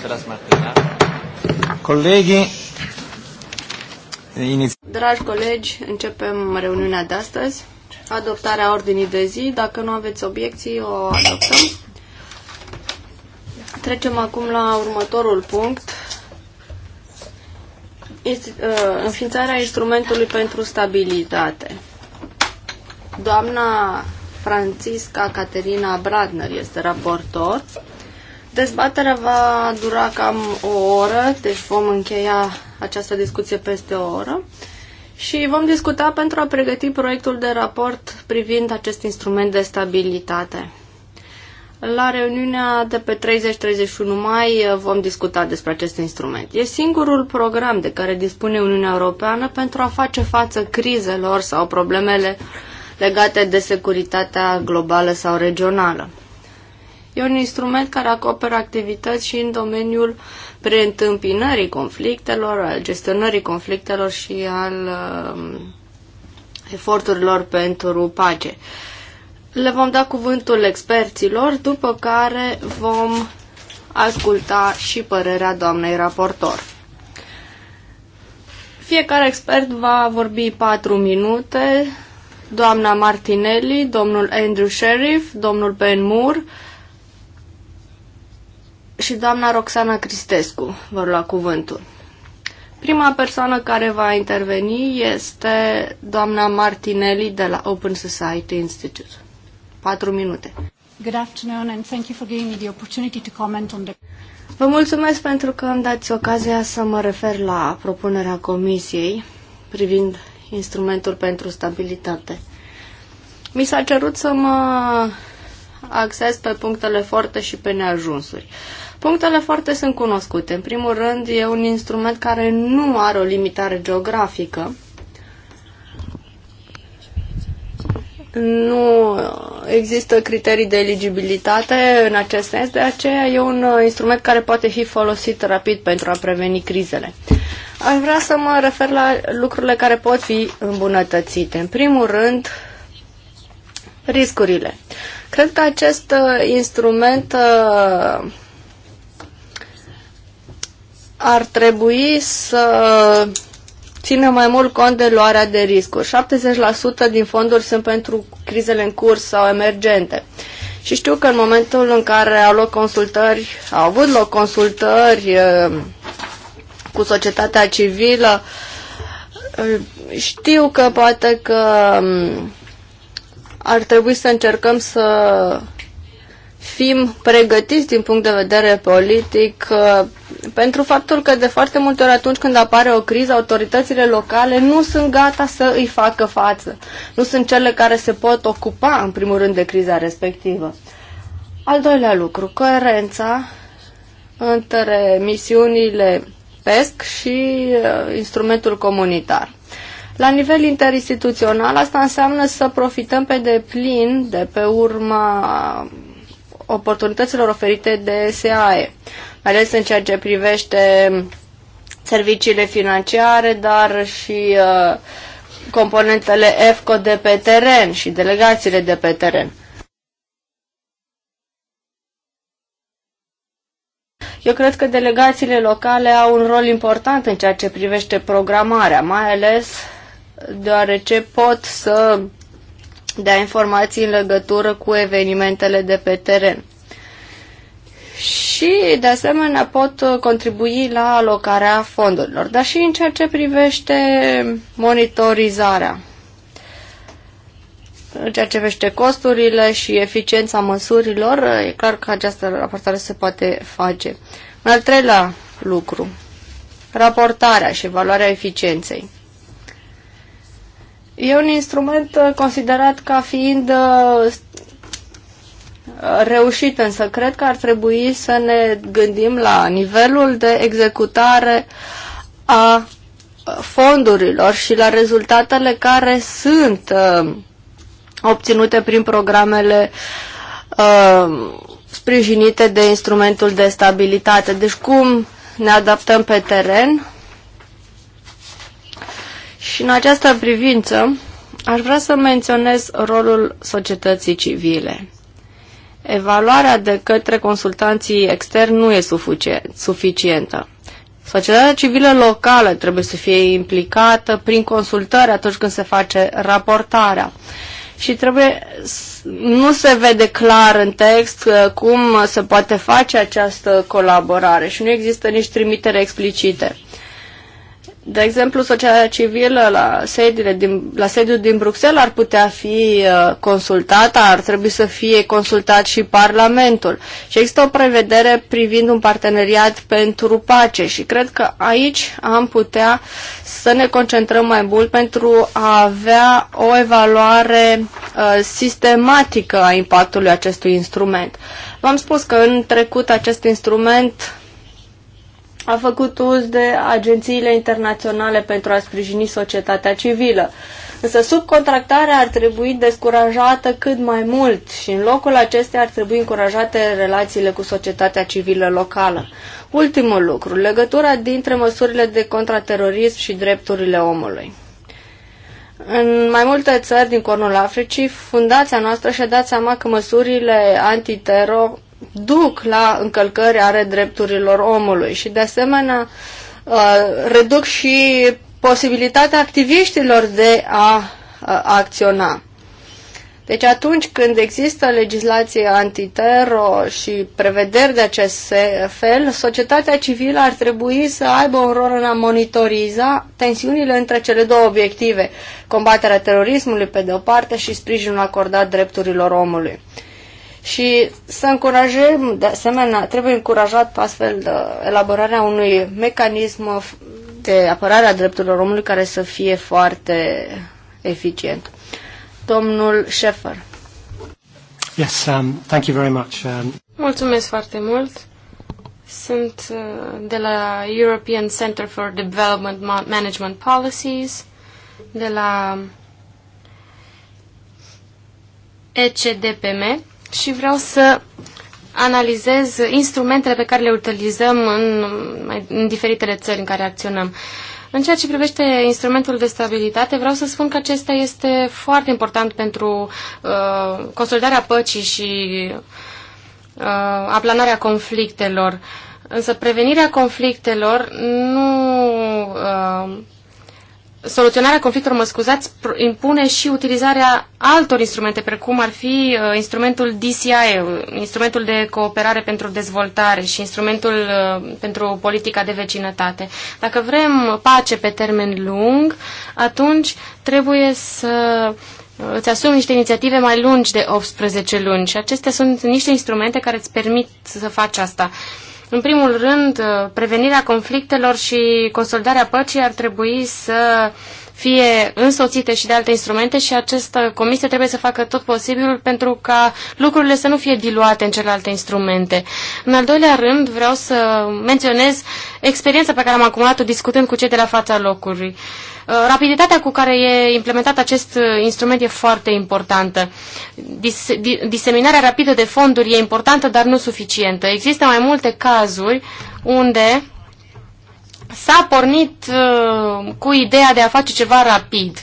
della smattina. Dragi colegi, începem reuniunea de astăzi. Adoptarea ordinii de zi. Dacă nu aveți obiecții, o adoptăm. Trecem acum la următorul punct. Este, uh, înființarea instrumentului pentru stabilitate. Doamna Francisca Caterina Bradner este raportor. Dezbaterea va dura cam o oră, deci vom încheia această discuție peste o oră și vom discuta pentru a pregăti proiectul de raport privind acest instrument de stabilitate. La reuniunea de pe 30-31 mai vom discuta despre acest instrument. E singurul program de care dispune Uniunea Europeană pentru a face față crizelor sau problemele legate de securitatea globală sau regională. E un instrument care acoperă activități și în domeniul preîntâmpinării conflictelor, al gestionării conflictelor și al uh, eforturilor pentru pace. Le vom da cuvântul experților, după care vom asculta și părerea doamnei raportor. Fiecare expert va vorbi patru minute, doamna Martinelli, domnul Andrew Sheriff, domnul Ben Moore, și doamna Roxana Cristescu vor lua cuvântul. Prima persoană care va interveni este doamna Martinelli de la Open Society Institute. Patru minute. Good afternoon and thank you for giving me the opportunity to comment on the... Vă mulțumesc pentru că îmi dați ocazia să mă refer la propunerea Comisiei privind instrumentul pentru stabilitate. Mi s-a cerut să mă acces pe punctele forte și pe neajunsuri. Punctele foarte sunt cunoscute. În primul rând, e un instrument care nu are o limitare geografică. Nu există criterii de eligibilitate în acest sens, de aceea e un uh, instrument care poate fi folosit rapid pentru a preveni crizele. Aș vrea să mă refer la lucrurile care pot fi îmbunătățite. În primul rând, riscurile. Cred că acest uh, instrument uh, ar trebui să țină mai mult cont de luarea de riscuri. 70% din fonduri sunt pentru crizele în curs sau emergente. Și știu că în momentul în care au loc consultări, au avut loc consultări eh, cu societatea civilă, eh, știu că poate că mm, ar trebui să încercăm să fim pregătiți din punct de vedere politic uh, pentru faptul că de foarte multe ori atunci când apare o criză, autoritățile locale nu sunt gata să îi facă față. Nu sunt cele care se pot ocupa în primul rând de criza respectivă. Al doilea lucru, coerența între misiunile PESC și uh, instrumentul comunitar. La nivel interinstituțional, asta înseamnă să profităm pe deplin de pe urma oportunităților oferite de SAE, mai ales în ceea ce privește serviciile financiare, dar și uh, componentele EFCO de pe teren și delegațiile de pe teren. Eu cred că delegațiile locale au un rol important în ceea ce privește programarea, mai ales deoarece pot să de a informații în legătură cu evenimentele de pe teren. Și, de asemenea, pot contribui la alocarea fondurilor, dar și în ceea ce privește monitorizarea, în ceea ce privește costurile și eficiența măsurilor, e clar că această raportare se poate face. Un al treilea lucru, raportarea și evaluarea eficienței. E un instrument uh, considerat ca fiind uh, reușit, însă cred că ar trebui să ne gândim la nivelul de executare a uh, fondurilor și la rezultatele care sunt obținute prin programele sprijinite de instrumentul de stabilitate. Deci cum ne adaptăm pe teren și în această privință aș vrea să menționez rolul societății civile. Evaluarea de către consultanții externi nu e suficientă. Societatea civilă locală trebuie să fie implicată prin consultări atunci când se face raportarea. Și trebuie, nu se vede clar în text uh, cum se poate face această colaborare și nu există nici trimitere explicite. De exemplu, societatea civilă la, sediile din, la sediul din Bruxelles ar putea fi uh, consultată, ar trebui să fie consultat și Parlamentul. Și există o prevedere privind un parteneriat pentru pace și cred că aici am putea să ne concentrăm mai mult pentru a avea o evaluare uh, sistematică a impactului acestui instrument. V-am spus că în trecut acest instrument a făcut uz de agențiile internaționale pentru a sprijini societatea civilă. Însă subcontractarea ar trebui descurajată cât mai mult și în locul acesteia ar trebui încurajate relațiile cu societatea civilă locală. Ultimul lucru, legătura dintre măsurile de contraterorism și drepturile omului. În mai multe țări din Cornul Africii, fundația noastră și-a dat seama că măsurile antitero duc la încălcări ale drepturilor omului și de asemenea uh, reduc și posibilitatea activiștilor de a uh, acționa. Deci atunci când există legislație antitero și prevederi de acest fel, societatea civilă ar trebui să aibă un rol în a monitoriza tensiunile între cele două obiective, combaterea terorismului pe de o parte și sprijinul acordat drepturilor omului și să încurajăm, de asemenea, trebuie încurajat astfel de uh, elaborarea unui mecanism de apărare a drepturilor omului care să fie foarte eficient. Domnul Șefer. Yes, um, thank you very much. Um... Mulțumesc foarte mult. Sunt uh, de la European Center for Development Management Policies, de la ECDPM, și vreau să analizez instrumentele pe care le utilizăm în, în diferitele țări în care acționăm. În ceea ce privește instrumentul de stabilitate, vreau să spun că acesta este foarte important pentru uh, consolidarea păcii și uh, aplanarea conflictelor. Însă prevenirea conflictelor nu uh, soluționarea conflictelor, mă scuzați, impune și utilizarea altor instrumente, precum ar fi uh, instrumentul DCI, uh, instrumentul de cooperare pentru dezvoltare și instrumentul uh, pentru politica de vecinătate. Dacă vrem pace pe termen lung, atunci trebuie să îți asumi niște inițiative mai lungi de 18 luni și acestea sunt niște instrumente care îți permit să faci asta. Uh, în primul rând, uh, prevenirea conflictelor și consolidarea păcii ar trebui să fie însoțite și de alte instrumente și această comisie trebuie să facă tot posibilul pentru ca lucrurile să nu fie diluate în celelalte instrumente. În al doilea rând, vreau să menționez experiența pe care am acumulat-o discutând cu cei de la fața locului. Uh, Uh, rapiditatea cu care e implementat acest uh, instrument e foarte importantă. Dis diseminarea rapidă de fonduri e importantă, dar nu suficientă. Există mai multe cazuri unde s-a pornit uh, cu ideea de a face ceva rapid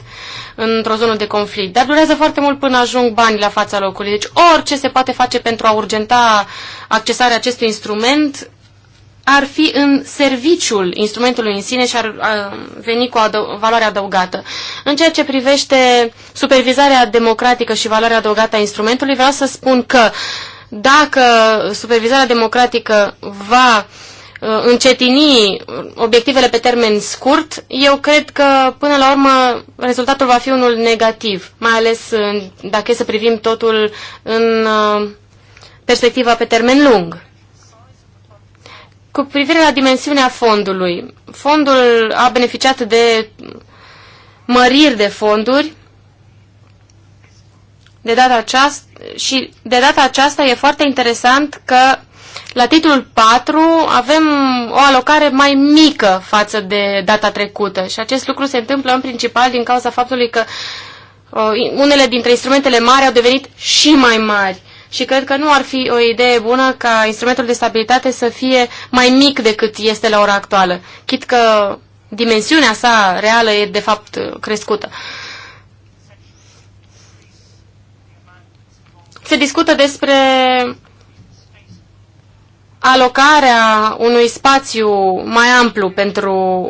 într-o zonă de conflict, dar durează foarte mult până ajung banii la fața locului. Deci orice se poate face pentru a urgenta accesarea acestui instrument ar fi în serviciul instrumentului în sine și ar veni cu adă valoare adăugată. În ceea ce privește supervizarea democratică și valoarea adăugată a instrumentului, vreau să spun că dacă supervizarea democratică va încetini obiectivele pe termen scurt, eu cred că până la urmă rezultatul va fi unul negativ, mai ales dacă e să privim totul în perspectiva pe termen lung. Cu privire la dimensiunea fondului, fondul a beneficiat de măriri de fonduri de data aceasta, și de data aceasta e foarte interesant că la titlul 4 avem o alocare mai mică față de data trecută și acest lucru se întâmplă în principal din cauza faptului că uh, unele dintre instrumentele mari au devenit și mai mari și cred că nu ar fi o idee bună ca instrumentul de stabilitate să fie mai mic decât este la ora actuală, chit că dimensiunea sa reală e de fapt crescută. Se discută despre alocarea unui spațiu mai amplu pentru,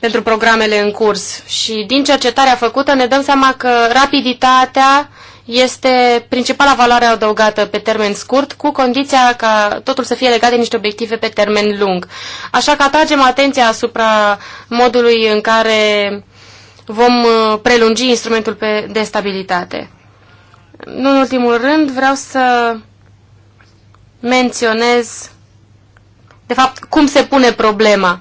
pentru programele în curs și din cercetarea făcută ne dăm seama că rapiditatea este principala valoare adăugată pe termen scurt, cu condiția ca totul să fie legat de niște obiective pe termen lung. Așa că atragem atenția asupra modului în care vom uh, prelungi instrumentul de stabilitate. Nu în ultimul rând, vreau să menționez, de fapt, cum se pune problema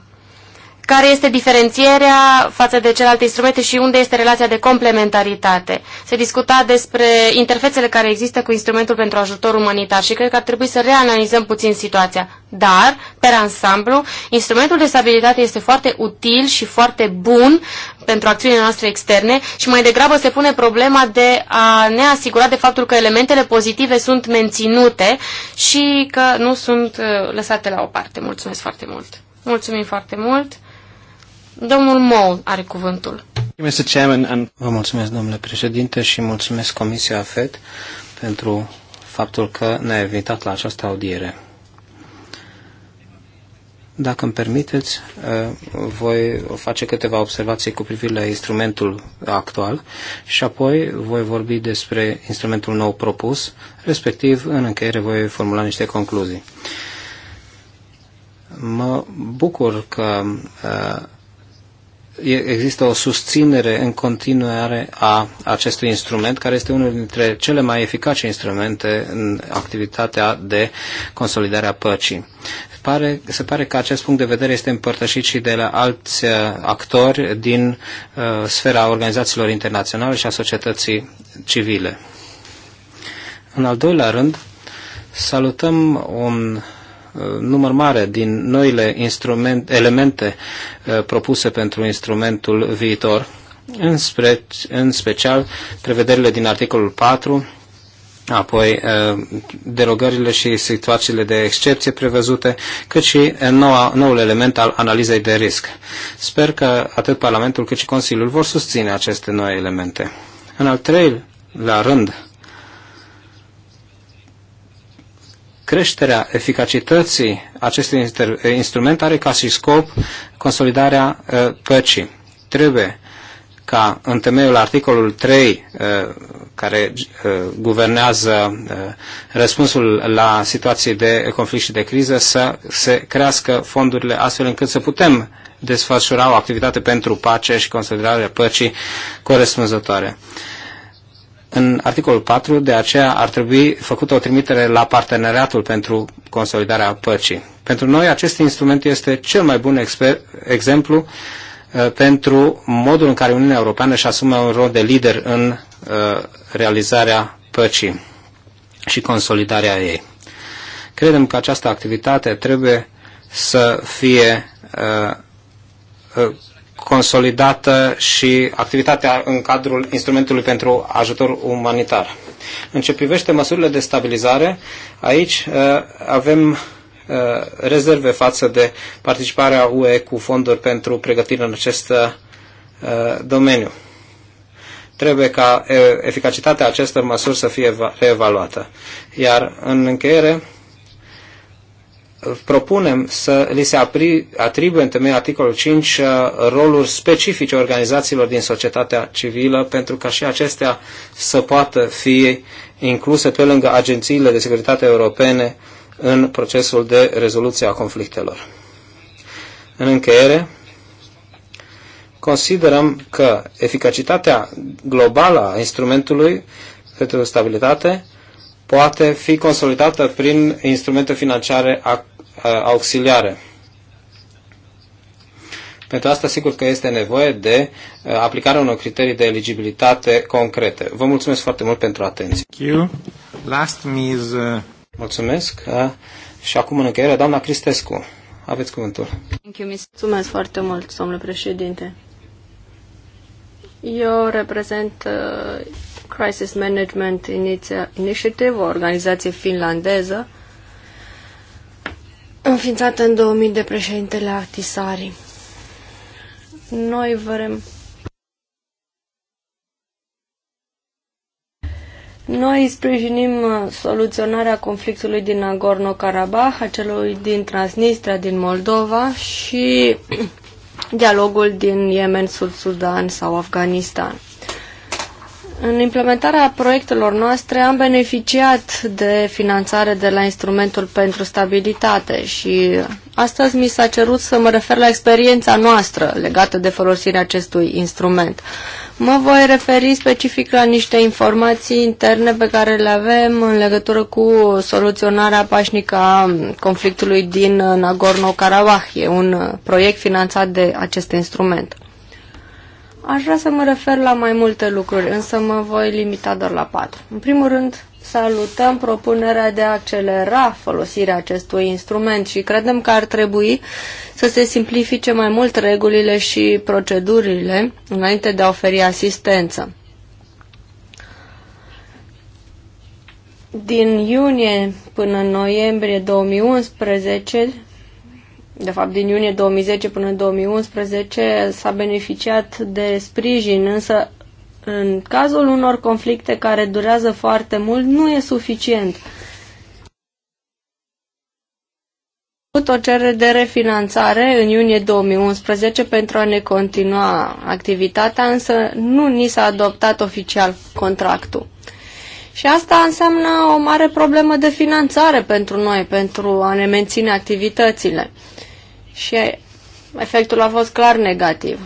care este diferențierea față de celelalte instrumente și unde este relația de complementaritate. Se discuta despre interfețele care există cu instrumentul pentru ajutor umanitar și cred că ar trebui să reanalizăm puțin situația. Dar, pe ansamblu, instrumentul de stabilitate este foarte util și foarte bun pentru acțiunile noastre externe și mai degrabă se pune problema de a ne asigura de faptul că elementele pozitive sunt menținute și că nu sunt uh, lăsate la o parte. Mulțumesc foarte mult! Mulțumim foarte mult! Domnul Mole are cuvântul. Vă mulțumesc, domnule președinte, și mulțumesc Comisia FED pentru faptul că ne-a invitat la această audiere. Dacă îmi permiteți, eh, voi face câteva observații cu privire la instrumentul actual și apoi voi vorbi despre instrumentul nou propus, respectiv în încheiere voi formula niște concluzii. Mă bucur că eh, există o susținere în continuare a acestui instrument, care este unul dintre cele mai eficace instrumente în activitatea de consolidare a păcii. Pare, se pare că acest punct de vedere este împărtășit și de la alți uh, actori din uh, sfera organizațiilor internaționale și a societății civile. În al doilea rând, salutăm un număr mare din noile instrument, elemente uh, propuse pentru instrumentul viitor, în, spre, în special prevederile din articolul 4, apoi uh, derogările și situațiile de excepție prevăzute, cât și uh, noua, noul element al analizei de risc. Sper că atât Parlamentul cât și Consiliul vor susține aceste noi elemente. În al treilea rând, Creșterea eficacității acestui instrument are ca și scop consolidarea uh, păcii. Trebuie ca în temeiul articolul 3 uh, care uh, guvernează răspunsul la situații de conflict și de criză să se crească fondurile astfel încât să putem desfășura o activitate pentru pace și consolidarea păcii corespunzătoare în articolul 4, de aceea ar trebui făcută o trimitere la parteneriatul pentru consolidarea păcii. Pentru noi acest instrument este cel mai bun exemplu uh, pentru modul în care Uniunea Europeană își asumă un rol de lider în uh, realizarea păcii și consolidarea ei. Credem că această activitate trebuie să fie uh, consolidată și activitatea în cadrul instrumentului pentru ajutor umanitar. În ce privește măsurile de stabilizare, aici uh, avem uh, rezerve față de participarea UE cu fonduri pentru pregătire în acest uh, domeniu. Trebuie ca eficacitatea acestor măsuri să fie reevaluată. Iar în încheiere, propunem să li se atribuie în temeiul articolul 5 uh, roluri specifice organizațiilor din societatea civilă pentru ca și acestea să poată fi incluse pe lângă agențiile de securitate europene în procesul de rezoluție a conflictelor. În încheiere, considerăm că eficacitatea globală a instrumentului pentru stabilitate poate fi consolidată prin instrumente financiare Uh, auxiliare. Pentru asta, sigur că este nevoie de uh, aplicarea unor criterii de eligibilitate concrete. Vă mulțumesc foarte mult pentru atenție. Last is, uh... Mulțumesc. Uh, și acum, în încheiere, doamna Cristescu. Aveți cuvântul. Mulțumesc foarte mult, domnule președinte. Eu reprezent uh, Crisis Management Initiative, o organizație finlandeză înființată în 2000 de președintele Artisari. Noi vrem Noi sprijinim uh, soluționarea conflictului din Nagorno-Karabakh, acelui din Transnistria, din Moldova și dialogul din Yemen, Sud-Sudan sau Afganistan. În implementarea proiectelor noastre am beneficiat de finanțare de la Instrumentul pentru Stabilitate și astăzi mi s-a cerut să mă refer la experiența noastră legată de folosirea acestui instrument. Mă voi referi specific la niște informații interne pe care le avem în legătură cu soluționarea pașnică a conflictului din Nagorno-Karabakh. E un proiect finanțat de acest instrument. Aș vrea să mă refer la mai multe lucruri, însă mă voi limita doar la patru. În primul rând, salutăm propunerea de a accelera folosirea acestui instrument și credem că ar trebui să se simplifice mai mult regulile și procedurile înainte de a oferi asistență. Din iunie până noiembrie 2011, de fapt din iunie 2010 până în 2011, s-a beneficiat de sprijin, însă în cazul unor conflicte care durează foarte mult, nu e suficient. o cerere de refinanțare în iunie 2011 pentru a ne continua activitatea, însă nu ni s-a adoptat oficial contractul. Și asta înseamnă o mare problemă de finanțare pentru noi, pentru a ne menține activitățile. Uh, și efectul a fost clar negativ.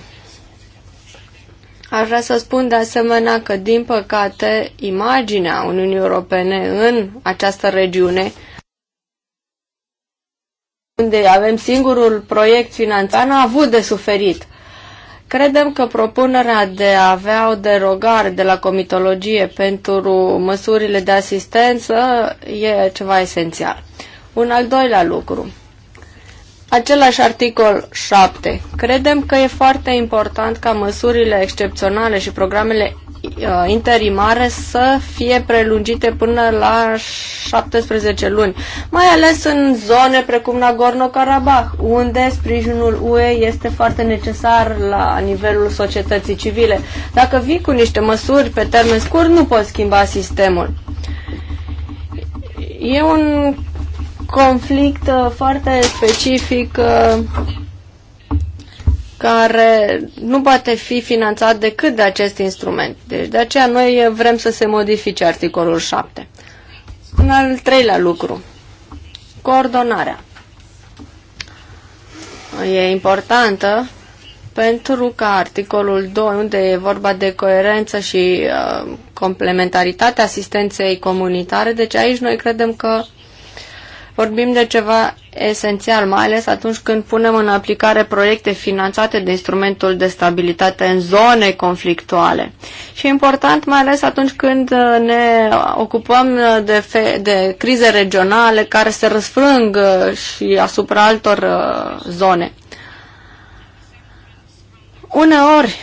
Aș vrea să spun de asemenea că, din păcate, imaginea Uniunii Europene în această regiune, unde avem singurul proiect finanțat, a avut de suferit. Credem că propunerea de a avea o derogare de la comitologie pentru măsurile de asistență e ceva esențial. Un al doilea lucru. Același articol 7. Credem că e foarte important ca măsurile excepționale și programele uh, interimare să fie prelungite până la 17 luni, mai ales în zone precum Nagorno-Karabakh, unde sprijinul UE este foarte necesar la nivelul societății civile. Dacă vii cu niște măsuri pe termen scurt, nu poți schimba sistemul. E un conflict uh, foarte specific uh, care nu poate fi finanțat decât de acest instrument. Deci de aceea noi vrem să se modifice articolul 7. Un al treilea lucru, coordonarea. E importantă pentru că articolul 2, unde e vorba de coerență și uh, complementaritatea asistenței comunitare, deci aici noi credem că Vorbim de ceva esențial, mai ales atunci când punem în aplicare proiecte finanțate de instrumentul de stabilitate în zone conflictuale. Și e important mai ales atunci când uh, ne ocupăm uh, de, fe- de crize regionale care se răsfrâng uh, și asupra altor zone. Uneori,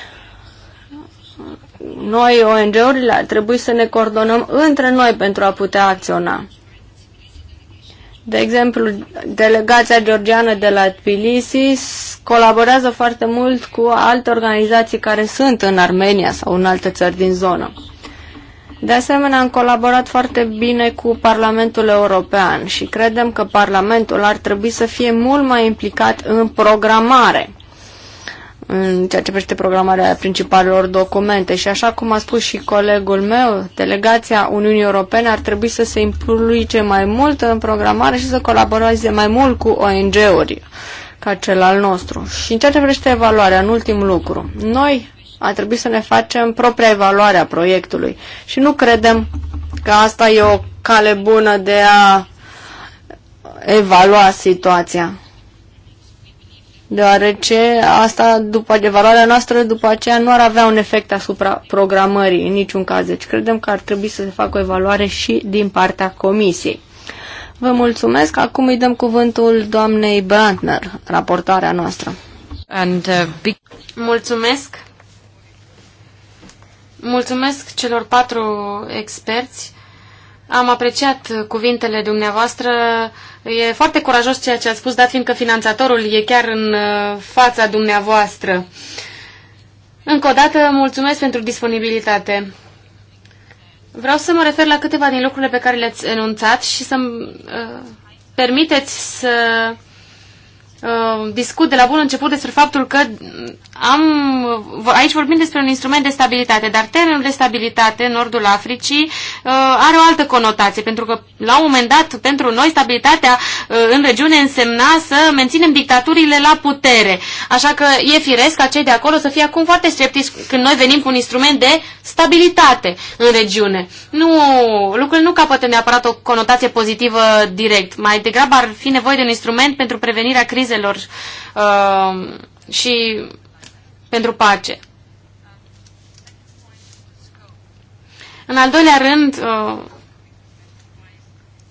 noi, ONG-urile, trebuie să ne coordonăm între noi pentru a putea acționa. De exemplu, delegația georgiană de la Tbilisi colaborează foarte mult cu alte organizații care sunt în Armenia sau în alte țări din zonă. De asemenea, am colaborat foarte bine cu Parlamentul European și credem că Parlamentul ar trebui să fie mult mai implicat în programare în ceea ce privește programarea principalelor documente. Și așa cum a spus și colegul meu, delegația Uniunii Europene ar trebui să se implice mai mult în programare și să colaboreze mai mult cu ONG-uri ca cel al nostru. Și în ceea ce privește evaluarea, în ultim lucru, noi a trebui să ne facem propria evaluare a proiectului și nu credem că asta e o cale bună de a evalua situația deoarece asta, după evaluarea noastră, după aceea nu ar avea un efect asupra programării în niciun caz. Deci credem că ar trebui să se facă o evaluare și din partea comisiei. Vă mulțumesc. Acum îi dăm cuvântul doamnei Brandner, raportoarea noastră. And, uh, Mulțumesc. Mulțumesc celor patru experți. Am apreciat cuvintele dumneavoastră E foarte curajos ceea ce ați spus, dat fiindcă finanțatorul e chiar în uh, fața dumneavoastră. Încă o dată, mulțumesc pentru disponibilitate. Vreau să mă refer la câteva din lucrurile pe care le-ați enunțat și să-mi uh, permiteți să Uh, discut de la bun început despre faptul că am, aici vorbim despre un instrument de stabilitate, dar termenul de stabilitate în nordul Africii uh, are o altă conotație, pentru că la un moment dat pentru noi stabilitatea uh, în regiune însemna să menținem dictaturile la putere. Așa că e firesc ca cei de acolo să fie acum foarte sceptici când noi venim cu un instrument de stabilitate în regiune. Nu, lucrurile nu capătă neapărat o conotație pozitivă direct. Mai degrabă ar fi nevoie de un instrument pentru prevenirea crizei crizelor uh, și pentru pace. În al doilea rând, uh,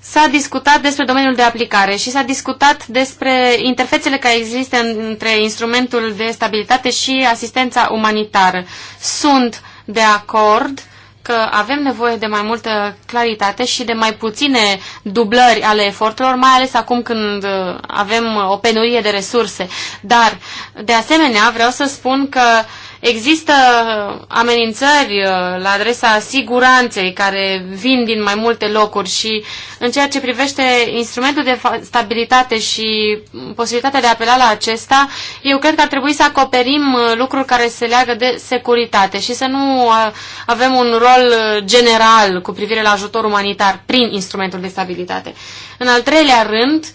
s-a discutat despre domeniul de aplicare și s-a discutat despre interfețele care există între instrumentul de stabilitate și asistența umanitară. Sunt de acord că avem nevoie de mai multă claritate și de mai puține dublări ale eforturilor, mai ales acum când uh, avem o penurie de resurse. Dar, de asemenea, vreau să spun că uh, Există uh, amenințări uh, la adresa siguranței care vin din mai multe locuri și în ceea ce privește instrumentul de stabilitate și posibilitatea de a apela la acesta, eu cred că ar trebui să acoperim uh, lucruri care se leagă de securitate și să nu avem un rol general cu privire la ajutor umanitar prin instrumentul de stabilitate. În al treilea rând, uh,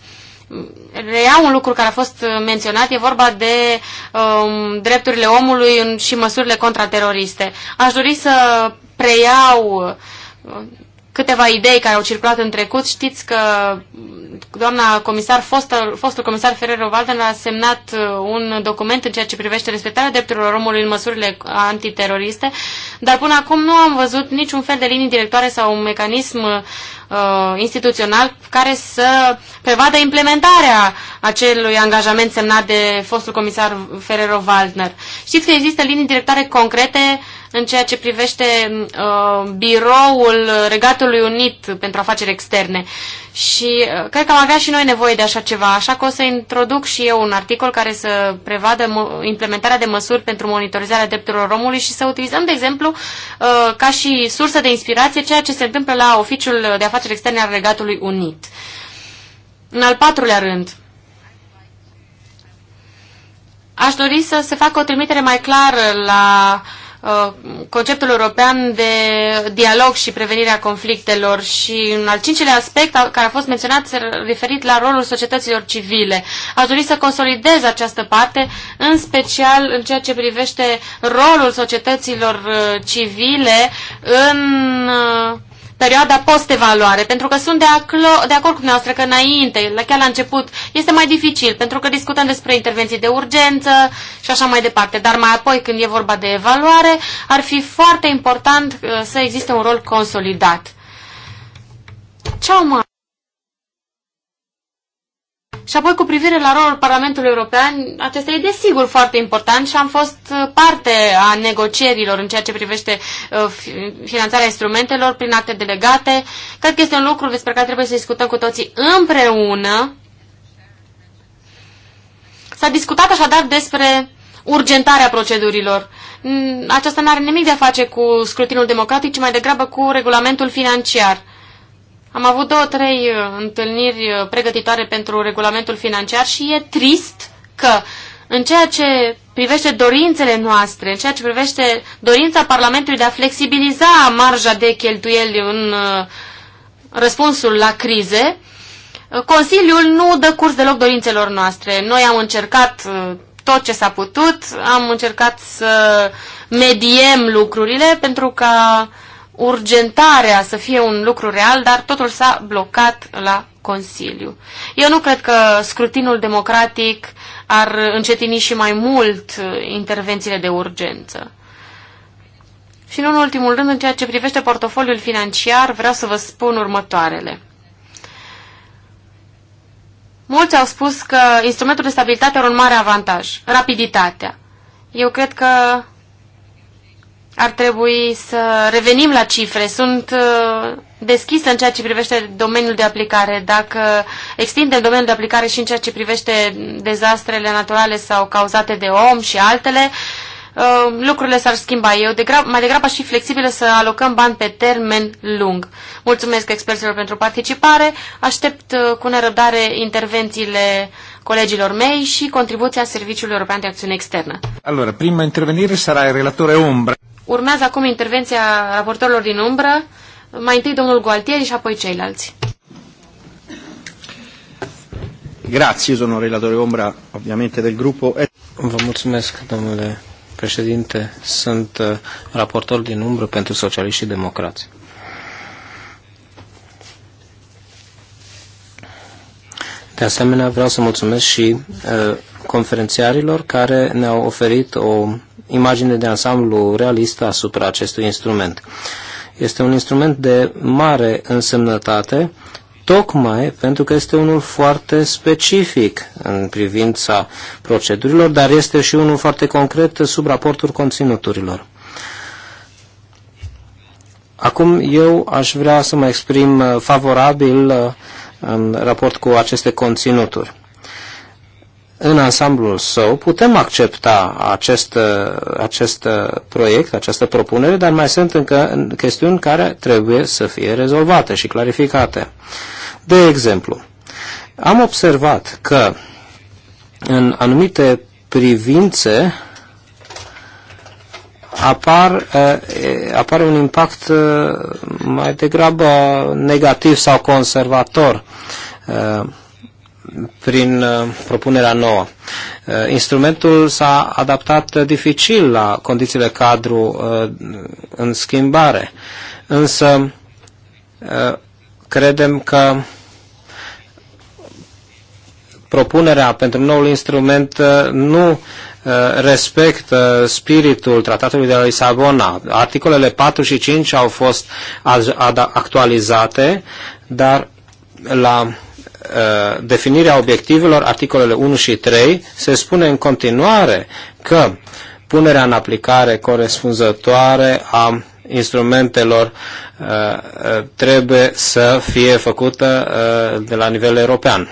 reiau un lucru care a fost menționat, e vorba de um, drepturile omului și măsurile contrateroriste. Aș dori să preiau uh, câteva idei care au circulat în trecut. Știți că doamna comisar, fostul, fostul comisar Ferrero Valden a semnat uh, un document în ceea ce privește respectarea drepturilor omului în măsurile antiteroriste, dar până acum nu am văzut niciun fel de linii directoare sau un mecanism uh, instituțional care să prevadă implementarea acelui angajament semnat de fostul comisar Ferrero Waldner. Știți că există linii directoare concrete uh, în ceea ce privește uh, biroul Regatului Unit pentru afaceri externe. Și uh, cred că am avea și noi nevoie de așa ceva, așa că o să introduc și eu un articol care să prevadă implementarea de măsuri pentru monitorizarea drepturilor omului și să utilizăm, de exemplu, uh, ca și sursă de inspirație ceea ce se întâmplă la Oficiul de Afaceri Externe al Regatului Unit. În al patrulea rând, aș dori să se facă o trimitere mai clară la uh, Uh, conceptul european de dialog și prevenirea conflictelor și un al cincilea aspect care a fost menționat se referit la rolul societăților civile. Aș dori să consolidez această parte, în special în ceea ce privește rolul societăților uh, civile în uh, perioada post-evaluare, pentru că sunt de, aclo, de acord cu dumneavoastră că înainte, la chiar la început, este mai dificil, pentru că discutăm despre intervenții de urgență și așa mai departe. Dar mai apoi, când e vorba de evaluare, ar fi foarte important uh, să existe un rol consolidat. Ceau, mă! Și apoi, cu privire la rolul Parlamentului European, acesta e desigur foarte important și am fost uh, parte a negocierilor în ceea ce privește uh, finanțarea instrumentelor prin acte delegate. Cred că este un lucru despre care trebuie să discutăm cu toții împreună. S-a discutat așadar despre urgentarea procedurilor. Aceasta nu are nimic de a face cu scrutinul democratic, ci mai degrabă cu regulamentul financiar. Am avut două, trei uh, întâlniri uh, pregătitoare pentru regulamentul financiar și e trist că în ceea ce privește dorințele noastre, în ceea ce privește dorința Parlamentului de a flexibiliza marja de cheltuieli în uh, răspunsul la crize, Consiliul nu dă curs deloc dorințelor noastre. Noi am încercat tot ce s-a putut, am încercat să mediem lucrurile pentru ca uh, urgentarea să fie un lucru real, dar totul s-a blocat la Consiliu. Eu nu cred că scrutinul democratic ar încetini și mai mult uh, intervențiile de urgență. Și nu în ultimul rând, în ceea ce privește portofoliul financiar, vreau să vă spun următoarele. Mulți au spus că instrumentul de stabilitate are un mare avantaj, rapiditatea. Eu cred că ar trebui să revenim la cifre. Sunt uh, deschisă în ceea ce privește domeniul de aplicare. Dacă extindem domeniul de aplicare și în ceea ce privește dezastrele naturale sau cauzate de om și altele, uh, lucrurile s-ar schimba. Eu degrab, mai degrabă aș fi flexibilă să alocăm bani pe termen lung. Mulțumesc experților pentru participare. Aștept uh, cu nerăbdare intervențiile colegilor mei și contribuția Serviciului European de Acțiune Externă. Allora, prima intervenire sarà il relatore Umbra. Urmează acum intervenția raportorilor din umbră, mai întâi domnul Gualtieri și apoi ceilalți. Grazie, sono relatore ombra ovviamente del gruppo. Vă mulțumesc, domnule președinte. Sunt uh, raportor din umbră pentru socialiști și democrați. De asemenea, vreau să mulțumesc și uh, conferențiarilor care ne-au oferit o imagine de ansamblu realistă asupra acestui instrument. Este un instrument de mare însemnătate, tocmai pentru că este unul foarte specific în privința procedurilor, dar este și unul foarte concret sub raportul conținuturilor. Acum eu aș vrea să mă exprim uh, favorabil uh, în raport cu aceste conținuturi. În ansamblul său putem accepta acest, acest proiect, această propunere, dar mai sunt încă chestiuni care trebuie să fie rezolvate și clarificate. De exemplu, am observat că în anumite privințe apar, apare un impact mai degrabă negativ sau conservator prin propunerea nouă. Instrumentul s-a adaptat dificil la condițiile cadru în schimbare, însă credem că propunerea pentru noul instrument uh, nu uh, respect spiritul Tratatului de la Lisabona. Articolele 4 și 5 au fost actualizate, dar la uh, definirea obiectivelor, articolele 1 și 3, se spune în continuare că punerea în aplicare corespunzătoare a instrumentelor trebuie să fie făcută de la nivel european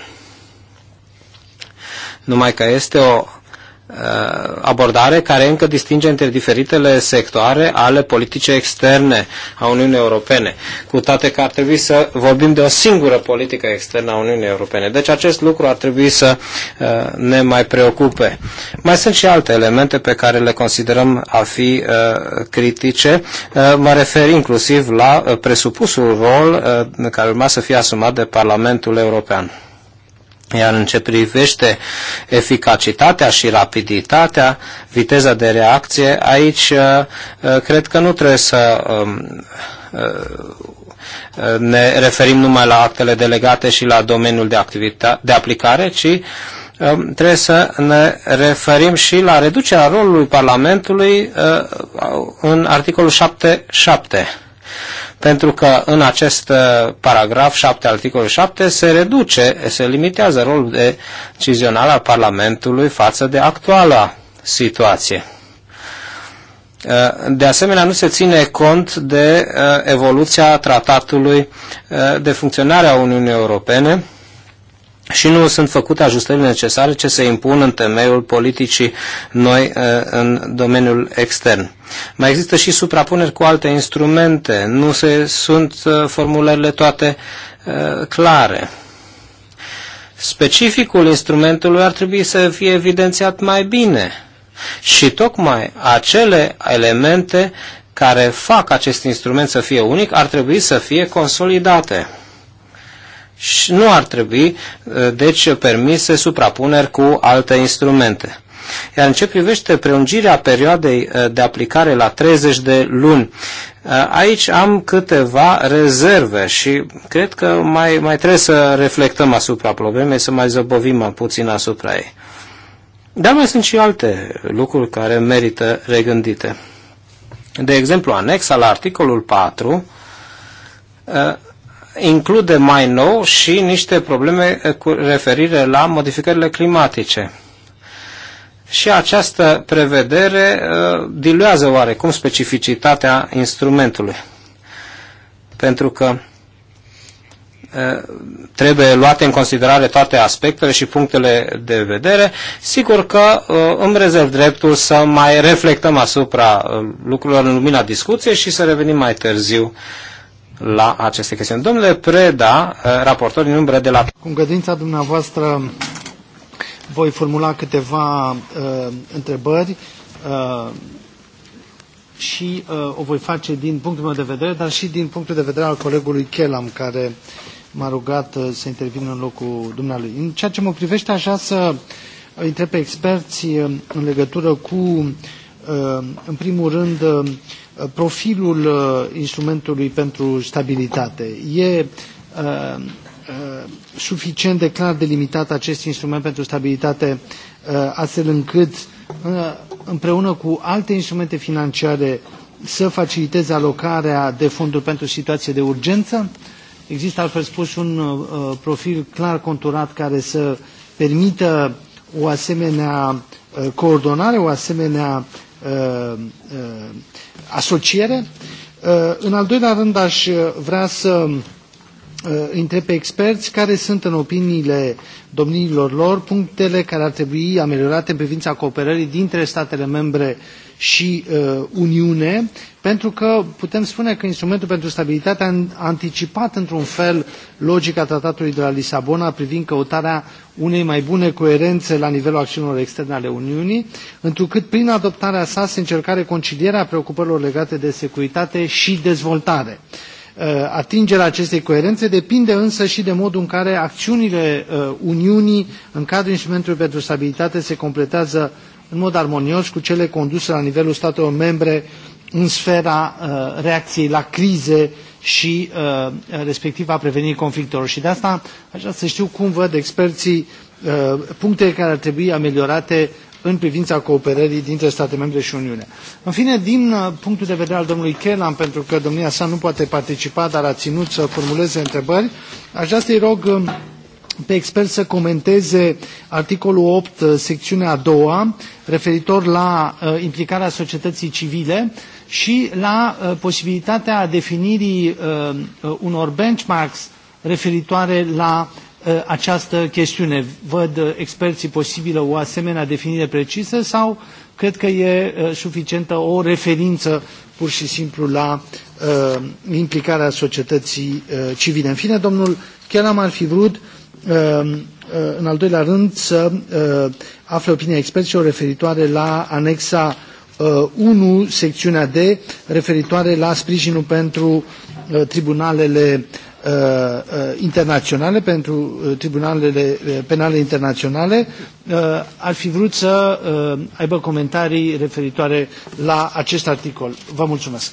numai că este o uh, abordare care încă distinge între diferitele sectoare ale politicii externe a Uniunii Europene, cu toate că ar trebui să vorbim de o singură politică externă a Uniunii Europene. Deci acest lucru ar trebui să uh, ne mai preocupe. Mai sunt și alte elemente pe care le considerăm a fi uh, critice. Mă refer inclusiv la presupusul rol care urma să fie asumat de Parlamentul European. Iar în ce privește eficacitatea și rapiditatea, viteza de reacție, aici uh, uh, cred că nu trebuie să um, uh, ne referim numai la actele delegate și la domeniul de, de aplicare, ci um, trebuie să ne referim și la reducerea rolului Parlamentului în articolul 7.7 pentru că în acest uh, paragraf 7, articolul 7, se reduce, se limitează rolul decizional al Parlamentului față de actuala situație. Uh, de asemenea, nu se ține cont de uh, evoluția tratatului de funcționare a Uniunii Europene și nu sunt făcute ajustările necesare ce se impun în temeiul politicii noi uh, în domeniul extern. Mai există și suprapuneri cu alte instrumente, nu se, sunt uh, formulările toate uh, clare. Specificul instrumentului ar trebui să fie evidențiat mai bine și tocmai acele elemente care fac acest instrument să fie unic ar trebui să fie consolidate și nu ar trebui, uh, deci, permise suprapuneri cu alte instrumente. Iar în ce privește prelungirea perioadei uh, de aplicare la 30 de luni, uh, aici am câteva rezerve și cred că mai, mai trebuie să reflectăm asupra problemei, să mai zăbovim puțin asupra ei. Dar mai sunt și alte lucruri care merită regândite. De exemplu, anexa la articolul 4 include mai nou și niște probleme eh, cu referire la modificările climatice. Și această prevedere eh, diluează oarecum specificitatea instrumentului. Pentru că eh, trebuie luate în considerare toate aspectele și punctele de vedere. Sigur că îmi rezerv dreptul să mai reflectăm asupra lucrurilor în lumina discuției și să revenim mai târziu la aceste chestiuni. Domnule Preda, eh, raportor din umbră de la... Cu gădința dumneavoastră voi formula câteva uh, întrebări uh, și uh, o voi face din punctul meu de vedere, dar și din punctul de vedere al colegului Chelam, care m-a rugat uh, să intervin în locul dumnealui. În ceea ce mă privește, așa să întreb pe experți uh, în legătură cu, uh, în primul rând, uh, profilul uh, instrumentului pentru stabilitate. E uh, uh, suficient de clar delimitat acest instrument pentru stabilitate astfel încât împreună cu alte instrumente financiare să faciliteze alocarea de fonduri pentru situație de urgență. Există, altfel spus, un uh, profil clar conturat care să permită o asemenea uh, coordonare, o asemenea Uh, uh, asociere. Uh, în al doilea rând aș vrea să Uh, întreb pe experți care sunt, în opiniile domniilor lor, punctele care ar trebui ameliorate în privința cooperării dintre statele membre și uh, Uniune, pentru că putem spune că instrumentul pentru stabilitate a anticipat într-un fel logica tratatului de la Lisabona privind căutarea unei mai bune coerențe la nivelul acțiunilor externe ale Uniunii, întrucât prin adoptarea sa se încerca reconcilierea preocupărilor legate de securitate și dezvoltare. Uh, Uh, atingerea acestei coerențe depinde însă și de modul în care acțiunile uh, Uniunii în cadrul instrumentului pentru stabilitate se completează în mod armonios cu cele conduse la nivelul statelor membre în sfera uh, reacției la crize și uh, respectiv a prevenirii conflictelor. Și de asta aș vrea să știu cum văd experții uh, punctele care ar trebui ameliorate în privința cooperării dintre state membre și Uniune. În fine, din uh, punctul de vedere al domnului Kelam, pentru că domnia sa nu poate participa, dar a ținut să formuleze întrebări, aș vrea să-i rog um, pe expert să comenteze articolul 8, uh, secțiunea a doua, referitor la uh, implicarea societății civile și la posibilitatea definirii unor benchmarks referitoare la Uh, această chestiune? Văd uh, experții posibilă o asemenea definire precisă sau cred că e uh, suficientă o referință pur și simplu la uh, implicarea societății uh, civile. În fine, domnul Chelam ar fi vrut, uh, în al doilea rând, să afle opinia experților referitoare la anexa 1, secțiunea D, referitoare la sprijinul pentru tribunalele Uh, uh, internaționale, pentru uh, tribunalele penale internaționale, ar fi vrut să aibă comentarii referitoare la acest articol. Vă mulțumesc!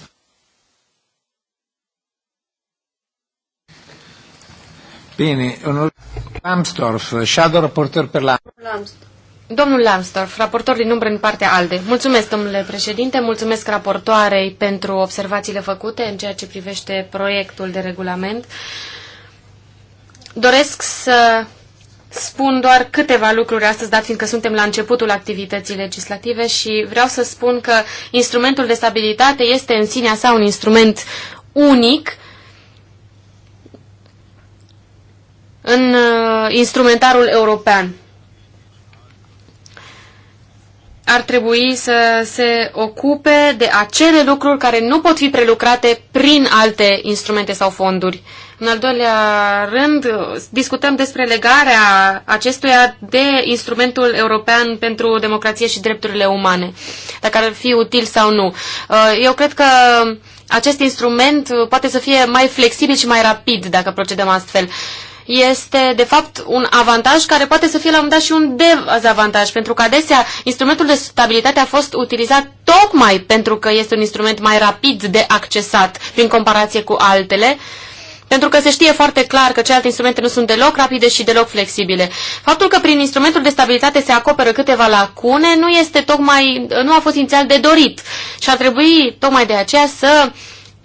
Bine, onor Lambsdorff, shadow Reporter per la... Lambsdorff. Domnul Lambsdorff, raportor din umbră în partea ALDE. Mulțumesc, domnule președinte, mulțumesc raportoarei pentru observațiile făcute în ceea ce privește proiectul de regulament. Doresc să spun doar câteva lucruri astăzi, dat fiindcă suntem la începutul activității legislative și vreau să spun că instrumentul de stabilitate este în sinea sa un instrument unic în uh, instrumentarul european ar trebui să se ocupe de acele lucruri care nu pot fi prelucrate prin alte instrumente sau fonduri. În al doilea rând, discutăm despre legarea acestuia de instrumentul european pentru democrație și drepturile umane, dacă ar fi util sau nu. Uh, eu cred că acest instrument poate să fie mai flexibil și mai rapid dacă procedăm astfel. Uh, este, de fapt, un avantaj care poate să fie la un dat și un dezavantaj, pentru că adesea instrumentul de stabilitate a fost utilizat tocmai pentru că este un instrument mai rapid de accesat prin comparație cu altele, pentru că se știe foarte clar că celelalte instrumente nu sunt deloc rapide și deloc flexibile. Faptul că prin instrumentul de stabilitate se acoperă câteva lacune nu este tocmai, nu a fost inițial de dorit și ar trebui tocmai de aceea să uh,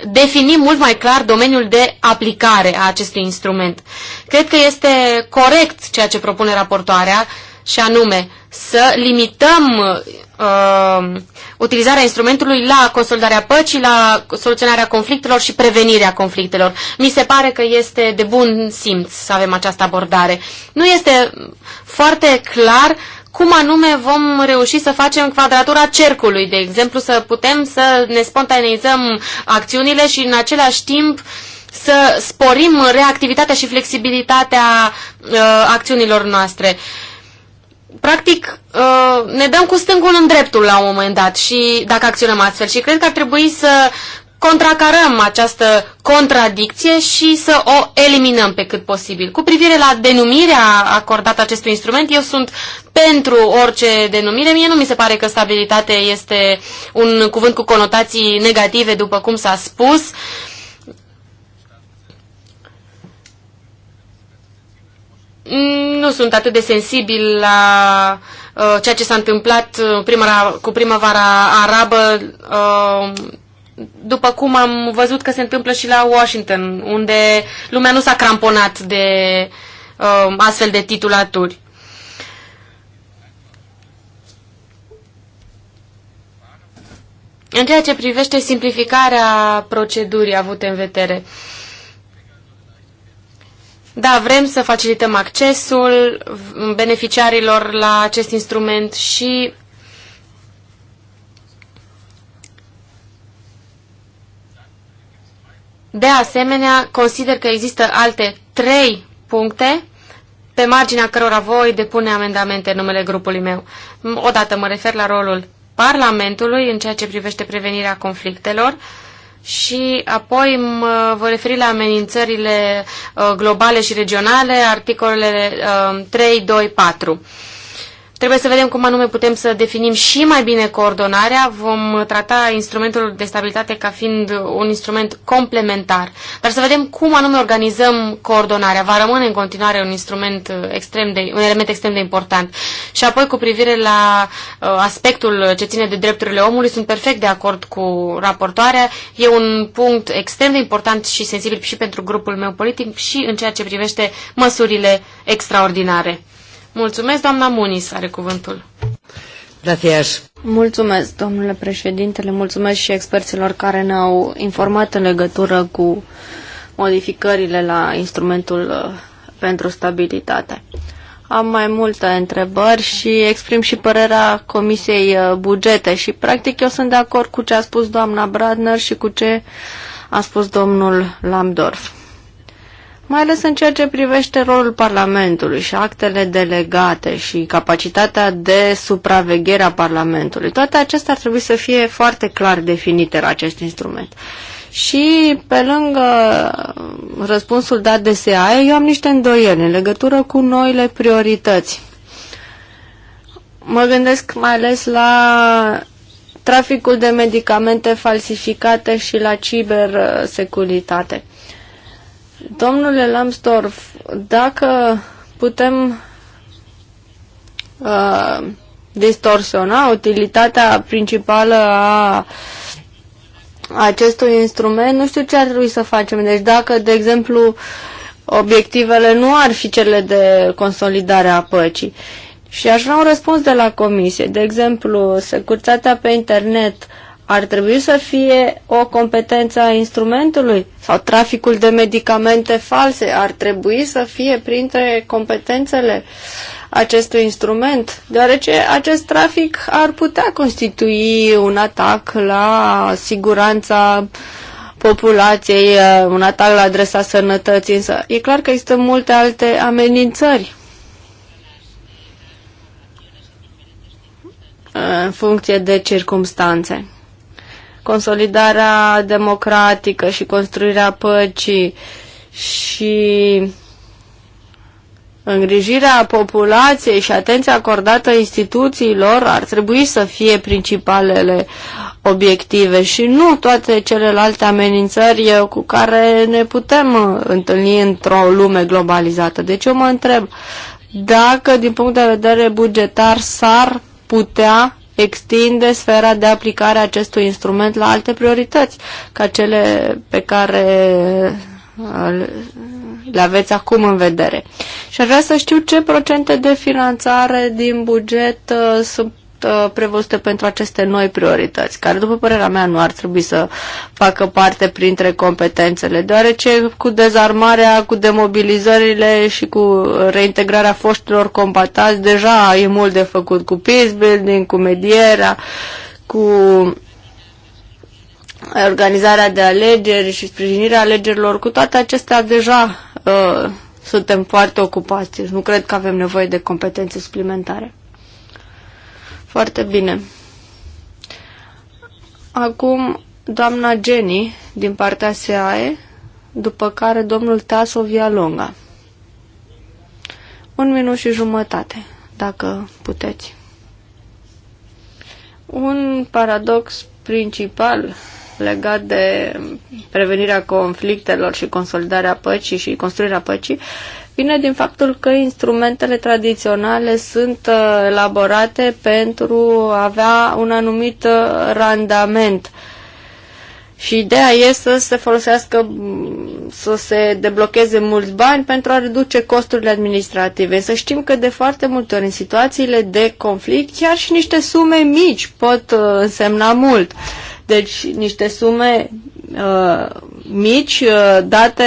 defini mult mai clar domeniul de aplicare a acestui instrument. Cred că este corect ceea ce propune raportoarea și anume să limităm uh, utilizarea instrumentului la consolidarea păcii, la soluționarea conflictelor și prevenirea conflictelor. Mi se pare că este de bun simț să avem această abordare. Nu este foarte clar cum anume vom reuși să facem quadratura cercului, de exemplu, să putem să ne spontaneizăm acțiunile și în același timp să sporim reactivitatea și flexibilitatea uh, acțiunilor noastre. Practic, uh, ne dăm cu stângul în dreptul la un moment dat și dacă acționăm astfel. Și cred că ar trebui să contracarăm această contradicție și să o eliminăm pe cât posibil. Cu privire la denumirea acordată acestui instrument, eu sunt pentru orice denumire. Mie nu mi se pare că stabilitate este un cuvânt cu conotații negative, după cum s-a spus. Nu sunt atât de sensibil la uh, ceea ce s-a întâmplat uh, primăra, cu primăvara arabă uh, după cum am văzut că se întâmplă și la Washington, unde lumea nu s-a cramponat de uh, astfel de titulaturi. În ceea ce privește simplificarea procedurii avute în vedere, da, vrem să facilităm accesul beneficiarilor la acest instrument și De asemenea, consider că există alte trei puncte pe marginea cărora voi depune amendamente în numele grupului meu. Odată mă refer la rolul Parlamentului în ceea ce privește prevenirea conflictelor și apoi mă voi referi la amenințările uh, globale și regionale, articolele 3, 2, 4. Trebuie să vedem cum anume putem să definim și mai bine coordonarea. Vom trata instrumentul de stabilitate ca fiind un instrument complementar. Dar să vedem cum anume organizăm coordonarea. Va rămâne în continuare un instrument uh, extrem de, un element extrem de important. Și apoi cu privire la uh, aspectul ce ține de drepturile omului, sunt perfect de acord cu raportoarea. E un punct extrem de important și sensibil și pentru grupul meu politic și în ceea ce privește măsurile extraordinare. Mulțumesc, doamna Munis, are cuvântul. Gracias. Mulțumesc, domnule președintele, mulțumesc și experților care ne-au informat în legătură cu modificările la instrumentul uh, pentru stabilitate. Am mai multe întrebări și exprim și părerea Comisiei uh, Bugete și practic eu sunt de acord cu ce a spus doamna Bradner și cu ce a spus domnul Lambdorf mai ales în ceea ce privește rolul Parlamentului și actele delegate și capacitatea de supraveghere a Parlamentului. Toate acestea ar trebui să fie foarte clar definite la acest instrument. Și pe lângă răspunsul dat de SEA, eu am niște îndoieli în legătură cu noile priorități. Mă gândesc mai ales la traficul de medicamente falsificate și la cibersecuritate. Domnule Lambsdorff, dacă putem uh, distorsiona utilitatea principală a acestui instrument, nu știu ce ar trebui să facem. Deci dacă, de exemplu, obiectivele nu ar fi cele de consolidare a păcii. Și aș vrea un răspuns de la comisie. De exemplu, securitatea pe internet uh, ar trebui să fie o competență a instrumentului? Sau traficul de medicamente false ar trebui să fie printre competențele acestui instrument? Deoarece acest trafic ar putea constitui un atac la siguranța populației, uh, un atac la adresa sănătății, însă e clar că există multe alte amenințări. în funcție de circumstanțe consolidarea democratică și construirea păcii și îngrijirea populației și atenția acordată instituțiilor ar trebui să fie principalele obiective și nu toate celelalte amenințări cu care ne putem întâlni într-o lume globalizată. Deci eu mă întreb dacă din punct de vedere bugetar s-ar putea extinde sfera de aplicare a acestui instrument la alte priorități, ca cele pe care uh, le aveți acum în vedere. Și aș vrea să știu ce procente de finanțare din buget uh, sunt Uh, prevăzute pentru aceste noi priorități, care, după părerea mea, nu ar trebui să facă parte printre competențele, deoarece cu dezarmarea, cu demobilizările și cu reintegrarea foștilor combatați, deja e mult de făcut cu peace building, cu medierea, cu organizarea de alegeri și sprijinirea alegerilor, cu toate acestea deja uh, suntem foarte ocupați. Deci nu cred că avem nevoie de competențe suplimentare. Foarte bine. Acum, doamna Jenny, din partea SEAE, după care domnul Taso Vialonga. Un minut și jumătate, dacă puteți. Un paradox principal legat de prevenirea conflictelor și consolidarea păcii și construirea păcii vine din faptul că instrumentele tradiționale sunt uh, elaborate pentru a avea un anumit uh, randament. Și ideea e să se folosească, să se deblocheze mulți bani pentru a reduce costurile administrative. Să știm că de foarte multe ori în situațiile de conflict chiar și niște sume mici pot uh, însemna mult. Deci niște sume uh, mici uh, date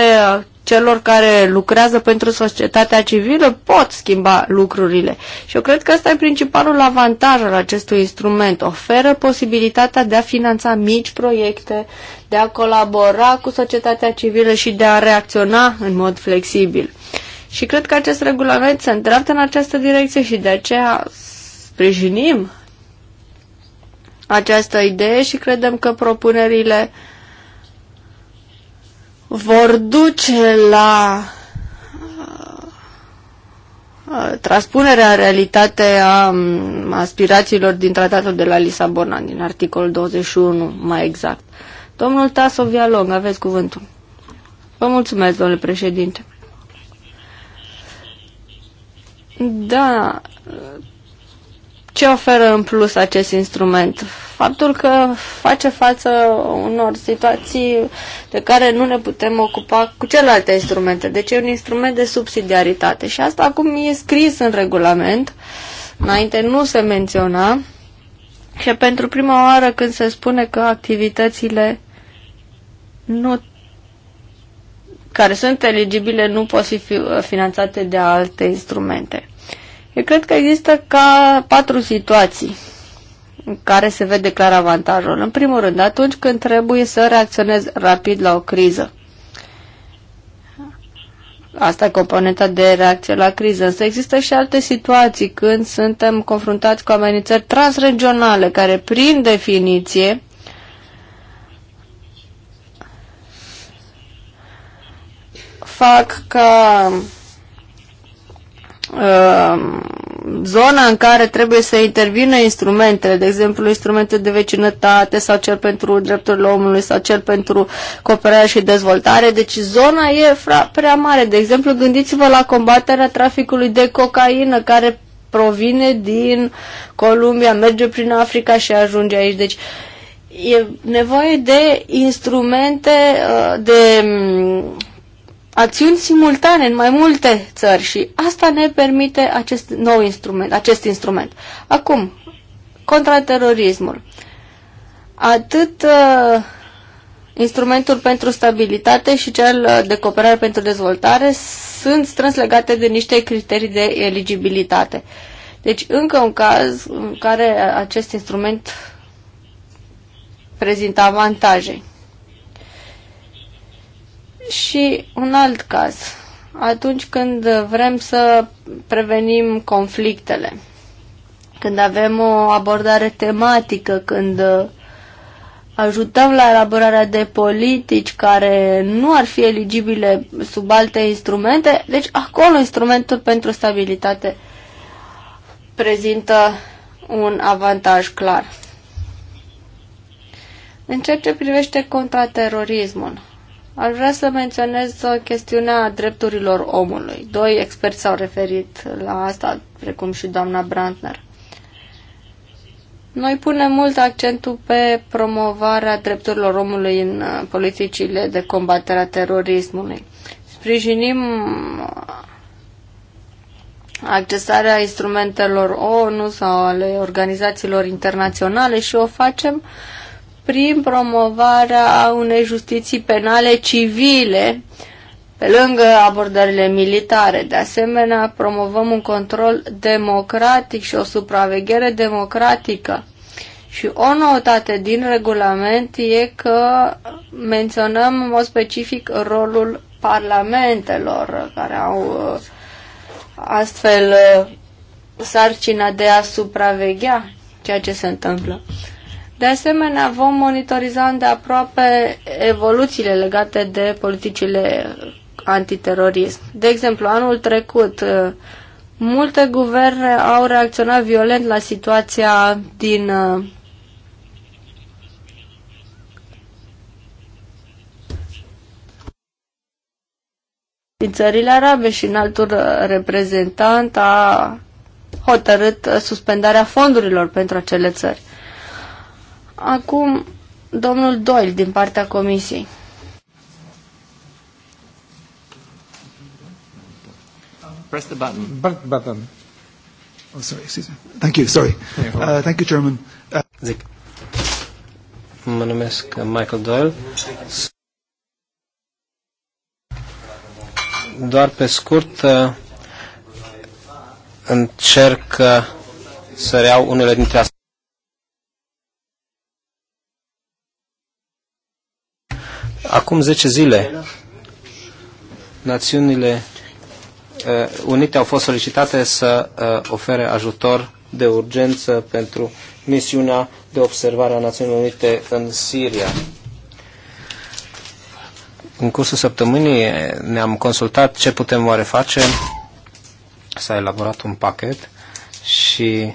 celor care lucrează pentru societatea civilă pot schimba lucrurile. Și eu cred că ăsta e principalul avantaj al acestui instrument. Oferă posibilitatea de a finanța mici proiecte, de a colabora cu societatea civilă și de a reacționa în mod flexibil. Și cred că acest regulament se îndreaptă în această direcție și de aceea sprijinim această idee și credem că propunerile uh, vor duce la uh, uh, transpunerea în realitate a um, aspirațiilor din tratatul de la Lisabona, din articolul 21 mai exact. Domnul Taso Vialong, aveți cuvântul. Vă mulțumesc, domnule președinte. Da, ce oferă în plus acest instrument? Faptul că face față unor situații de care nu ne putem ocupa cu celelalte instrumente. Deci e un instrument de subsidiaritate și asta acum e scris în regulament. Înainte nu se menționa și pentru prima oară când se spune că activitățile nu care sunt eligibile nu pot fi finanțate de alte instrumente. Eu cred că există ca patru situații în care se vede clar avantajul. În primul rând, atunci când trebuie să reacționezi rapid la o criză. Asta e componenta de reacție la criză. Însă există și alte situații când suntem confruntați cu amenințări transregionale, care prin definiție fac ca Uh, zona în care trebuie să intervină instrumentele, de exemplu instrumente de vecinătate sau cel pentru drepturile omului sau cel pentru cooperare și dezvoltare. Deci zona e prea mare. De exemplu, gândiți-vă la combaterea traficului de cocaină care provine din Columbia, merge prin Africa și ajunge aici. Deci e nevoie de instrumente uh, de acțiuni simultane în mai multe țări și asta ne permite acest nou instrument, acest instrument. Acum, contraterorismul. Atât uh, instrumentul pentru stabilitate și cel uh, de cooperare pentru dezvoltare sunt strâns legate de niște criterii de eligibilitate. Deci, încă un caz în care uh, acest instrument prezintă avantaje. Și un alt caz, atunci când vrem să prevenim conflictele, când avem o abordare tematică, când uh, ajutăm la elaborarea de politici care nu ar fi eligibile sub alte instrumente, deci acolo instrumentul pentru stabilitate prezintă un avantaj clar. În ceea ce privește contraterorismul, Aș vrea să menționez chestiunea drepturilor omului. Doi experți s-au referit la asta, precum și doamna Brandner. Noi punem mult accentul pe promovarea drepturilor omului în uh, politicile de combatere a terorismului. Sprijinim accesarea instrumentelor ONU sau ale organizațiilor internaționale și o facem uh, prin promovarea unei justiții penale civile, pe lângă abordările militare. De asemenea, promovăm un control democratic și o supraveghere democratică. Și o noutate din regulament e că menționăm în mod specific rolul parlamentelor care au uh, astfel uh, sarcina de a supraveghea ceea ce se întâmplă. De asemenea, vom monitoriza îndeaproape evoluțiile legate de politicile antiterorism. De exemplu, anul trecut, uh, multe guverne au reacționat violent la situația din uh, din țările arabe și în altul reprezentant a hotărât suspendarea fondurilor pentru acele țări. Acum, domnul Doyle din partea comisiei. Press the button. But button. Oh, sorry, excuse me. Thank you, sorry. Uh, thank you, Chairman. Uh... Zic. Mă numesc Michael Doyle. Doar pe scurt, uh, încerc uh, să reau unele dintre astea. Acum 10 zile, Națiunile uh, Unite au fost solicitate să uh, ofere ajutor de urgență pentru misiunea de observare a Națiunilor Unite în Siria. În cursul săptămânii ne-am consultat ce putem oare face. S-a elaborat un pachet și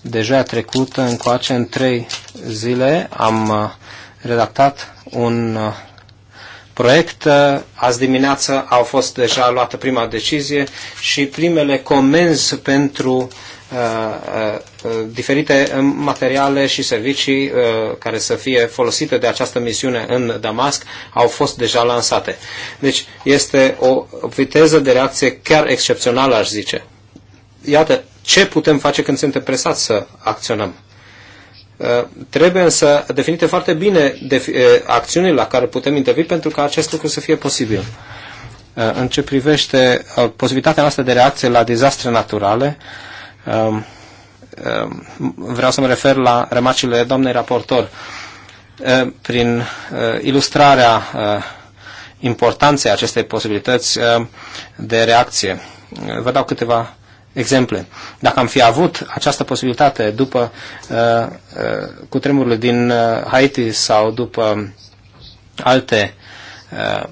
deja trecut încoace în trei zile am uh, redactat un proiect. Uh, azi dimineață au fost deja luată prima decizie și primele comenzi pentru uh, uh, diferite materiale și servicii care să fie folosite de această misiune în Damasc au fost deja lansate. Deci este o viteză de reacție chiar excepțională, aș zice. Iată ce putem face când suntem presați să acționăm. Uh, trebuie însă definite foarte bine uh, acțiunile la care putem interveni pentru ca acest lucru să fie posibil. Uh, în ce privește posibilitatea noastră de reacție la dezastre naturale, um, um, vreau să mă refer la remarcile doamnei raportor. Prin ilustrarea importanței acestei posibilități de reacție, vă dau câteva exemple. Dacă am fi avut această posibilitate după uh, uh, cutremurile din uh, Haiti sau după uh, alte uh, uh,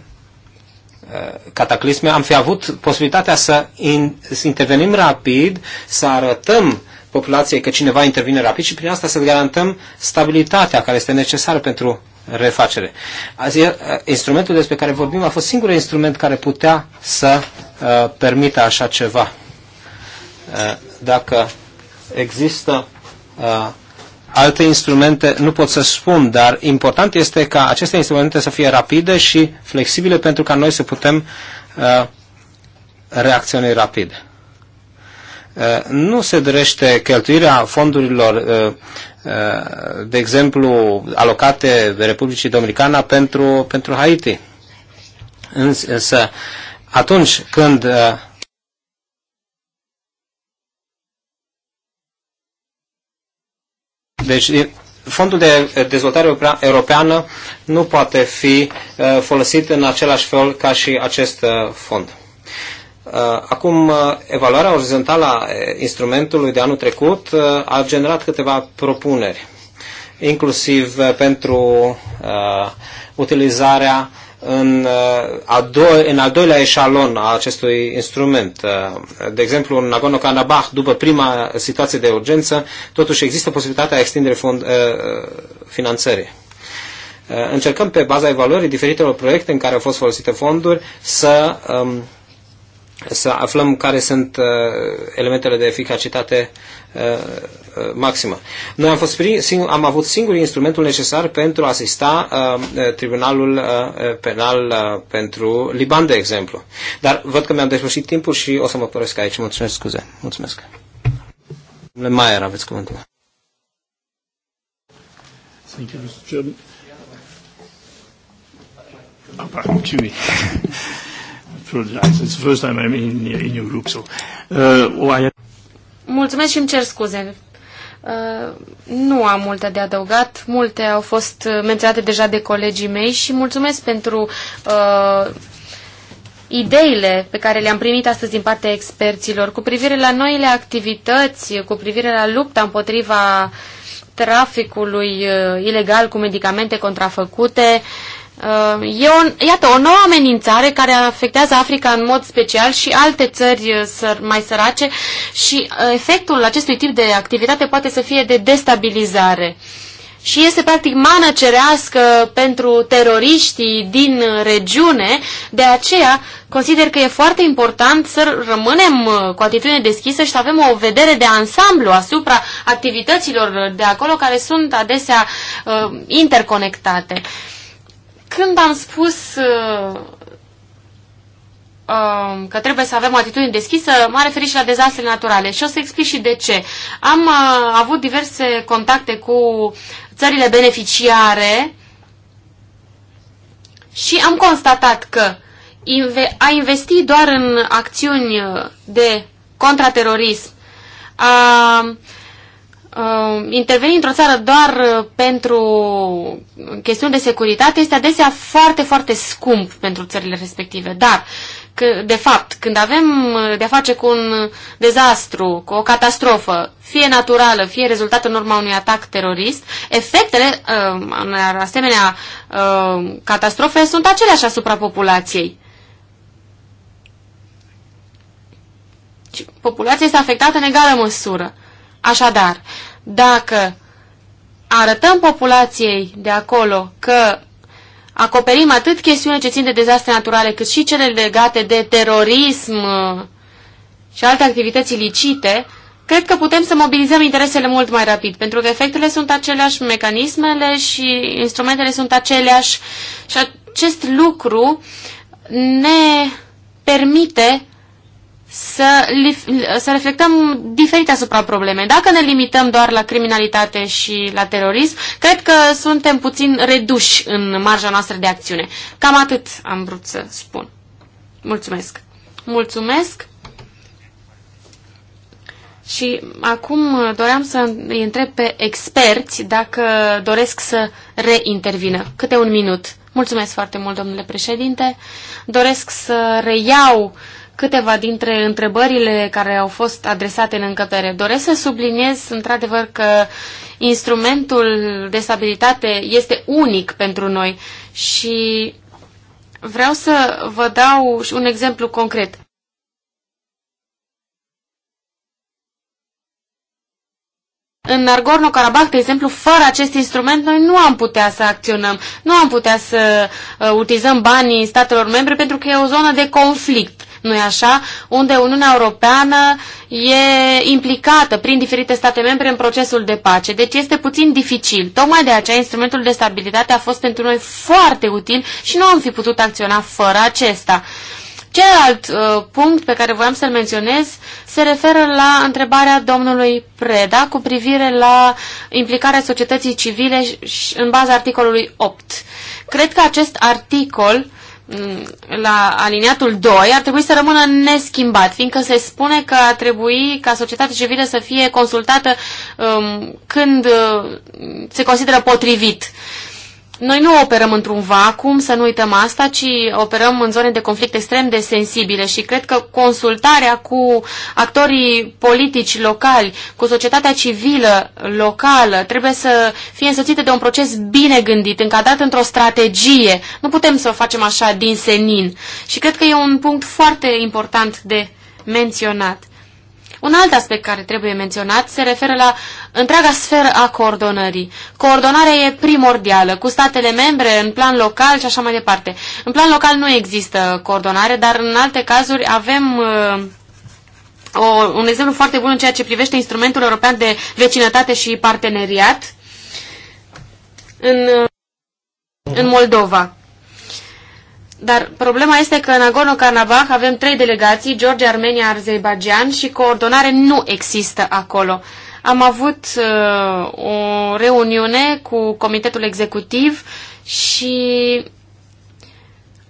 cataclisme, am fi avut posibilitatea să, in, să intervenim rapid, să arătăm populației că cineva intervine rapid și prin asta să garantăm stabilitatea care este necesară pentru refacere. Azi, uh, instrumentul despre care vorbim a fost singurul instrument care putea să uh, permită așa ceva. Eh, dacă există eh, alte instrumente, nu pot să spun, dar important este ca aceste instrumente să fie rapide și flexibile pentru ca noi să putem eh, reacționa rapid. Nu se dorește cheltuirea fondurilor, de exemplu, alocate Republicii Dominicana pentru, pentru Haiti. Însă, atunci când Deci fondul de dezvoltare europeană nu poate fi folosit în același fel ca și acest fond. Acum, evaluarea orizontală a instrumentului de anul trecut a generat câteva propuneri, inclusiv pentru utilizarea uh, în, uh, a do- în al doilea eșalon a acestui instrument. Uh, de exemplu, în Nagorno-Karabakh, după prima situație de urgență, totuși există posibilitatea extinderii fond- uh, finanțării. Încercăm pe baza evaluării diferitelor proiecte în care au fost folosite fonduri să um, să aflăm care sunt uh, elementele de eficacitate uh, uh maximă. Noi am, fost sing- am avut singur instrumentul necesar pentru a asista uh, uh Tribunalul uh, uh, Penal uh, pentru Liban, de exemplu. Dar văd că mi-am depășit timpul și o să mă părăsesc aici. Mulțumesc, scuze. Mulțumesc. Domnule Maier, aveți cuvântul. Thank you, Mr. Chairman. Oh, It's the first time I'm in, in your group, so... Uh, oh, Mulțumesc și îmi cer scuze. Uh, nu am multe de adăugat, multe au fost menționate deja de colegii mei și mulțumesc pentru uh, ideile pe care le-am primit astăzi din partea experților cu privire la noile activități, cu privire la lupta împotriva traficului uh, ilegal cu medicamente contrafăcute, uh, Uh, e o, iată, o nouă amenințare care afectează Africa în mod special și alte țări uh, săr, mai sărace și uh, efectul acestui tip de activitate poate să fie de destabilizare. Și este practic mană cerească pentru teroriștii din regiune, de aceea consider că e foarte important să rămânem cu atitudine deschisă și să avem o vedere de ansamblu asupra activităților de acolo care sunt adesea uh, interconectate. Uh, când am spus uh, uh, că trebuie să avem o atitudine deschisă, m-am referit și la dezastrele naturale și o să explic și de ce. Am uh, avut diverse contacte cu țările beneficiare și am constatat că a investi doar în acțiuni de contraterorism, uh, uh, interveni într-o țară doar uh, pentru chestiuni de securitate este adesea foarte, foarte scump pentru țările respective. Dar, că, de fapt, când avem uh, de-a face cu un dezastru, cu o catastrofă, fie naturală, fie rezultat în urma unui atac terorist, efectele uh, în asemenea uh, catastrofe sunt aceleași asupra populației. Populația este afectată în egală măsură. Așadar, dacă arătăm populației de acolo că acoperim atât chestiune ce țin de dezastre naturale, cât și cele legate de terorism uh, și alte activități ilicite, cred că putem să mobilizăm interesele mult mai rapid, pentru că efectele sunt aceleași, mecanismele și instrumentele sunt aceleași și acest lucru ne permite să, să reflectăm diferit asupra problemei. Dacă ne limităm doar la criminalitate și la terorism, cred că suntem puțin reduși în marja noastră de acțiune. Cam atât am vrut să spun. Mulțumesc! Mulțumesc! Și acum doream să îi întreb pe experți dacă doresc să reintervină. Câte un minut. Mulțumesc foarte mult, domnule președinte. Doresc să reiau uh, câteva dintre întrebările care au fost adresate în încăpere. Doresc să subliniez într-adevăr că instrumentul de stabilitate este unic pentru noi și vreau să vă dau un exemplu concret. În Nagorno-Karabakh, de exemplu, fără acest instrument, noi nu am putea să acționăm, nu am putea să uh, utilizăm banii statelor membre pentru că e o zonă de conflict nu-i așa? Unde Uniunea Europeană e implicată prin diferite state membre în procesul de pace. Deci este puțin dificil. Tocmai de aceea instrumentul de stabilitate a fost pentru noi foarte util și nu am fi putut acționa fără acesta. Celălalt uh, punct pe care voiam să-l menționez se referă la întrebarea domnului Preda cu privire la implicarea societății civile în baza articolului 8. Cred că acest articol uh, Mm, la aliniatul 2 ar trebui să rămână neschimbat, fiindcă se spune că ar trebui ca societatea civilă să fie consultată um, când uh, se consideră potrivit. Uh, noi nu operăm într-un vacuum, să nu uităm asta, ci operăm în zone de conflict extrem de sensibile și cred că consultarea cu actorii politici locali, cu societatea civilă locală, trebuie să fie însățită de un proces bine gândit, încadrat într-o strategie. Nu putem să o facem așa din senin. Și cred că e un punct foarte important de menționat. Un alt aspect care trebuie menționat se referă la întreaga sferă a coordonării. Coordonarea e primordială, cu statele membre, în plan local și așa mai departe. În plan local nu există coordonare, dar în alte cazuri avem... Uh, o, un exemplu foarte bun în ceea ce privește instrumentul european de vecinătate și parteneriat în, în Moldova. Dar problema este că în Nagorno-Karabakh avem trei delegații, Georgia, Armenia, Azerbaijan și coordonare nu există acolo. Am avut uh, o reuniune cu comitetul executiv și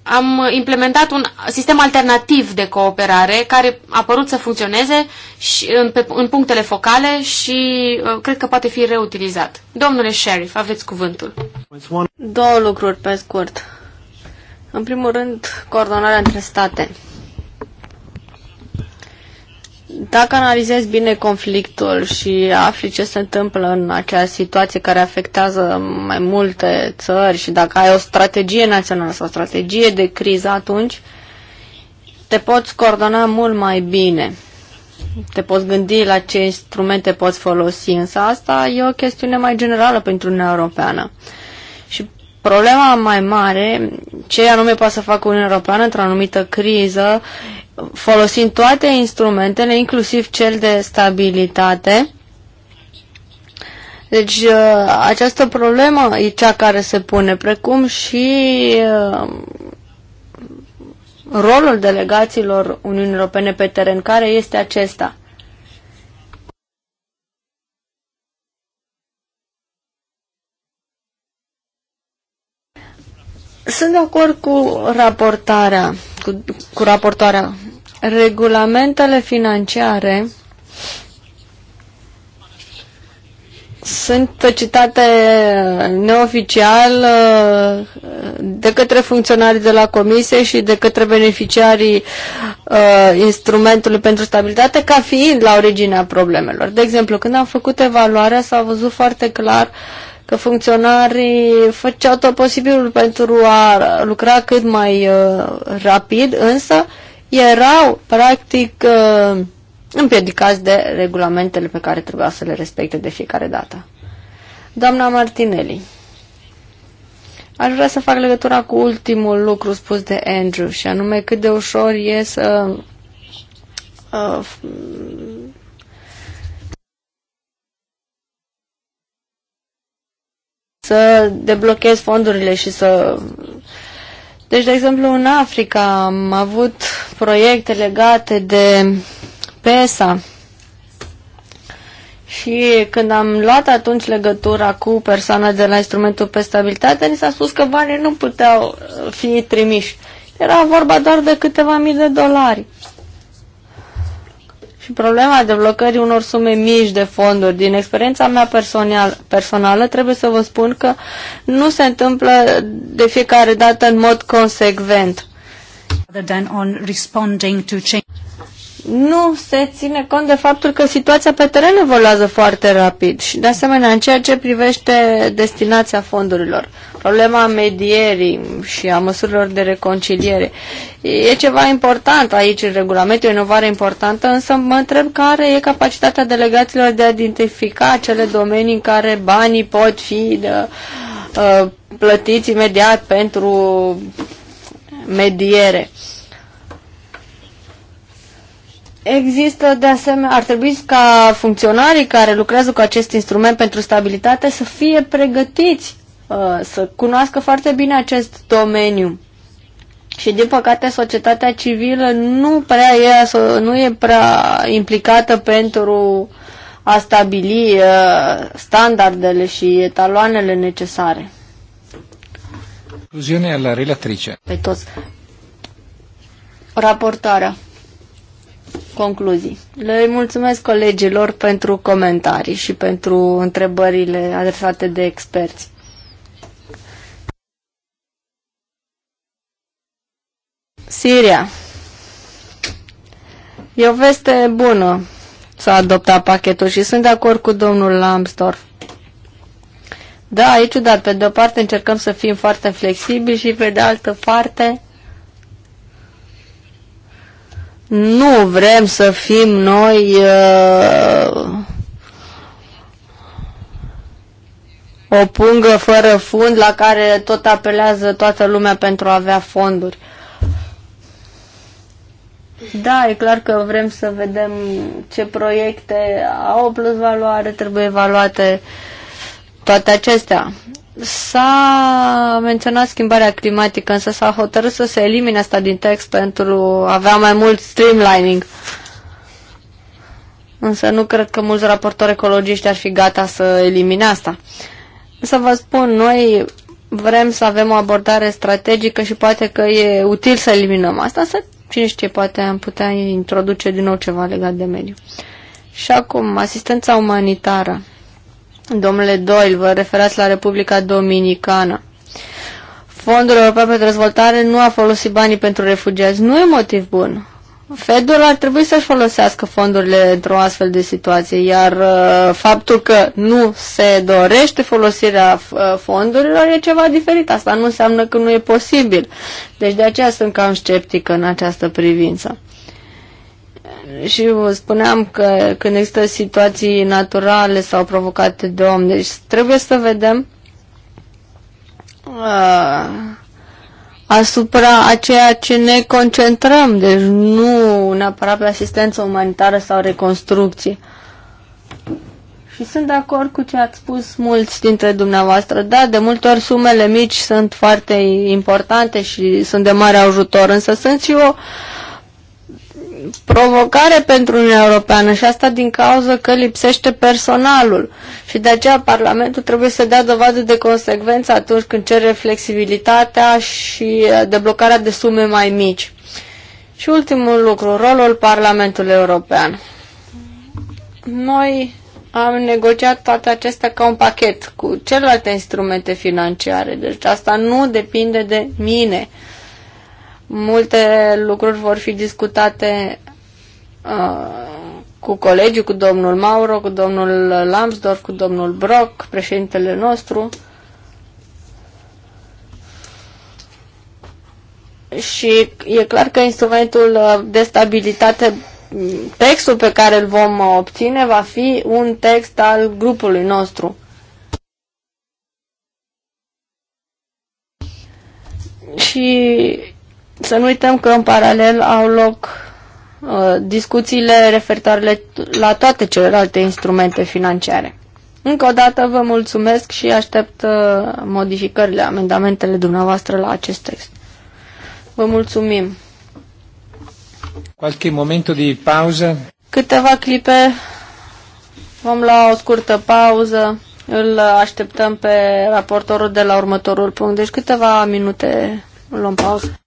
am implementat un sistem alternativ de cooperare care a părut să funcționeze și în, pe, în punctele focale și uh, cred că poate fi reutilizat. Domnule Sheriff, aveți cuvântul. Două lucruri pe scurt. În primul rând, coordonarea între state. Dacă analizezi bine conflictul și afli ce se întâmplă în acea situație care afectează mai multe țări și dacă ai o strategie națională sau o strategie de criză, atunci te poți coordona mult mai bine. Te poți gândi la ce instrumente poți folosi, însă asta e o chestiune mai generală pentru Uniunea Europeană. Și Problema mai mare, ce anume poate să facă Uniunea Europeană într-o anumită criză, folosind toate instrumentele, inclusiv cel de stabilitate. Deci uh, această problemă e cea care se pune, precum și uh, rolul delegațiilor Uniunii Europene pe teren, care este acesta. Sunt de acord cu raportarea, cu, cu raportarea. Regulamentele financiare sunt citate neoficial uh, de către funcționarii de la comisie și de către beneficiarii uh, instrumentului pentru stabilitate ca fiind la originea problemelor. De exemplu, când am făcut evaluarea s-a văzut foarte clar uh, că funcționarii făceau tot posibilul pentru a lucra cât mai uh, rapid, însă erau practic uh, împiedicați de regulamentele pe care trebuia să le respecte de fiecare dată. Doamna Martinelli, aș vrea să fac legătura cu ultimul lucru spus de Andrew și anume cât de ușor e să uh, să deblochez fondurile și să... Deci, de exemplu, în Africa am avut proiecte legate de PESA și când am luat atunci legătura cu persoana de la instrumentul pe stabilitate, ni s-a spus că banii nu puteau fi trimiși. Era vorba doar de câteva mii de dolari. Și problema deblocării unor sume mici de fonduri, din experiența mea personal, personală, trebuie să vă spun că nu se întâmplă de fiecare dată în mod consecvent nu se ține cont de faptul că situația pe teren evoluează foarte rapid și, de asemenea, în ceea ce privește destinația fondurilor, problema medierii și a măsurilor de reconciliere. E ceva important aici în regulament, e o inovare importantă, însă mă întreb care e capacitatea delegaților de a identifica acele domenii în care banii pot fi de, uh, uh, plătiți imediat pentru mediere. Uh, Există de asemenea, ar trebui ca funcționarii care lucrează cu acest instrument pentru stabilitate să fie pregătiți, uh, să cunoască foarte bine acest domeniu. Și din păcate societatea civilă nu prea e, nu e prea implicată pentru a stabili uh, standardele și etaloanele necesare. Concluziunea la relatrice. Pe toți. Raportarea concluzii. Le mulțumesc colegilor pentru comentarii și pentru întrebările adresate de experți. Siria. E o veste bună s-a adoptat pachetul și sunt de acord cu domnul Lambsdorff. Da, e ciudat. Pe de o parte încercăm să fim foarte flexibili și pe de altă parte nu vrem să fim noi uh, o pungă fără fund la care tot apelează toată lumea pentru a avea fonduri. Da, e clar că vrem să vedem ce proiecte au plus valoare, trebuie evaluate toate acestea. S-a menționat schimbarea climatică, însă s-a hotărât să se elimine asta din text pentru a avea mai mult streamlining. Însă nu cred că mulți raportori ecologiști ar fi gata să elimine asta. Să vă spun, noi vrem să avem o abordare strategică și poate că e util să eliminăm asta, să cine știe, poate am putea introduce din nou ceva legat de mediu. Și acum, asistența umanitară. Domnule Doyle, vă referați la Republica Dominicană. Fondul European pentru Dezvoltare nu a folosit banii pentru refugiați. Nu e motiv bun. Fedul ar trebui să-și folosească fondurile într-o astfel de situație, iar uh, faptul că nu se dorește folosirea uh, fondurilor e ceva diferit. Asta nu înseamnă că nu e posibil. Deci de aceea sunt cam sceptică în această privință și vă spuneam că când există situații naturale sau provocate de om, deci trebuie să vedem uh, asupra a ceea ce ne concentrăm, deci nu neapărat pe asistență umanitară sau reconstrucție. Și sunt de acord cu ce ați spus mulți dintre dumneavoastră. Da, de multe ori sumele mici sunt foarte importante și sunt de mare ajutor, însă sunt și o uh, provocare pentru Uniunea Europeană și asta din cauza că lipsește personalul și de aceea Parlamentul trebuie să dea dovadă de consecvență atunci când cere flexibilitatea și uh, deblocarea de sume mai mici. Și ultimul lucru, rolul Parlamentului European. Noi am negociat toate acestea ca un pachet cu celelalte instrumente financiare, deci asta nu depinde de mine. Multe lucruri vor fi discutate uh, cu colegii, cu domnul Mauro, cu domnul Lambsdorff, cu domnul Brock, președintele nostru. Și e clar că instrumentul uh, de stabilitate, textul pe care îl vom uh, obține, va fi un text al grupului nostru. Și să nu uităm că în paralel au loc uh, discuțiile referitoare la toate celelalte instrumente financiare. Încă o dată vă mulțumesc și aștept uh, modificările, amendamentele dumneavoastră la acest text. Vă mulțumim. Qualche momento di pauză. Câteva clipe. Vom lua o scurtă pauză. Îl așteptăm pe raportorul de la următorul punct. Deci câteva minute luăm pauză.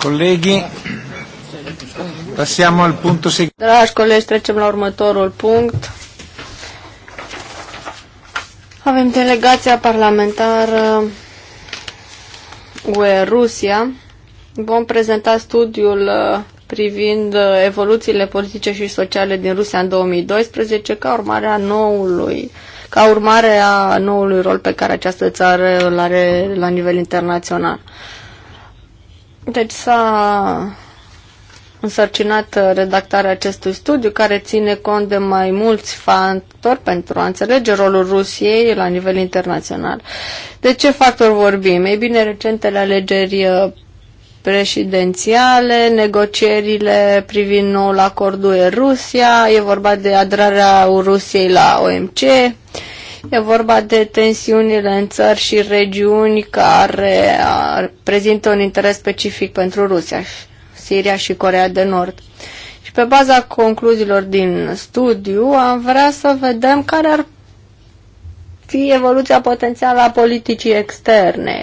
Colleghi, passiamo al punto seguente. Dragi colegi, trecem la următorul punct. Avem delegația parlamentară UE-Rusia. Vom prezenta studiul uh, privind uh, evoluțiile politice și sociale din Rusia în 2012 ca urmare a noului ca urmare a noului rol pe care această țară îl are la nivel internațional. Deci s-a însărcinat uh, redactarea acestui studiu care ține cont de mai mulți factori pentru a înțelege rolul Rusiei la nivel internațional. De ce factor vorbim? Ei bine, recentele alegeri uh, prezidențiale, negocierile privind noul acord UE-Rusia, e vorba de adrarea Rusiei la OMC, E vorba de tensiunile în țări și regiuni care prezintă un interes specific pentru Rusia, Siria și Corea de Nord. Și pe baza concluziilor din studiu am vrea să vedem care ar fi evoluția potențială a politicii externe,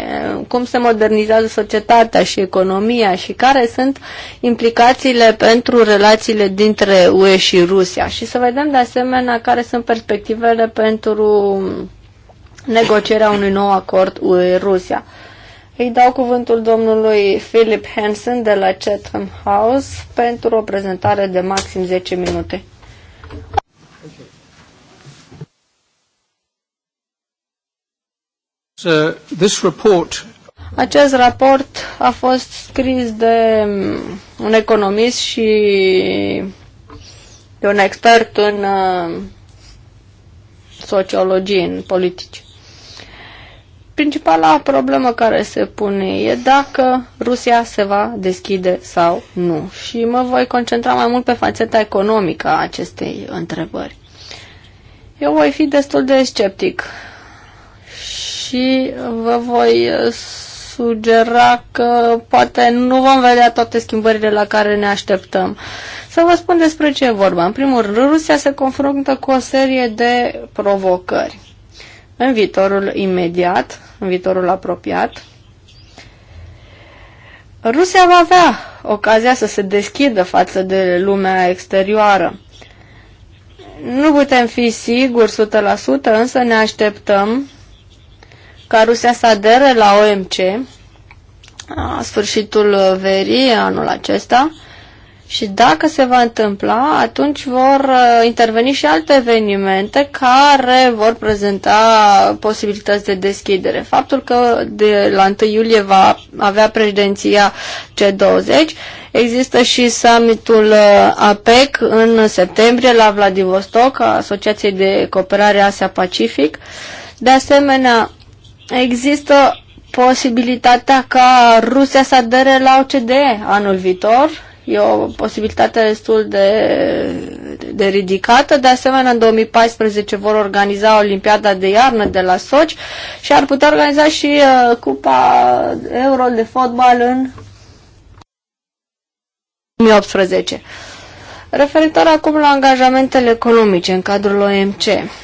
cum se modernizează societatea și economia și care sunt implicațiile pentru relațiile dintre UE și Rusia. Și să vedem de asemenea care sunt perspectivele pentru negocierea unui nou acord UE-Rusia. Îi dau cuvântul domnului Philip Hansen de la Chatham House pentru o prezentare de maxim 10 minute. So, this report... Acest raport a fost scris de un economist și de un expert în uh, sociologie, în politici. Principala problemă care se pune e dacă Rusia se va deschide sau nu. Și mă voi concentra mai mult pe fațeta economică a acestei întrebări. Eu voi fi destul de sceptic și vă voi sugera că poate nu vom vedea toate schimbările la care ne așteptăm. Să vă spun despre ce e vorba. În primul rând, Rusia se confruntă cu o serie de provocări. În viitorul imediat, în viitorul apropiat, Rusia va avea ocazia să se deschidă față de lumea exterioară. Nu putem fi siguri 100%, însă ne așteptăm ca Rusia să adere la OMC a sfârșitul verii anul acesta și dacă se va întâmpla, atunci vor uh, interveni și alte evenimente care vor prezenta posibilități de deschidere. Faptul că de la 1 iulie va avea președinția C20, există și summitul uh, APEC în septembrie la Vladivostok, Asociației de Cooperare Asia-Pacific. De asemenea, Există posibilitatea ca Rusia să adere la OCD anul viitor. E o posibilitate destul de, de ridicată. De asemenea, în 2014 vor organiza Olimpiada de iarnă de la Soci și ar putea organiza și uh, Cupa Euro de fotbal în 2018. Referitor acum la angajamentele economice în cadrul OMC,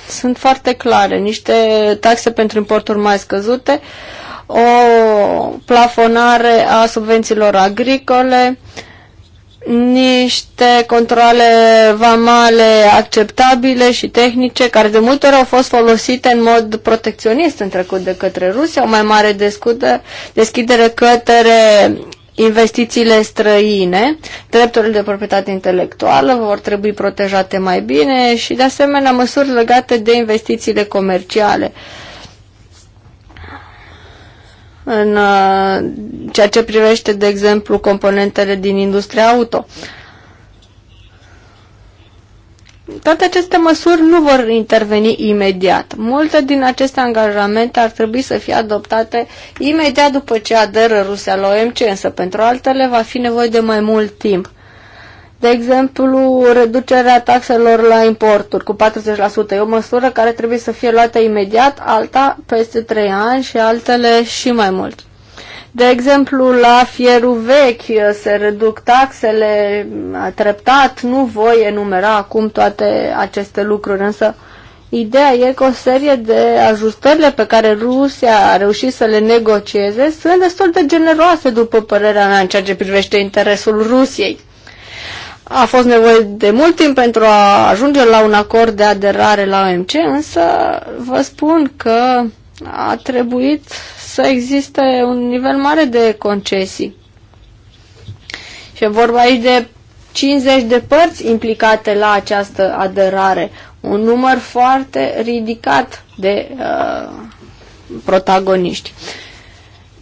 sunt foarte clare, niște taxe pentru importuri mai scăzute, o plafonare a subvențiilor agricole, niște controle vamale acceptabile și tehnice, care de multe ori au fost folosite în mod protecționist în trecut de către Rusia, o mai mare deschidere către investițiile străine, drepturile de proprietate intelectuală vor trebui protejate mai bine și, de asemenea, măsuri legate de investițiile comerciale. În uh, ceea ce privește, de exemplu, componentele din industria auto. Uh, toate aceste măsuri nu vor interveni imediat. Multe din aceste angajamente ar trebui să fie adoptate imediat după ce aderă Rusia la OMC, însă pentru altele va fi nevoie de mai mult timp. De exemplu, reducerea taxelor la importuri cu 40% e o măsură care trebuie să fie luată imediat, alta peste 3 ani și altele și mai mult. De exemplu, la fierul vechi uh, se reduc taxele mm, treptat, nu voi enumera acum toate aceste lucruri, însă ideea e că o serie de ajustările pe care Rusia a reușit să le negocieze sunt destul de generoase, după părerea mea, în ceea ce privește interesul Rusiei. A fost nevoie de mult timp pentru a ajunge la un acord de aderare la OMC, însă vă spun că a trebuit să existe un nivel mare de concesii. Și e vorba aici de 50 de părți implicate la această aderare, un număr foarte ridicat de uh, protagoniști.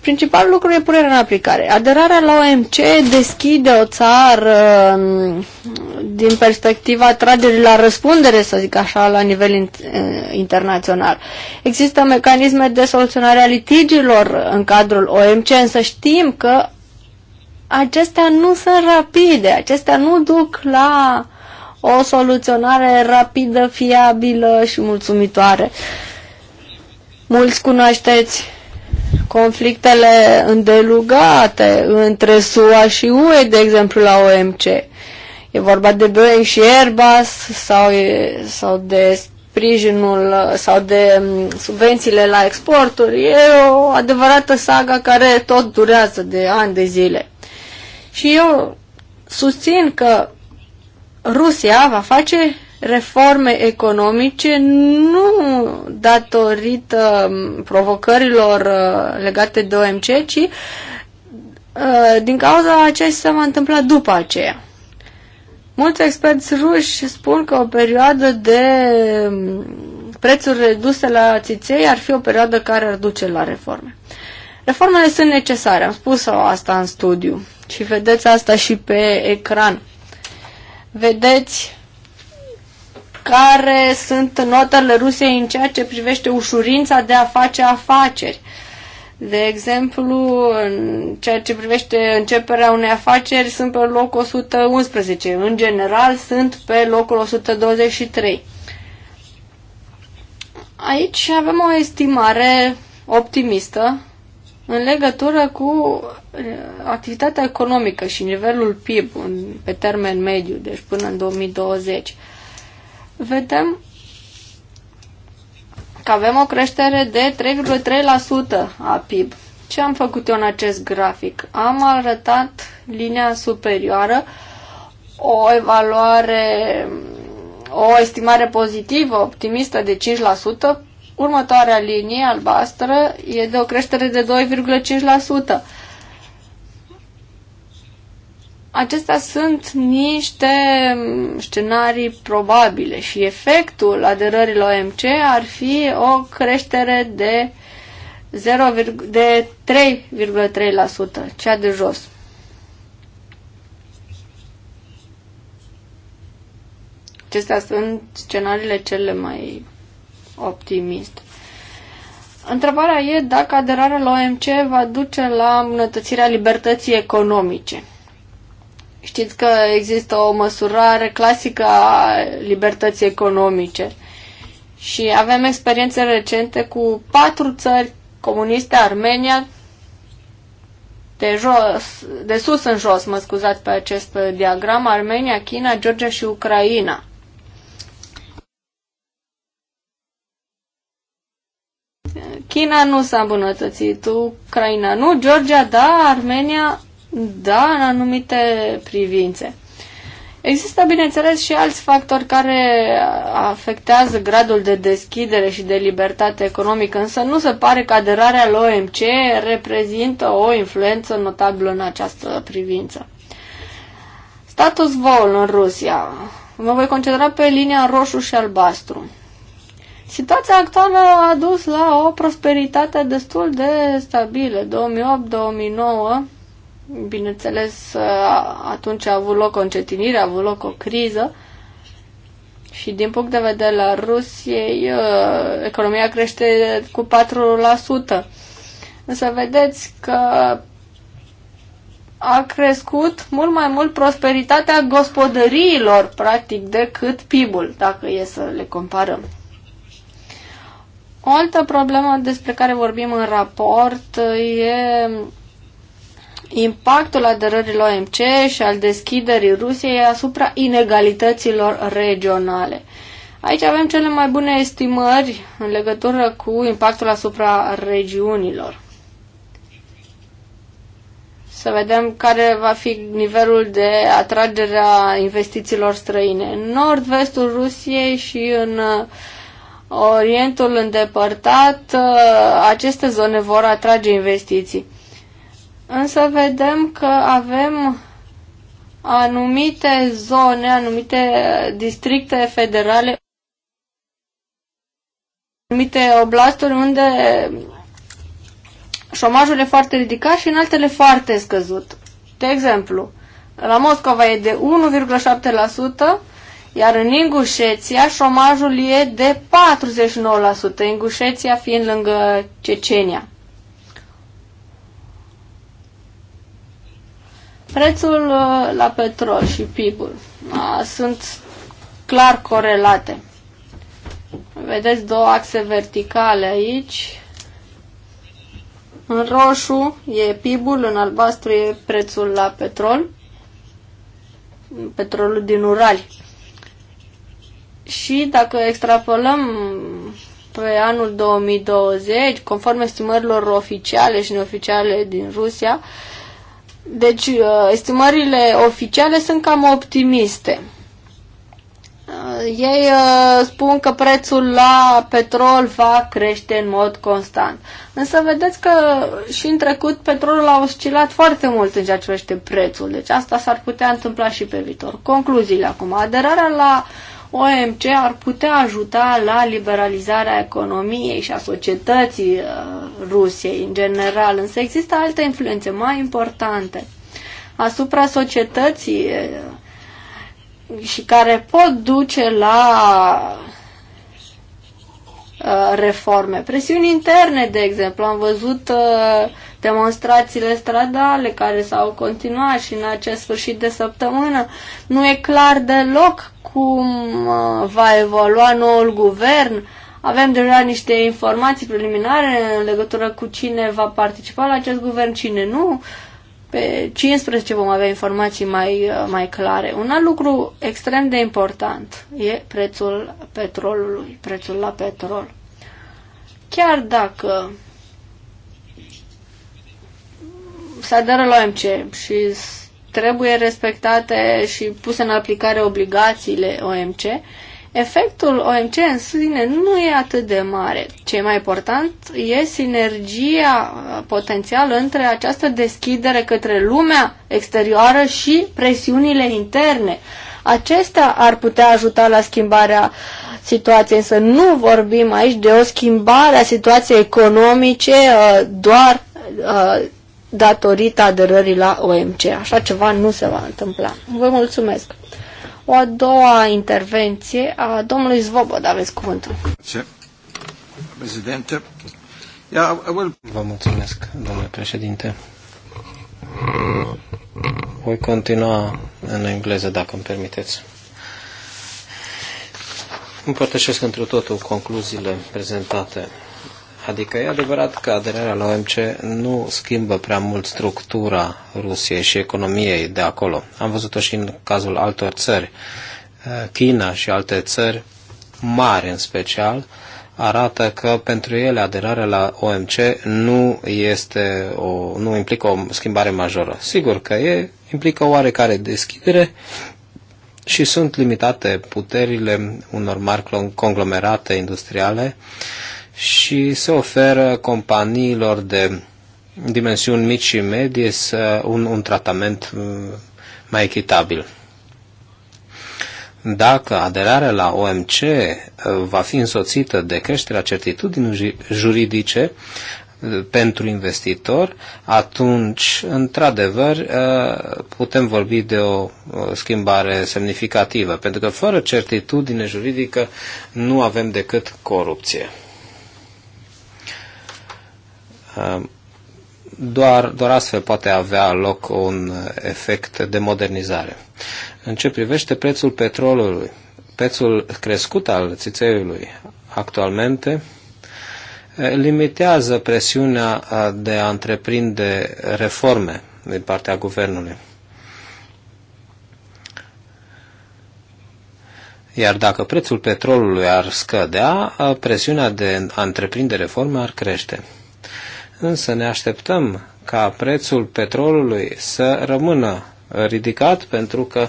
Principalul lucru e punerea în aplicare. Aderarea la OMC deschide o țară um, din perspectiva tragerii la răspundere, să zic așa, la nivel uh, internațional. Există mecanisme de soluționare a litigiilor în cadrul OMC, însă știm că acestea nu sunt rapide, acestea nu duc la o soluționare rapidă, fiabilă și mulțumitoare. Mulți cunoașteți conflictele îndelugate între SUA și UE, de exemplu, la OMC. E vorba de Boeing și Airbus sau, sau de sprijinul sau de mm, subvențiile la exporturi. E o adevărată saga care tot durează de ani de zile. Și eu susțin că Rusia va face reforme economice nu datorită provocărilor uh, legate de OMC, ci uh, din cauza a ceea ce s-a întâmplat după aceea. Mulți experți ruși spun că o perioadă de um, prețuri reduse la țiței ar fi o perioadă care ar duce la reforme. Reformele sunt necesare, am spus asta în studiu și vedeți asta și pe ecran. Vedeți care sunt notele Rusiei în ceea ce privește ușurința de a face afaceri. De exemplu, în ceea ce privește începerea unei afaceri, sunt pe locul 111. În general, sunt pe locul 123. Aici avem o estimare optimistă în legătură cu uh, activitatea economică și nivelul PIB pe termen mediu, deci până în 2020 vedem că avem o creștere de 3,3% a PIB. Ce am făcut eu în acest grafic? Am arătat linia superioară, o evaluare, o estimare pozitivă, optimistă de 5%. Următoarea linie albastră e de o creștere de 2,5% acestea sunt niște scenarii probabile și efectul aderării la OMC ar fi o creștere de, 0, de 3,3%, cea de jos. Acestea sunt scenariile cele mai optimiste. Întrebarea e dacă aderarea la OMC va duce la îmbunătățirea libertății economice. Știți că există o măsurare clasică a libertății economice și avem experiențe recente cu patru țări comuniste, Armenia, de, jos, de sus în jos, mă scuzați pe acest diagram, Armenia, China, Georgia și Ucraina. China nu s-a îmbunătățit, Ucraina nu, Georgia da, Armenia da, în anumite privințe. Există, bineînțeles, și alți factori care afectează gradul de deschidere și de libertate economică, însă nu se pare că aderarea la OMC reprezintă o influență notabilă în această privință. Status vol în Rusia. Mă voi concentra pe linia roșu și albastru. Situația actuală a dus la o prosperitate destul de stabilă. 2008-2009 Bineînțeles, atunci a avut loc o încetinire, a avut loc o criză și din punct de vedere la Rusiei, uh, economia crește cu 4%. Însă vedeți că a crescut mult mai mult prosperitatea gospodăriilor, practic, decât PIB-ul, dacă e să le comparăm. O altă problemă despre care vorbim în raport uh, e impactul aderării OMC și al deschiderii Rusiei asupra inegalităților regionale. Aici avem cele mai bune estimări în legătură cu impactul asupra regiunilor. Să vedem care va fi nivelul de atragere a investițiilor străine. În nord-vestul Rusiei și în uh, Orientul îndepărtat, uh, aceste zone vor atrage investiții. Însă vedem că avem anumite zone, anumite districte federale, anumite oblasturi unde șomajul e foarte ridicat și în altele foarte scăzut. De exemplu, la Moscova e de 1,7%, iar în Ingușeția șomajul e de 49%, Ingușeția fiind lângă Cecenia. Prețul uh, la petrol și PIB-ul uh, sunt clar corelate. Vedeți două axe verticale aici. În roșu e PIB-ul, în albastru e prețul la petrol, petrolul din Urali. Și dacă extrapolăm pe anul 2020, conform estimărilor oficiale și neoficiale din Rusia, uh, deci, uh, estimările oficiale sunt cam optimiste. Uh, ei uh, spun că prețul la petrol va crește în mod constant. Însă vedeți că și în trecut petrolul a oscilat foarte mult în ceea ce privește prețul. Deci asta s-ar putea întâmpla și pe viitor. Concluziile acum. Aderarea la uh, OMC ar putea ajuta la liberalizarea economiei și a societății uh, Rusiei în general, însă există alte influențe mai importante asupra societății uh, și care pot duce la uh, reforme. Presiuni interne, de exemplu, am văzut demonstrațiile stradale care s-au continuat și în acest sfârșit de săptămână. Nu e clar deloc cum uh, va evolua noul guvern. Avem deja niște informații preliminare în legătură cu cine va participa la acest guvern, cine nu. Pe 15 vom avea informații mai, uh, mai clare. Un alt lucru extrem de important e prețul petrolului, prețul la petrol. Chiar dacă se aderă la OMC și trebuie respectate și puse în aplicare obligațiile OMC, efectul OMC în sine nu e atât de mare. Ce mai important e sinergia uh, potențială între această deschidere către lumea exterioară și presiunile interne. Acestea ar putea ajuta la schimbarea situației, însă nu vorbim aici de o schimbare a situației economice uh, doar uh, datorită aderării la OMC. Așa ceva nu se va întâmpla. Vă mulțumesc. O a doua intervenție a domnului Zvobod, aveți cuvântul. Președinte, Vă mulțumesc, domnule președinte. Voi continua în engleză, dacă îmi permiteți. Împărtășesc întru totul concluziile prezentate Adică e adevărat că aderarea la OMC nu schimbă prea mult structura Rusiei și economiei de acolo. Am văzut-o și în cazul altor țări. China și alte țări mari în special arată că pentru ele aderarea la OMC nu, este o, nu implică o schimbare majoră. Sigur că e, implică oarecare deschidere și sunt limitate puterile unor mari conglomerate industriale și se oferă companiilor de dimensiuni mici și medii un, un tratament mm, mai echitabil. Dacă aderarea la OMC mm, va fi însoțită de creșterea certitudinii juridice mm, pentru investitor, atunci, într-adevăr, putem vorbi de o schimbare semnificativă, pentru că fără certitudine juridică nu avem decât corupție. Ehm, doar, doar astfel poate avea loc un efect de modernizare. În ce privește prețul petrolului, prețul crescut al țițeiului actualmente limitează presiunea de a întreprinde reforme din partea guvernului. Iar dacă prețul petrolului ar scădea, presiunea de a întreprinde reforme ar crește însă ne așteptăm ca prețul petrolului să rămână ridicat pentru că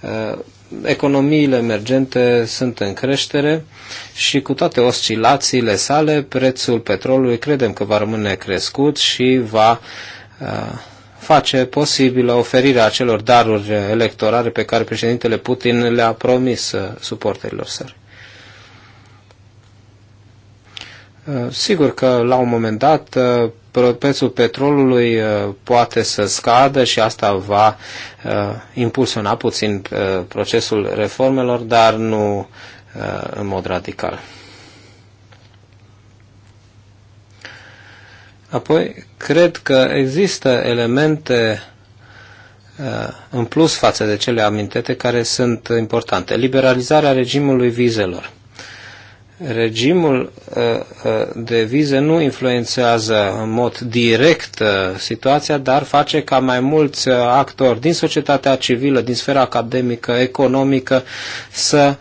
uh, economiile emergente sunt în creștere și cu toate oscilațiile sale, prețul petrolului credem că va rămâne crescut și va uh, face posibilă oferirea acelor daruri electorale pe care președintele Putin le-a promis uh, suporterilor săi. Uh, sigur că la un moment dat uh, prețul petrolului uh, poate să scadă și asta va impulsiona puțin procesul reformelor, dar nu în mod radical. Apoi, cred că există elemente în plus față de cele amintite care sunt importante. Liberalizarea regimului vizelor regimul uh, uh, de vize nu influențează în mod direct uh, situația, dar face ca mai mulți actori din societatea civilă, din sfera academică, economică, să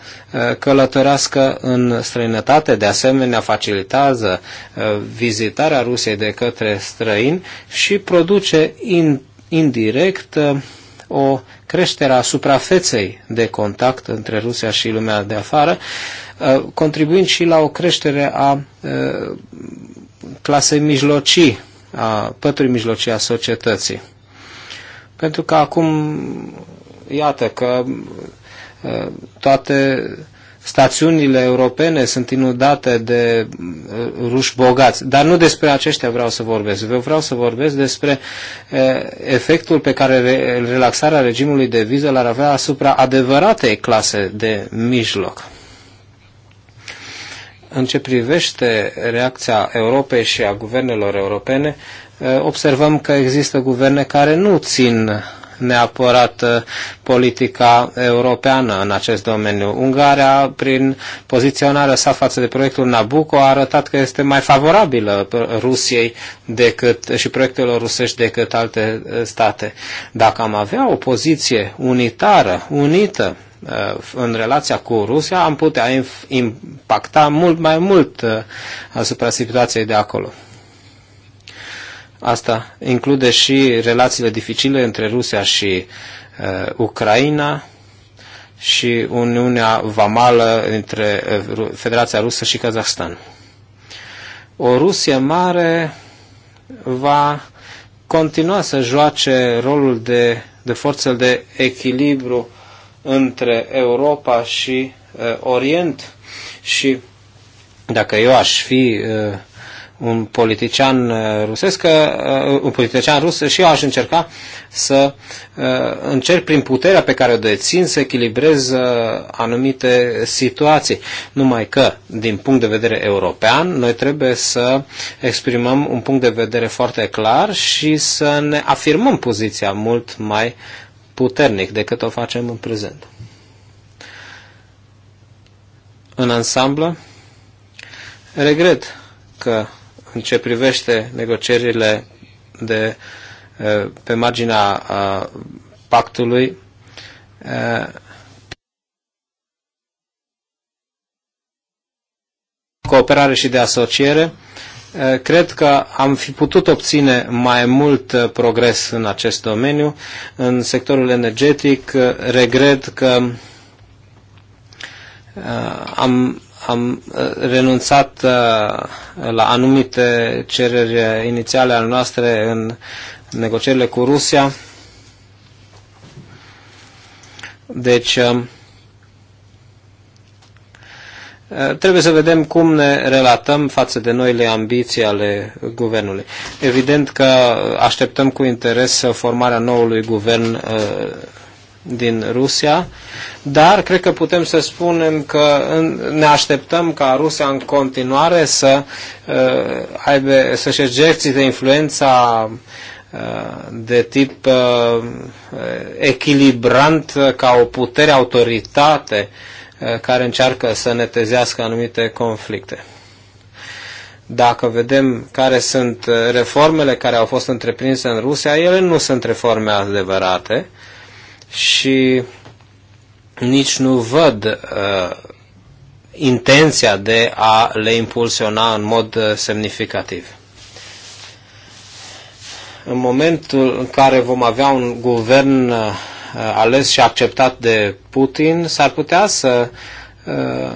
călătorească în străinătate. De asemenea, facilitează vizitarea Rusiei de către străini și produce indirect o creșterea suprafeței de contact între Rusia și lumea de afară, uh, contribuind și la o creștere a uh, clasei mijlocii, a pătrii mijlocii a societății. Pentru că acum, iată că uh, toate stațiunile europene sunt inundate de uh, ruși bogați. Dar nu despre aceștia vreau să vorbesc. Eu vreau să vorbesc despre uh, efectul pe care relaxarea regimului de viză l-ar avea asupra adevăratei clase de mijloc. În ce privește reacția Europei și a guvernelor europene, uh, observăm că există guverne care nu țin neapărat uh, politica europeană în acest domeniu. Ungaria, prin poziționarea sa față de proiectul Nabucco, a arătat că este mai favorabilă Rusiei decât, și proiectelor rusești decât alte uh, state. Dacă am avea o poziție unitară, unită, uh, în relația cu Rusia, am putea impacta mult mai mult asupra situației de acolo. Asta include și relațiile dificile între Rusia și uh, Ucraina și Uniunea Vamală între uh, Federația Rusă și Kazahstan. O Rusie mare va continua să joace rolul de, de forță de echilibru între Europa și uh, Orient și dacă eu aș fi uh, un politician uh, rusesc, uh, uh, un politician rus și eu aș încerca să încerc prin puterea pe care o dețin să echilibrez anumite situații. Numai că, din punct de vedere european, noi trebuie să exprimăm un punct de vedere foarte clar și să ne afirmăm poziția mult mai puternic decât o facem în prezent. În ansamblu, regret că în ce privește negocierile de, pe marginea pactului, cooperare și de asociere, cred că am fi putut obține mai mult progres în acest domeniu. În sectorul energetic regret că am am uh, renunțat uh, la anumite cereri inițiale ale noastre în negocierile cu Rusia. Deci, uh, Trebuie să vedem cum ne relatăm față de noile ambiții ale guvernului. Evident că așteptăm cu interes formarea noului guvern din Rusia, dar cred că putem să spunem că ne așteptăm ca Rusia în continuare să uh, aibă, să-și exercite influența uh, de tip uh, echilibrant ca o putere autoritate care încearcă să netezească anumite conflicte dacă vedem care sunt reformele care au fost întreprinse în Rusia, ele nu sunt reforme adevărate, și nici nu văd uh, intenția de a le impulsiona în mod uh, semnificativ. În momentul în care vom avea un guvern uh, ales și acceptat de Putin, s-ar putea să uh,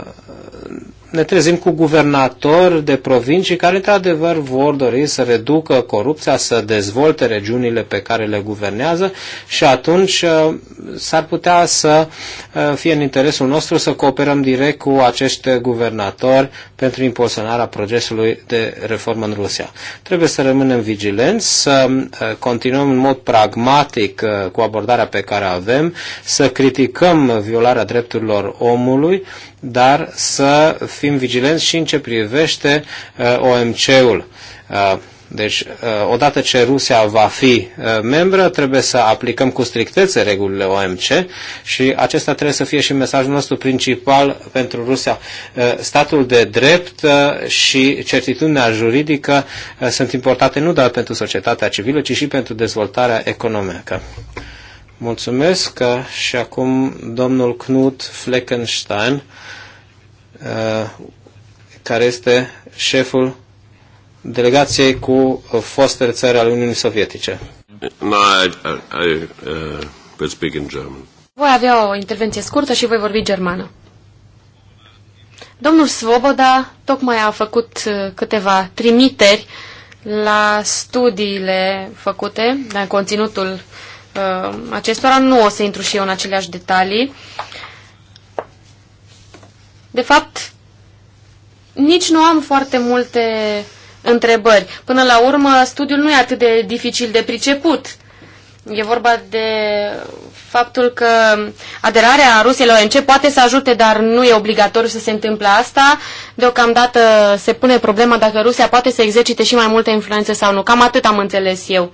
ne trezim cu guvernatori de provincii care, într-adevăr, vor dori să reducă corupția, să dezvolte regiunile pe care le guvernează și atunci uh, s-ar putea să uh, fie în interesul nostru să cooperăm direct cu acești guvernatori pentru impulsionarea procesului de reformă în Rusia. Trebuie să rămânem vigilenți, să uh, continuăm în mod pragmatic cu abordarea pe care avem, să criticăm violarea drepturilor omului, dar să fim vigilenți și în ce privește uh, OMC-ul. Uh, deci, uh, odată ce Rusia va fi membră, trebuie să aplicăm cu strictețe regulile OMC și acesta trebuie să fie și mesajul nostru principal pentru Rusia. Statul de drept și certitudinea juridică sunt importante nu doar pentru societatea civilă, ci și pentru dezvoltarea economică. Mulțumesc și acum domnul Knut Fleckenstein, uh, care este șeful delegației cu fostele țări ale Uniunii Sovietice. No, I, I, uh, uh, uh, speak in German. Voi avea o intervenție scurtă și voi vorbi germană. Domnul Svoboda tocmai a făcut câteva trimiteri la studiile făcute, la conținutul uh, Uh, acestora. Nu o să intru și eu în aceleași detalii. De fapt, nici nu am foarte multe întrebări. Până la urmă, studiul nu e atât de dificil de priceput. E vorba de faptul că aderarea Rusiei la OMC poate să ajute, dar nu e obligatoriu să se întâmple asta. Deocamdată se pune problema dacă Rusia poate să exercite și mai multă influență sau nu. Cam atât am înțeles eu.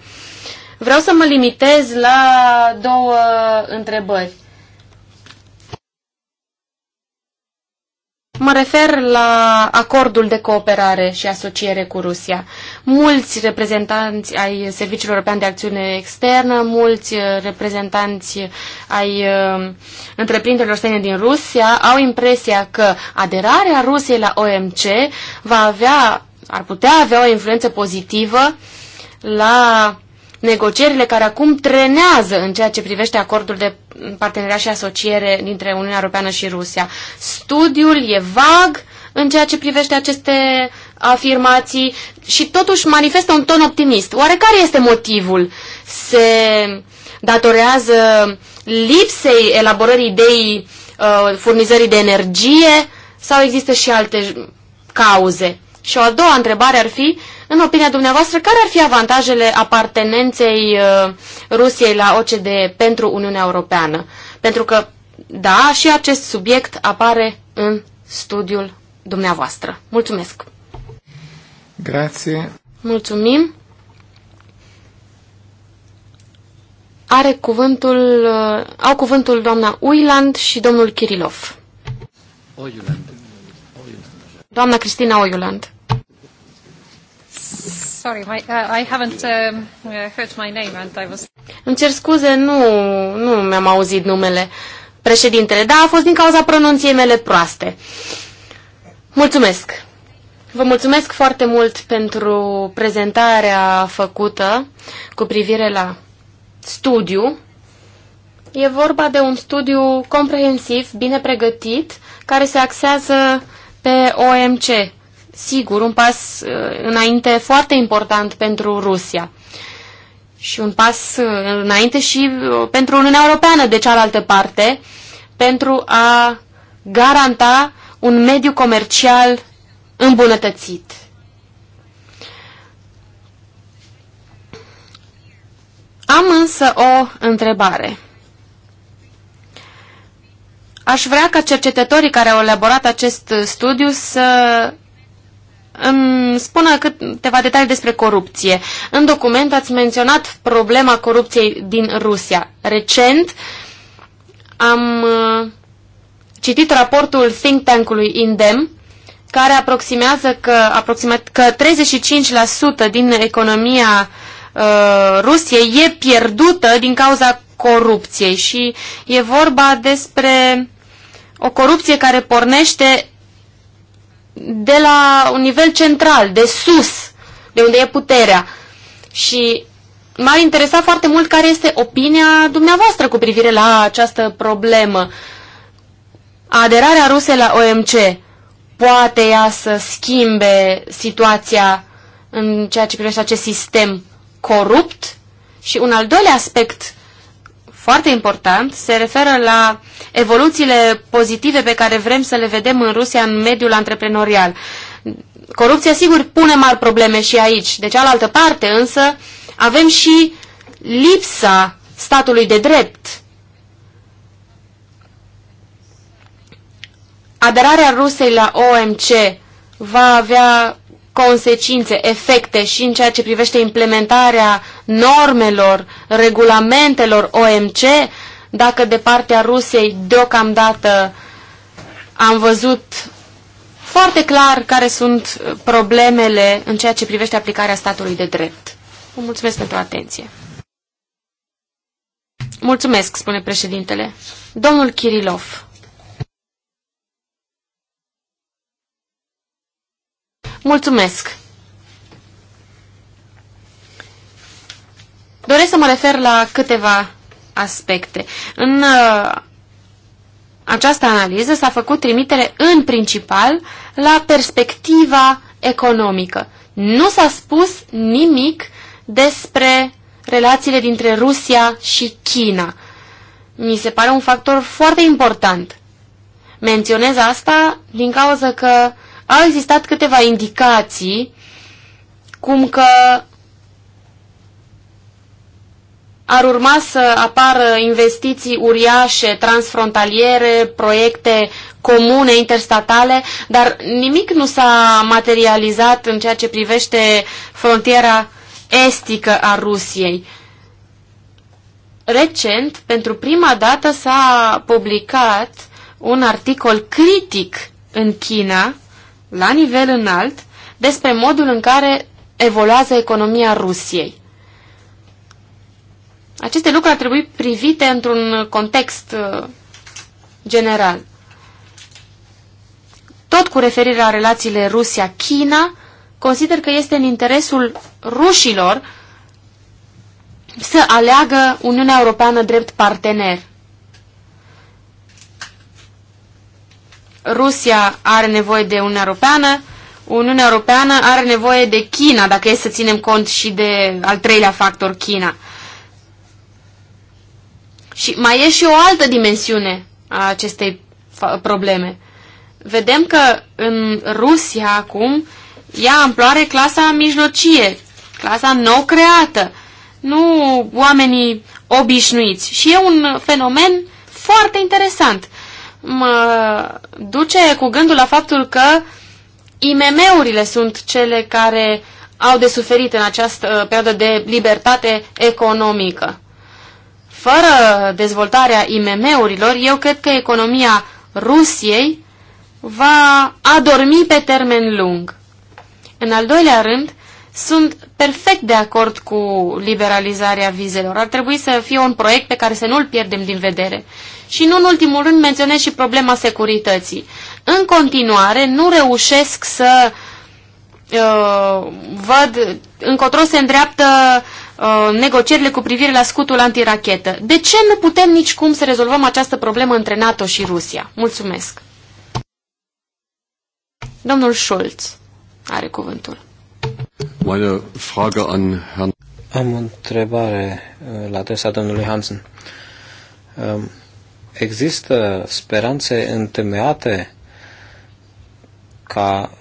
Vreau să mă limitez la două întrebări. Mă refer la acordul de cooperare și asociere cu Rusia. Mulți reprezentanți ai Serviciului European de Acțiune Externă, mulți reprezentanți ai um, întreprinderilor străine din Rusia au impresia că aderarea Rusiei la OMC va avea, ar putea avea o influență pozitivă la negocierile care acum trenează în ceea ce privește acordul de parteneriat și asociere dintre Uniunea Europeană și Rusia. Studiul e vag în ceea ce privește aceste afirmații și totuși manifestă un ton optimist. Oare care este motivul? Se datorează lipsei elaborării ideii uh, furnizării de energie sau există și alte cauze? Și o a doua întrebare ar fi, în opinia dumneavoastră, care ar fi avantajele apartenenței uh, Rusiei la OCDE pentru Uniunea Europeană? Pentru că, da, și acest subiect apare în studiul dumneavoastră. Mulțumesc! Grație! Mulțumim! Are cuvântul, uh, au cuvântul doamna Uiland și domnul Kirilov. Oiland. Doamna Cristina Oiuland. Sorry, my, uh, I haven't um, uh, heard my name and I was... Îmi cer scuze, nu, nu mi-am auzit numele președintele. Da, a fost din cauza pronunției mele proaste. Mulțumesc! Vă mulțumesc foarte mult pentru prezentarea făcută cu privire la studiu. E vorba de un studiu comprehensiv, bine pregătit, care se axează pe OMC, sigur, un pas uh, înainte foarte important pentru Rusia și un pas uh, înainte și uh, pentru Uniunea Europeană de cealaltă parte, pentru a garanta un mediu comercial îmbunătățit. Am însă o întrebare. Aș vrea ca cercetătorii care au elaborat acest studiu să îmi spună câteva detalii despre corupție. În document ați menționat problema corupției din Rusia. Recent am uh, citit raportul think tank-ului Indem, care aproximează că, aproximat, că 35% din economia uh, Rusiei e pierdută din cauza corupției și e vorba despre o corupție care pornește de la un nivel central, de sus, de unde e puterea. Și m a interesat foarte mult care este opinia dumneavoastră cu privire la această problemă. Aderarea Rusiei la OMC poate ea să schimbe situația în ceea ce privește acest sistem corupt? Și un al doilea aspect foarte important, se referă la evoluțiile pozitive pe care vrem să le vedem în Rusia în mediul antreprenorial. Corupția, sigur, pune mari probleme și aici. De cealaltă parte, însă, avem și lipsa statului de drept. Aderarea Rusiei la OMC va avea consecințe, efecte și în ceea ce privește implementarea normelor, regulamentelor OMC, dacă de partea Rusiei deocamdată am văzut foarte clar care sunt problemele în ceea ce privește aplicarea statului de drept. Vă mulțumesc pentru atenție. Mulțumesc, spune președintele. Domnul Kirilov. Mulțumesc! Doresc să mă refer la câteva aspecte. În uh, această analiză s-a făcut trimitere în principal la perspectiva economică. Nu s-a spus nimic despre relațiile dintre Rusia și China. Mi se pare un factor foarte important. Menționez asta din cauza că au existat câteva indicații cum că ar urma să apară investiții uriașe, transfrontaliere, proiecte comune, interstatale, dar nimic nu s-a materializat în ceea ce privește frontiera estică a Rusiei. Recent, pentru prima dată, s-a publicat un articol critic în China la nivel înalt, despre modul în care evoluează economia Rusiei. Aceste lucruri ar trebui privite într-un context uh, general. Tot cu referire la relațiile Rusia-China, consider că este în interesul rușilor să aleagă Uniunea Europeană drept partener Rusia are nevoie de Uniunea Europeană, Uniunea Europeană are nevoie de China, dacă e să ținem cont și de al treilea factor, China. Și mai e și o altă dimensiune a acestei probleme. Vedem că în Rusia acum ia amploare clasa mijlocie, clasa nou creată, nu oamenii obișnuiți. Și e un fenomen foarte interesant mă duce cu gândul la faptul că IMM-urile sunt cele care au de suferit în această uh, perioadă de libertate economică. Fără dezvoltarea IMM-urilor, eu cred că economia Rusiei va adormi pe termen lung. În al doilea rând, sunt perfect de acord cu liberalizarea vizelor. Ar trebui să fie un proiect pe care să nu-l pierdem din vedere. Și nu în ultimul rând menționez și problema securității. În continuare, nu reușesc să uh, văd încotro se îndreaptă uh, negocierile cu privire la scutul antirachetă. De ce nu putem nici cum să rezolvăm această problemă între NATO și Rusia? Mulțumesc. Domnul Schulz are cuvântul. Am o întrebare uh, la adresa domnului Hansen. Um, există speranțe întemeiate ca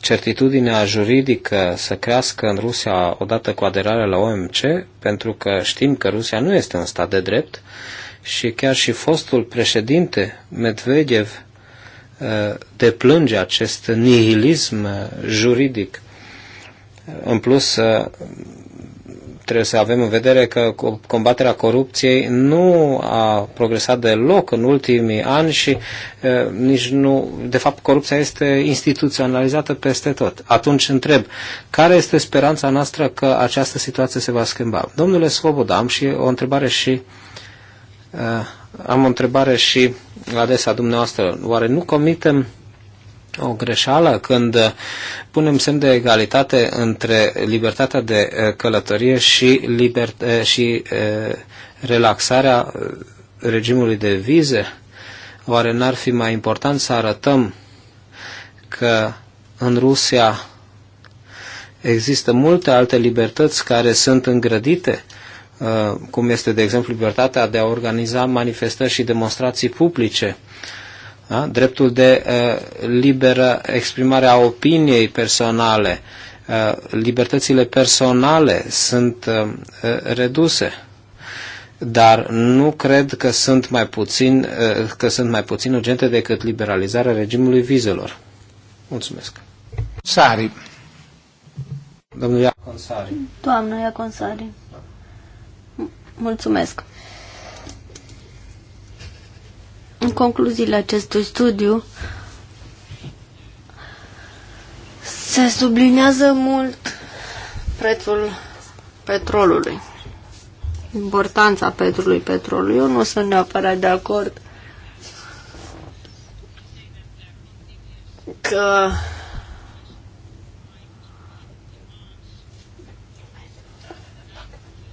certitudinea juridică să crească în Rusia odată cu aderarea la OMC, pentru că știm că Rusia nu este un stat de drept și chiar și fostul președinte Medvedev uh, deplânge acest nihilism juridic în plus, trebuie să avem în vedere că combaterea corupției nu a progresat deloc în ultimii ani și uh, nici nu, de fapt corupția este instituționalizată peste tot. Atunci întreb, care este speranța noastră că această situație se va schimba? Domnule Svoboda, am și o întrebare și uh, am o întrebare și la adresa dumneavoastră. Oare nu comitem o greșeală când uh, punem semn de egalitate între libertatea de uh, călătorie și, liber, uh, și relaxarea regimului de vize? Oare n-ar fi mai important să arătăm că în Rusia există multe alte libertăți care sunt îngrădite, cum este, de exemplu, libertatea de a organiza manifestări și demonstrații publice, da? dreptul de uh, liberă exprimare a opiniei personale, uh, libertățile personale sunt uh, reduse, dar nu cred că sunt mai puțin, uh, că sunt mai puțin urgente decât liberalizarea regimului vizelor. Mulțumesc. Sari. Domnul Iaconsari. Doamna Iaconsari. Mulțumesc. În concluziile acestui studiu se sublinează mult prețul petrolului, importanța petrolului petrolului. Eu nu sunt neapărat de acord că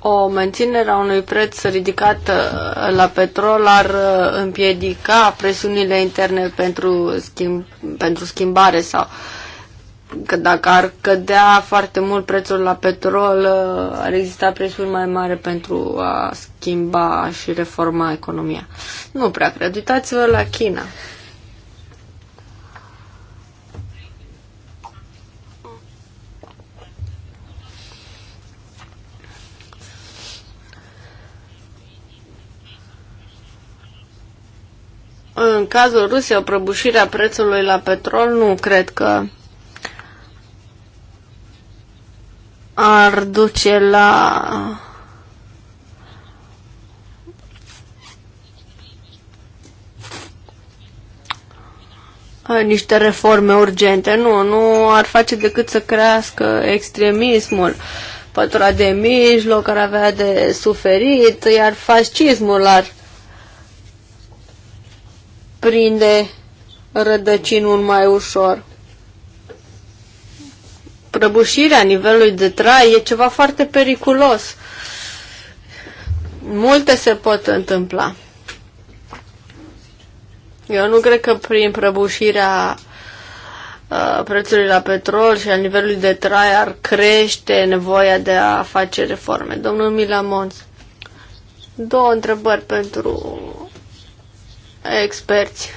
o menținere a unui preț ridicat uh, la petrol ar uh, împiedica presiunile interne pentru, schimb, pentru schimbare sau că dacă ar cădea foarte mult prețul la petrol, uh, ar exista presiuni mai mari pentru a schimba și reforma economia. Nu prea cred. Uitați-vă la China. în cazul Rusiei, o prăbușire a prețului la petrol nu cred că ar duce la niște reforme urgente. Nu, nu ar face decât să crească extremismul. Pătura de mijloc ar avea de suferit, iar fascismul ar prinde rădăcinul mai ușor. Prăbușirea nivelului de trai e ceva foarte periculos. Multe se pot întâmpla. Eu nu cred că prin prăbușirea uh, prețului la petrol și a nivelului de trai ar crește nevoia de a face reforme. Domnul Milamons, două întrebări pentru experți.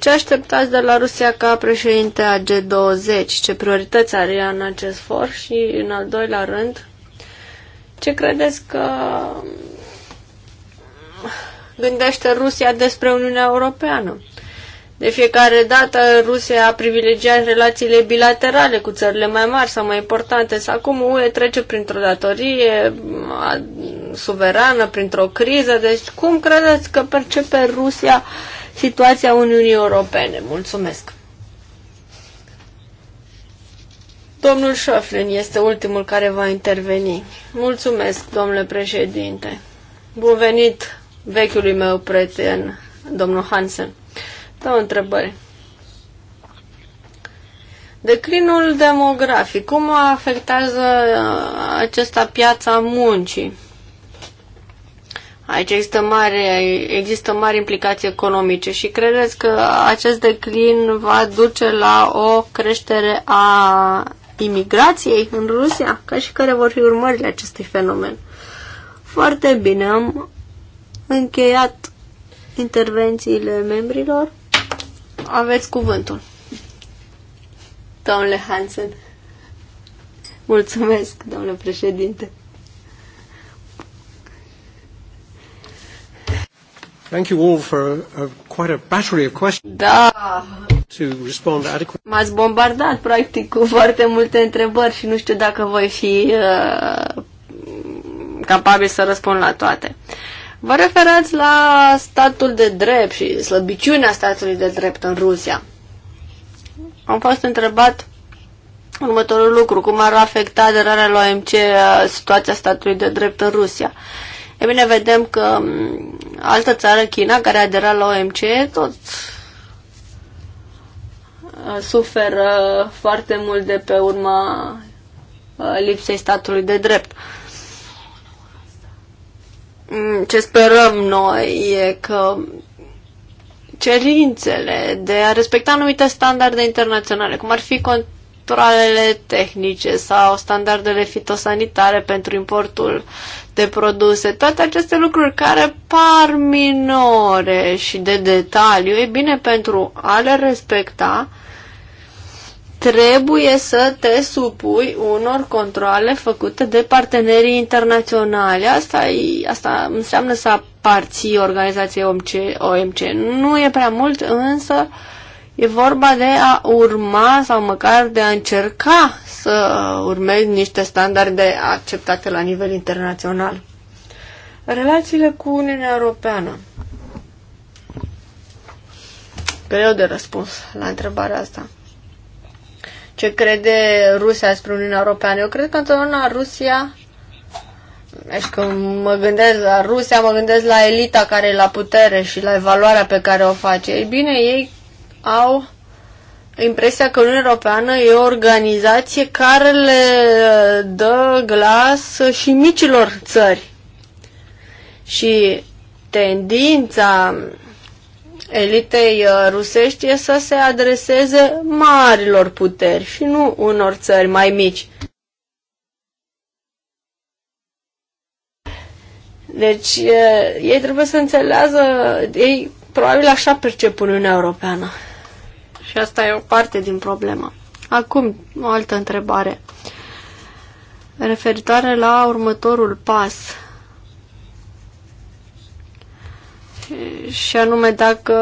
Ce așteptați de la Rusia ca președinte a G20? Ce priorități are ea în acest for? Și, în al doilea rând, ce credeți că gândește Rusia despre Uniunea Europeană? De fiecare dată Rusia a privilegiat relațiile bilaterale cu țările mai mari sau mai importante. Să acum UE trece printr-o datorie suverană, printr-o criză. Deci cum credeți că percepe Rusia situația Uniunii Europene? Mulțumesc! Domnul Șoflin este ultimul care va interveni. Mulțumesc, domnule președinte. Bun venit vechiului meu prieten, domnul Hansen. Două întrebări. Declinul demografic, cum afectează uh, acesta piața muncii? Aici există mare, există mari implicații economice și credeți că acest declin va duce la o creștere a imigrației în Rusia? Ca și care vor fi urmările acestui fenomen? Foarte bine, am încheiat intervențiile membrilor aveți cuvântul. Domnule Hansen. Mulțumesc, domnule președinte. Thank you all for a, quite a battery of questions. Da. To respond adequately. M-ați bombardat practic cu foarte multe întrebări și nu știu dacă voi fi uh, capabil să răspund la toate. Vă referați la statul de drept și slăbiciunea statului de drept în Rusia. Am fost întrebat următorul lucru, cum ar afecta aderarea la OMC situația statului de drept în Rusia. E bine, vedem că altă țară, China, care adera la OMC, tot uh, suferă foarte mult de pe urma uh, lipsei statului de drept. Uh, Mm, ce sperăm noi e că cerințele de a respecta anumite standarde internaționale, cum ar fi controlele tehnice sau standardele fitosanitare pentru importul de produse, toate aceste lucruri care par minore și de detaliu, e bine pentru a le respecta, trebuie să te supui unor controle făcute de partenerii internaționali. Asta, e, asta înseamnă să aparții organizației OMC, OMC. Nu e prea mult, însă e vorba de a urma sau măcar de a încerca să urmezi niște standarde acceptate la nivel internațional. Relațiile cu Uniunea Europeană. Greu de răspuns la întrebarea asta ce crede Rusia despre Uniunea Europeană. Eu cred că întotdeauna Rusia deci când mă gândesc la Rusia, mă gândesc la elita care e la putere și la evaluarea pe care o face. Ei bine, ei au impresia că Uniunea Europeană e o organizație care le uh, dă glas și micilor țări. Și tendința elitei uh, rusești e să se adreseze marilor puteri și nu unor țări mai mici. Deci uh, ei trebuie să înțeleagă, ei probabil așa percep Uniunea Europeană. Și asta e o parte din problemă. Acum, o altă întrebare. Referitoare la următorul pas și anume dacă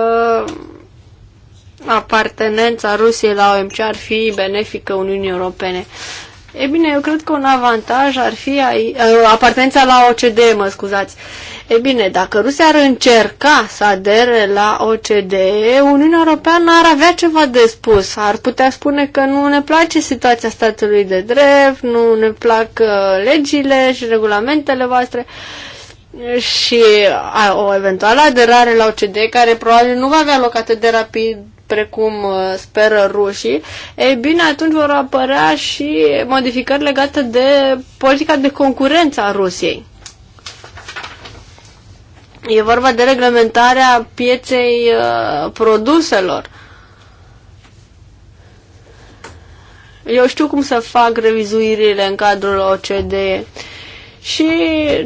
apartenența Rusiei la OMC ar fi benefică Uniunii Europene. E bine, eu cred că un avantaj ar fi a uh, apartenența la OCDE, mă scuzați. E bine, dacă Rusia ar încerca să adere la OCDE, Uniunea Europeană ar avea ceva de spus. Ar putea spune că nu ne place situația statului de drept, nu ne plac uh, legile și regulamentele voastre și o eventuală aderare la OCDE, care probabil nu va avea loc atât de rapid precum uh, speră rușii, e bine, atunci vor apărea și modificări legate de politica de concurență a Rusiei. E vorba de reglementarea pieței uh, produselor. Eu știu cum să fac revizuirile în cadrul OCDE. Uh, și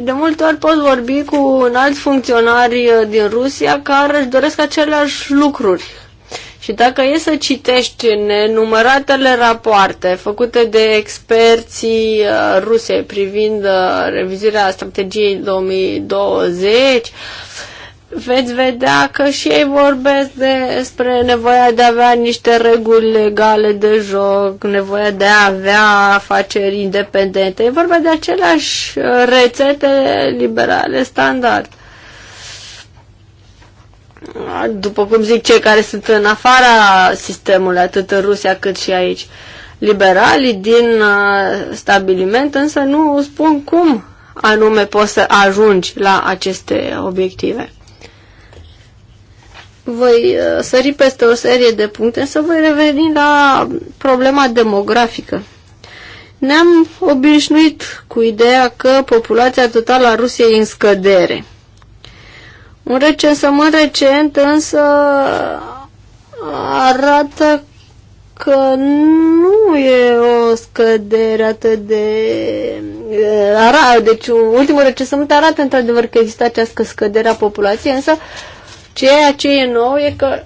de multe ori pot vorbi cu un alt funcționar uh, din Rusia care își doresc aceleași lucruri. Și dacă e să citești nenumăratele rapoarte făcute de experții uh, Rusiei privind uh, revizuirea strategiei 2020, veți vedea că și ei vorbesc despre nevoia de a avea niște reguli legale de joc, nevoia de a avea afaceri independente. E vorba de aceleași uh, rețete liberale standard. Ah, după cum zic cei care sunt în afara sistemului, atât în Rusia cât și aici. Liberalii din uh, stabiliment însă nu spun cum anume poți să ajungi la aceste obiective voi uh, sări peste o serie de puncte, să voi reveni la problema demografică. Ne-am obișnuit cu ideea că populația totală a Rusiei e în scădere. Un recensământ recent însă arată că nu e o scădere atât de... Uh, deci ultimul recensământ arată într-adevăr că există această scădere a populației, însă Ceea ce e nou e că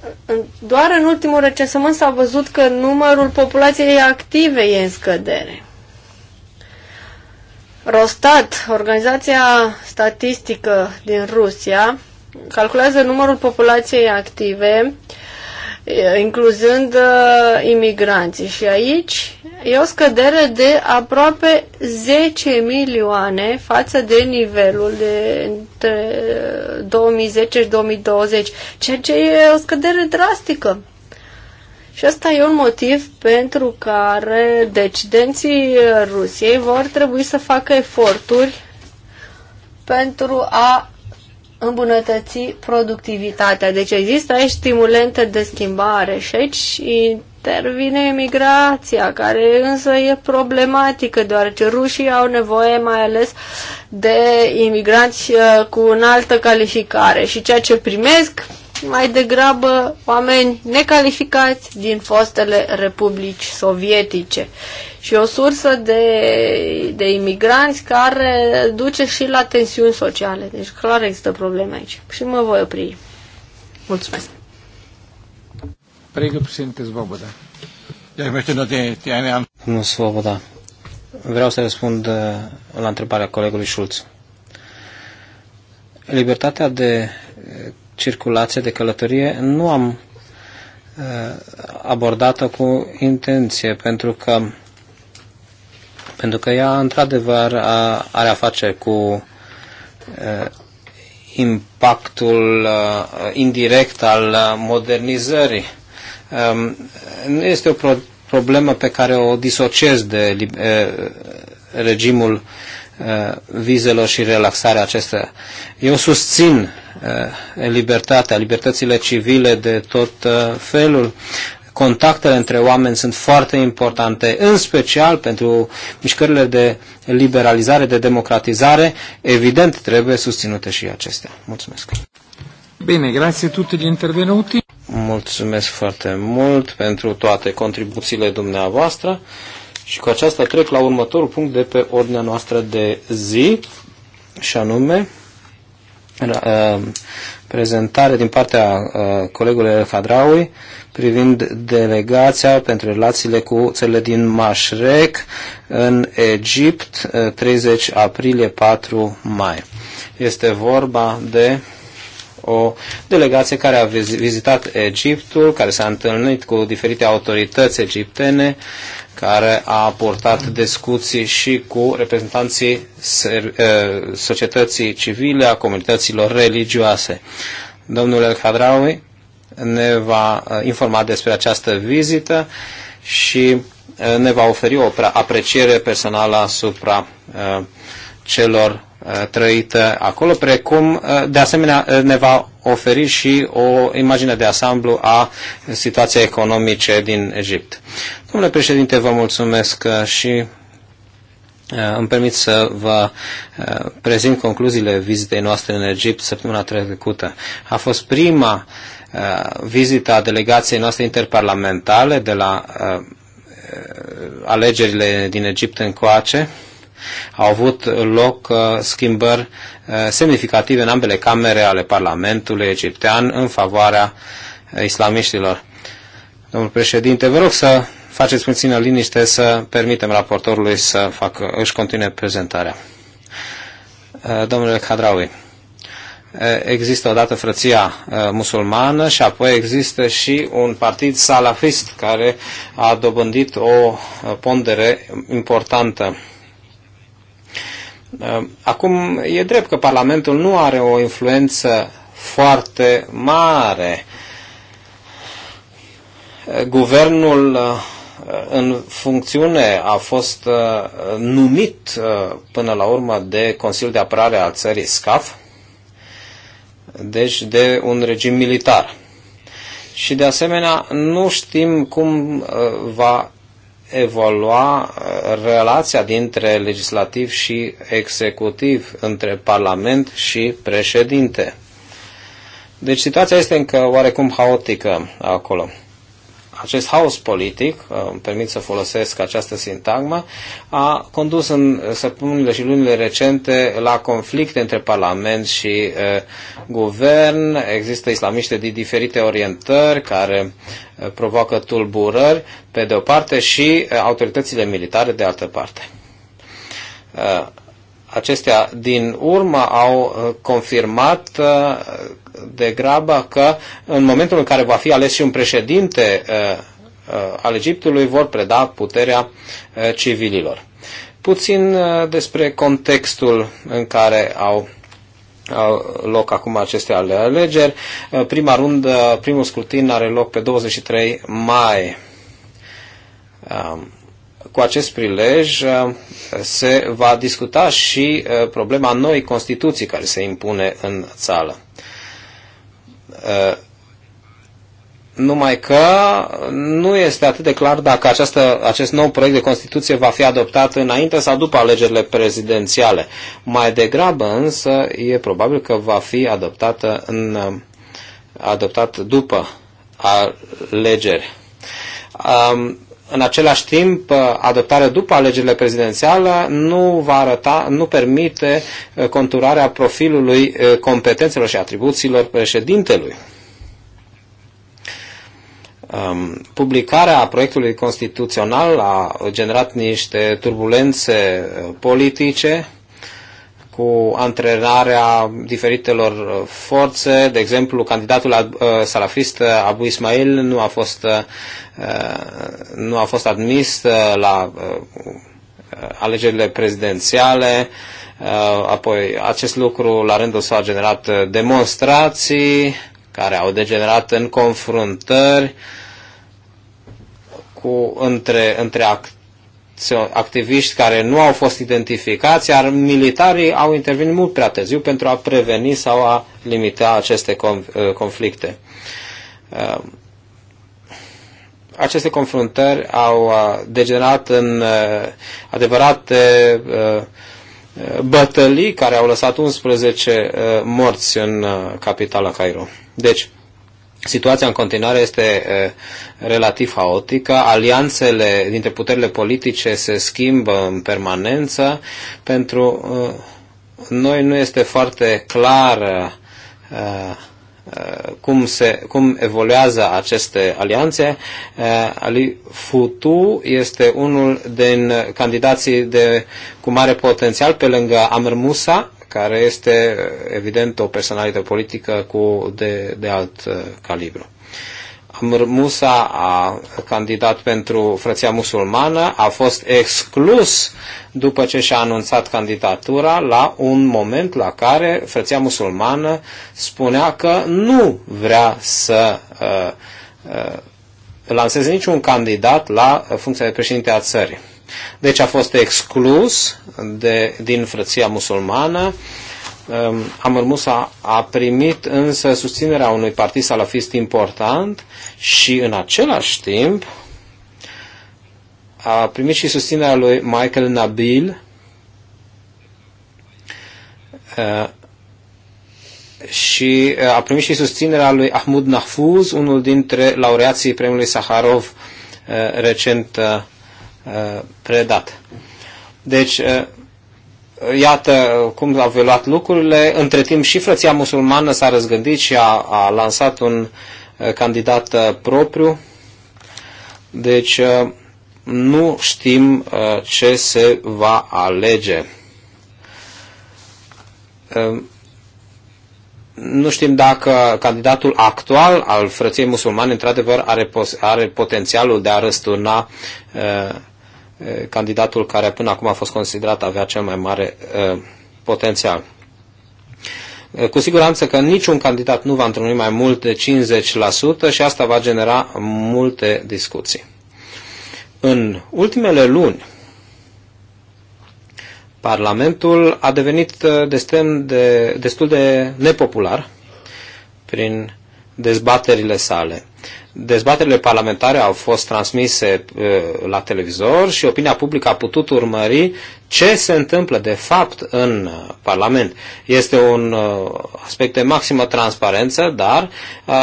doar în ultimul recensământ s-a văzut că numărul populației active e în scădere. Rostat, organizația statistică din Rusia, calculează numărul populației active, incluzând uh, imigranții. Și aici E o scădere de aproape 10 milioane față de nivelul de între 2010 și 2020, ceea ce e o scădere drastică. Și asta e un motiv pentru care decidenții Rusiei vor trebui să facă eforturi pentru a îmbunătăți productivitatea. Deci există aici stimulente de schimbare și aici intervine imigrația, care însă e problematică, deoarece rușii au nevoie mai ales de imigranți uh, cu înaltă calificare și ceea ce primesc mai degrabă oameni necalificați din fostele republici sovietice și o sursă de, de imigranți care duce și la tensiuni sociale. Deci clar există probleme aici. Și mă voi opri. Mulțumesc. Prego, președinte Svoboda. Nu Svoboda, vreau să răspund uh, la întrebarea colegului Schulz. Libertatea de uh, circulație, de călătorie, nu am uh, abordată cu intenție, pentru că, pentru că ea, într-adevăr, are a face cu impactul indirect al modernizării Um, nu este o pro- problemă pe care o disociez de uh, regimul uh, vizelor și relaxarea acestea. Eu susțin uh, libertatea, libertățile civile de tot felul. Contactele între oameni sunt foarte importante, în special pentru mișcările de liberalizare, de democratizare. Evident, trebuie susținute și acestea. Mulțumesc. Bine, grazie tutti gli intervenuti. Mulțumesc foarte mult pentru toate contribuțiile dumneavoastră și cu aceasta trec la următorul punct de pe ordinea noastră de zi și anume uh, prezentare din partea uh, colegului El privind delegația pentru relațiile cu țările din Mașrec în Egipt 30 uh, aprilie 4 mai. Este vorba de o delegație care a vizitat Egiptul, care s-a întâlnit cu diferite autorități egiptene, care a aportat discuții și cu reprezentanții eh, societății civile, a comunităților religioase. Domnul El Khadraoui ne va eh, informa despre această vizită și eh, ne va oferi o apreciere personală asupra celor uh, trăită acolo, precum uh, de asemenea uh, ne va oferi și o imagine de asamblu a situației economice din Egipt. Domnule președinte, vă mulțumesc și îmi permit să vă prezint concluziile vizitei noastre în Egipt săptămâna trecută. A fost prima vizită a delegației noastre interparlamentare de la alegerile din Egipt încoace. coace au avut loc uh, schimbări uh, semnificative în ambele camere ale Parlamentului egiptean în favoarea uh, islamiștilor. Domnul președinte, vă rog să faceți puțină liniște să permitem raportorului să facă, își continue prezentarea. Domnule Cadraui, există odată frăția musulmană și apoi există și un partid salafist care a dobândit o pondere importantă Ehm, acum, e drept că Parlamentul nu are o influență foarte mare. Guvernul eh, în funcțiune a fost eh, numit eh, până la urmă de Consiliul de Apărare al țării SCAF, deci de un regim militar. Și de asemenea nu știm cum va evolua uh, relația dintre legislativ și executiv, între Parlament și președinte. Deci situația este încă oarecum haotică acolo acest haos politic, uh, îmi permit să folosesc această sintagmă, a condus în săptămânile și lunile recente la conflicte între Parlament și uh, Guvern. Există islamiști de diferite orientări care uh, provoacă tulburări, pe de o parte, și uh, autoritățile militare, de altă parte. Uh, acestea din urmă au uh, confirmat uh, degrabă că în momentul în care va fi ales și un președinte uh, al Egiptului vor preda puterea civililor. Puțin despre contextul în care au loc acum aceste alegeri. Prima rundă, primul scrutin are loc pe 23 mai. Um, cu acest prilej uh, se va discuta și uh, problema noii Constituții care se impune în țară. Uh, numai că nu este atât de clar dacă această, acest nou proiect de Constituție va fi adoptat înainte sau după alegerile prezidențiale. Mai degrabă însă e probabil că va fi adoptată în, adoptat după alegeri. Um, în același timp, uh, adoptarea după alegerile prezidențiale nu va arăta, nu permite uh, conturarea profilului uh, competențelor și atribuțiilor președintelui. Um, publicarea proiectului constituțional a generat niște turbulențe politice cu antrenarea diferitelor forțe. De exemplu, candidatul uh, salafist uh, Abu Ismail nu a fost, uh, nu a fost admis la alegerile prezidențiale. Apoi, acest lucru la rândul său a generat demonstrații care au degenerat în confruntări cu, între, între act, activiști care nu au fost identificați, iar militarii au intervenit mult prea târziu pentru a preveni sau a limita aceste uh, conflicte. Uh, aceste confruntări au uh, degenerat în adevărate bătălii care au lăsat 11 morți în capitala Cairo. Deci, Situația în continuare este relativ haotică, alianțele dintre puterile politice se schimbă în permanență, pentru noi nu este foarte clar cum, se, cum evoluează aceste alianțe. Ali Futu este unul din candidații de, cu mare potențial pe lângă Amr Musa, care este evident o personalitate politică cu de, de alt uh, calibru. Musa a candidat pentru frăția musulmană, a fost exclus după ce și-a anunțat candidatura la un moment la care frăția musulmană spunea că nu vrea să uh, uh, lanseze niciun candidat la funcția de președinte a țării. Deci a fost exclus de, din frăția musulmană. Um, Musa a primit însă susținerea unui partid salafist important și în același timp a primit și susținerea lui Michael Nabil uh, și uh, a primit și susținerea lui Ahmud Nafuz, unul dintre laureații premiului Saharov uh, recent predat. Deci, eh, iată cum au evoluat lucrurile. Între timp și frăția musulmană s-a răzgândit și a, a lansat un eh, candidat eh, propriu. Deci nu știm ce se va alege. Nu știm dacă candidatul actual al frăției musulmane într-adevăr are, are potențialul de a răsturna Eh, candidatul care până acum a fost considerat avea cel mai mare eh, potențial. Eh, cu siguranță că niciun candidat nu va întâlni mai mult de 50% și asta va genera multe discuții. În ultimele luni, Parlamentul a devenit de, destul de nepopular prin dezbaterile sale. Dezbaterile parlamentare au fost transmise uh, la televizor și opinia publică a putut urmări ce se întâmplă de fapt în uh, Parlament. Este un uh, aspect de maximă transparență, dar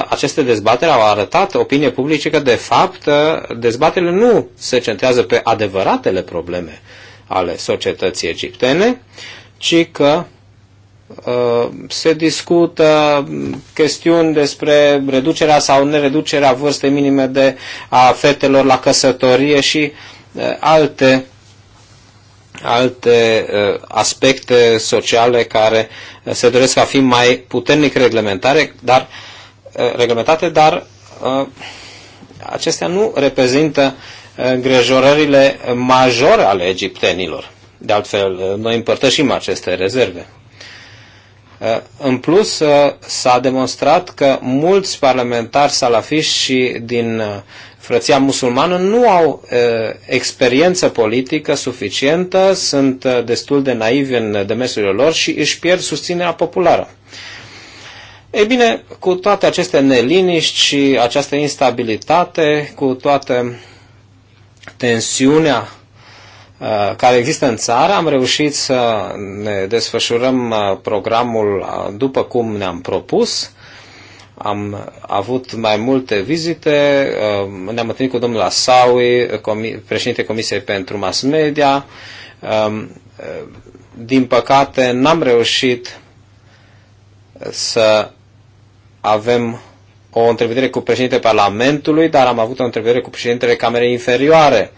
aceste dezbatere au arătat opinie publică că de fapt dezbaterile nu se centrează pe adevăratele probleme ale societății egiptene, ci că Uh, se discută chestiuni despre reducerea sau nereducerea vârstei minime de a fetelor la căsătorie și uh, alte alte uh, aspecte sociale care se doresc a fi mai puternic reglementare, dar reglementate, dar acestea nu reprezintă îngrijorările majore ale egiptenilor. De altfel, noi împărtășim aceste rezerve. Uh, în plus, uh, s-a demonstrat că mulți parlamentari salafiști și din uh, frăția musulmană nu au experiență politică suficientă, sunt destul de naivi în demersurile lor și își pierd susținerea populară. Ei bine, cu toate aceste neliniști și această instabilitate, cu toată tensiunea Uh, care există în țară, am reușit să ne desfășurăm uh, programul uh, după cum ne-am propus. Am avut mai multe vizite, ne-am întâlnit cu domnul Asaui, președinte Comisiei pentru Mass Media. Um, din păcate, n-am reușit să avem o întrevedere cu președintele Parlamentului, dar am avut o întrevedere cu președintele Camerei Inferioare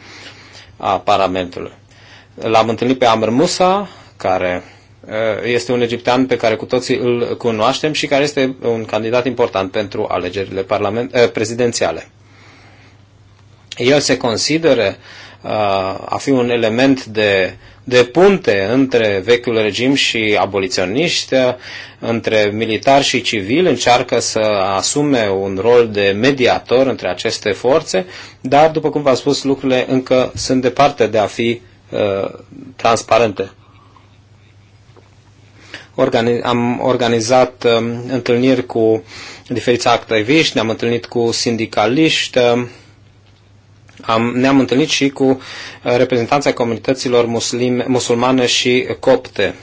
a Parlamentului. L-am întâlnit pe Amr Musa, care uh, este un egiptean pe care cu toții îl cunoaștem și care este un candidat important pentru alegerile parlament, uh, prezidențiale. El se consideră uh, a fi un element de de punte între vechiul regim și aboliționiști, între militar și civil, încearcă să asume un rol de mediator între aceste forțe, dar, după cum v-am spus, lucrurile încă sunt departe de a fi uh, transparente. Organi- am organizat uh, întâlniri cu diferiți activiști, ne-am întâlnit cu sindicaliști, uh, am, ne-am întâlnit și cu uh, reprezentanța comunităților muslim, musulmane și copte.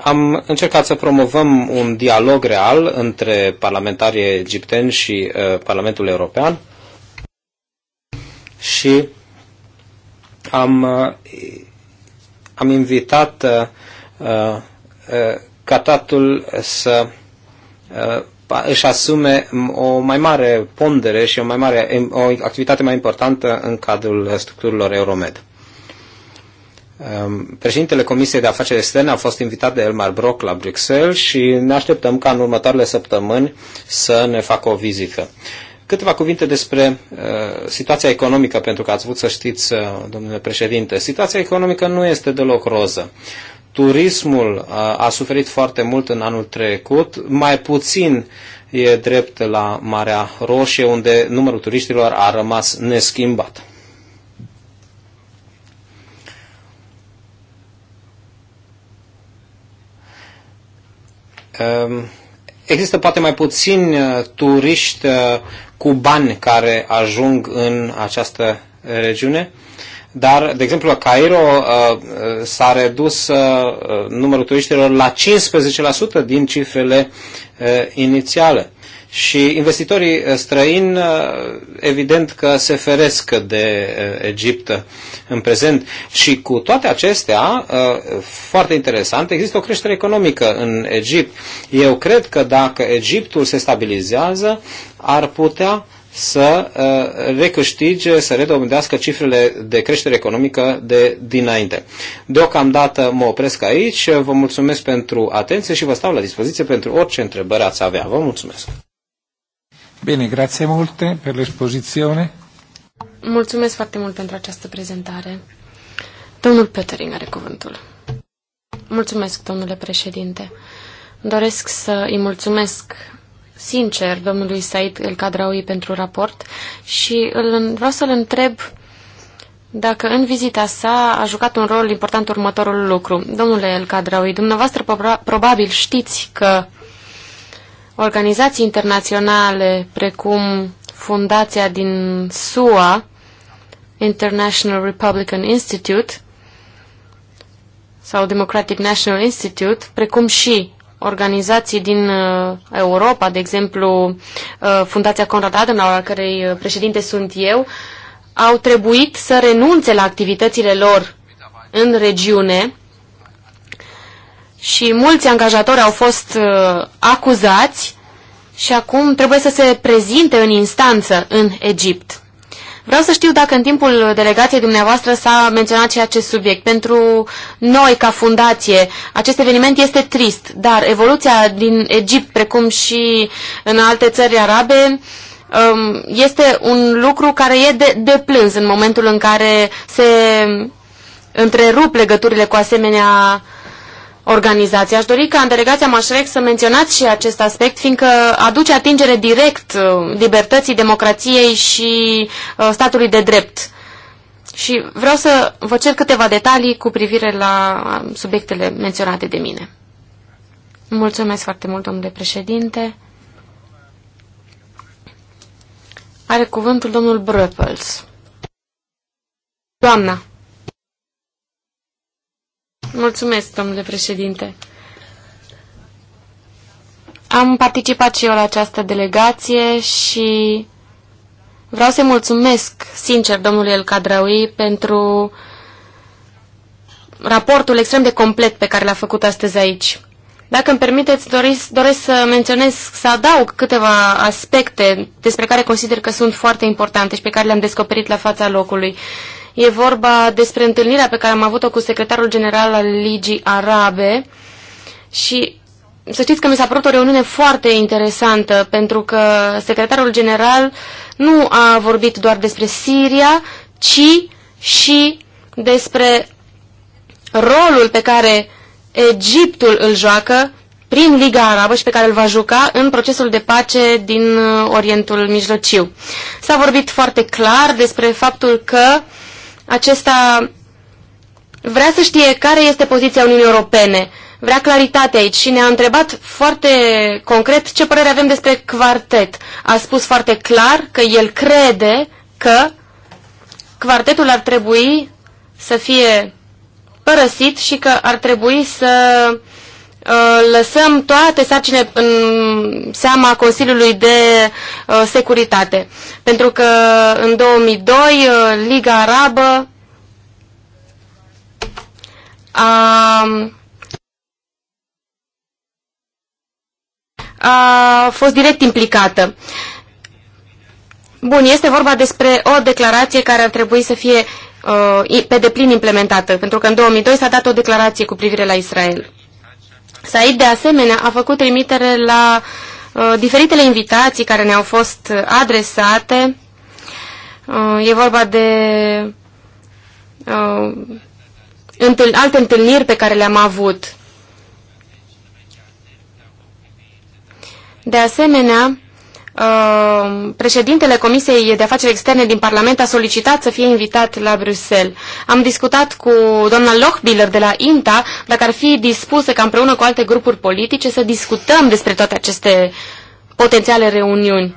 Am încercat să promovăm un dialog real între parlamentarii egipteni și uh, Parlamentul European și am, uh, am invitat uh, uh, uh Catatul să uh, își asume o mai mare pondere și o, mai mare, o activitate mai importantă în cadrul structurilor Euromed. Um, președintele Comisiei de Afaceri Externe a fost invitat de Elmar Brock la Bruxelles și ne așteptăm ca în următoarele săptămâni să ne facă o vizită. Câteva cuvinte despre uh, situația economică, pentru că ați vrut să știți, uh, domnule președinte. Situația economică nu este deloc roză. Uh, turismul a suferit foarte mult în anul trecut, mai puțin e drept la Marea Roșie, unde numărul turiștilor a rămas neschimbat. Ehm, există poate mai puțini uh, turiști uh, cu bani care ajung în această regiune dar, de exemplu, la Cairo uh, s-a redus uh, numărul turiștilor la 15% din cifrele uh, inițiale. Și investitorii uh, străini, uh, evident că se feresc de uh, Egipt în prezent. Și cu toate acestea, foarte interesant, există o creștere economică în Egipt. Eu cred că dacă Egiptul se stabilizează, ar putea să uh, recâștige, să redobândească cifrele de creștere economică de dinainte. Deocamdată mă opresc aici, vă mulțumesc pentru atenție și vă stau la dispoziție pentru orice întrebări ați avea. Vă mulțumesc! Bine, grație multe pentru expoziție. Mulțumesc foarte mult pentru această prezentare. Domnul Petering are cuvântul. Mulțumesc, domnule președinte. Doresc să îi mulțumesc sincer domnului Said El Cadraui pentru raport și îl, vreau să-l întreb dacă în vizita sa a jucat un rol important următorul lucru. Domnule El Cadraui, dumneavoastră probabil știți că organizații internaționale precum fundația din SUA, International Republican Institute, sau Democratic National Institute, precum și organizații din uh, Europa, de exemplu uh, Fundația Conrad Adenauer, al cărei uh, președinte sunt eu, au trebuit să renunțe la activitățile lor în regiune și mulți angajatori au fost acuzați și acum trebuie să se prezinte în instanță în Egipt. Vreau să știu dacă în timpul delegației dumneavoastră s-a menționat și acest subiect. Pentru noi, ca fundație, acest eveniment este trist, dar evoluția din Egipt, precum și în alte țări arabe, um, este un lucru care e de, de plâns în momentul în care se întrerup legăturile cu asemenea organizație. Aș dori ca în delegația Mașrec să menționați și acest aspect, fiindcă aduce atingere direct uh, libertății, democrației și uh, statului de drept. Și vreau să vă cer câteva detalii cu privire la uh, subiectele menționate de mine. Mulțumesc foarte mult, domnule președinte. Are cuvântul domnul Brăpăls. Doamna. Mulțumesc, domnule președinte. Am participat și eu la această delegație și vreau să mulțumesc sincer domnului El Cadraui pentru raportul extrem de complet pe care l-a făcut astăzi aici. Dacă îmi permiteți, doresc, doresc să menționez, să adaug câteva aspecte despre care consider că sunt foarte importante și pe care le-am descoperit la fața locului. Uh, E vorba despre întâlnirea pe care am avut-o cu secretarul general al Ligii Arabe și să știți că mi s-a părut o reuniune foarte interesantă pentru că secretarul general nu a vorbit doar despre Siria, ci și despre rolul pe care Egiptul îl joacă prin Liga Arabă și pe care îl va juca în procesul de pace din uh, Orientul Mijlociu. S-a vorbit foarte clar despre faptul că uh, acesta vrea să știe care este poziția Uniunii Europene, vrea claritate aici și ne-a întrebat foarte concret ce părere avem despre quartet. A spus foarte clar că el crede că quartetul ar trebui să fie părăsit și că ar trebui să Uh, lăsăm toate sarcine în seama Consiliului de uh, Securitate. Pentru că în 2002 uh, Liga Arabă a, a fost direct implicată. Bun, este vorba despre o declarație care ar trebui să fie uh, pe deplin implementată, pentru că în 2002 s-a dat o declarație cu privire la Israel. Said, de asemenea, a făcut trimitere la uh, diferitele invitații care ne-au fost adresate. Uh, e vorba de uh, întâl alte întâlniri pe care le-am avut. De asemenea, Uh, președintele Comisiei de Afaceri Externe din Parlament a solicitat să fie invitat la Bruxelles. Am discutat cu doamna Lochbiller de la INTA dacă ar fi dispusă ca împreună cu alte grupuri politice să discutăm despre toate aceste potențiale reuniuni.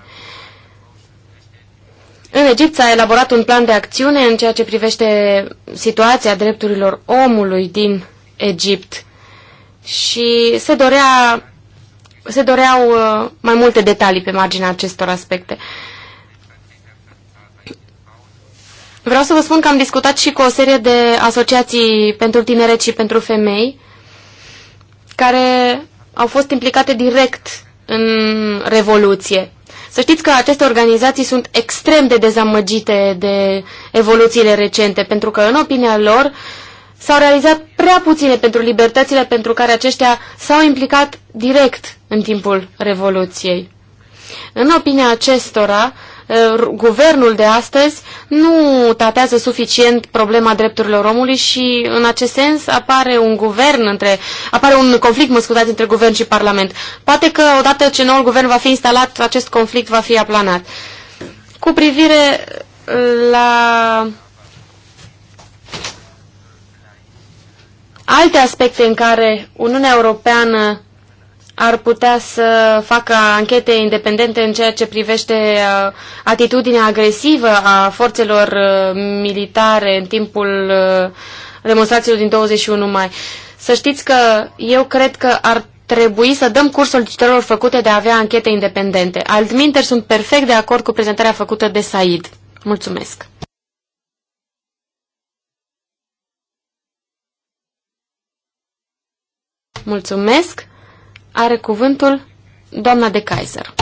În Egipt s-a elaborat un plan de acțiune în ceea ce privește situația drepturilor omului din Egipt și se dorea se doreau uh, mai multe detalii pe marginea acestor aspecte. Vreau să vă spun că am discutat și cu o serie de asociații pentru tineret și pentru femei care au fost implicate direct în Revoluție. Să știți că aceste organizații sunt extrem de dezamăgite de evoluțiile recente, pentru că, în opinia lor, s-au realizat prea puține pentru libertățile pentru care aceștia s-au implicat direct în timpul Revoluției. În opinia acestora, eh, guvernul de astăzi nu tatează suficient problema drepturilor omului și în acest sens apare un guvern între, apare un conflict, mă scuzați, între guvern și parlament. Poate că odată ce noul guvern va fi instalat, acest conflict va fi aplanat. Cu privire eh, la alte aspecte în care Uniunea Europeană ar putea să facă anchete independente în ceea ce privește uh, atitudinea agresivă a forțelor uh, militare în timpul uh, demonstrațiilor din 21 mai. Să știți că eu cred că ar trebui să dăm curs solicitărilor făcute de a avea anchete independente. Altminteri sunt perfect de acord cu prezentarea făcută de Said. Mulțumesc! Mulțumesc. Are cuvântul doamna de Kaiser.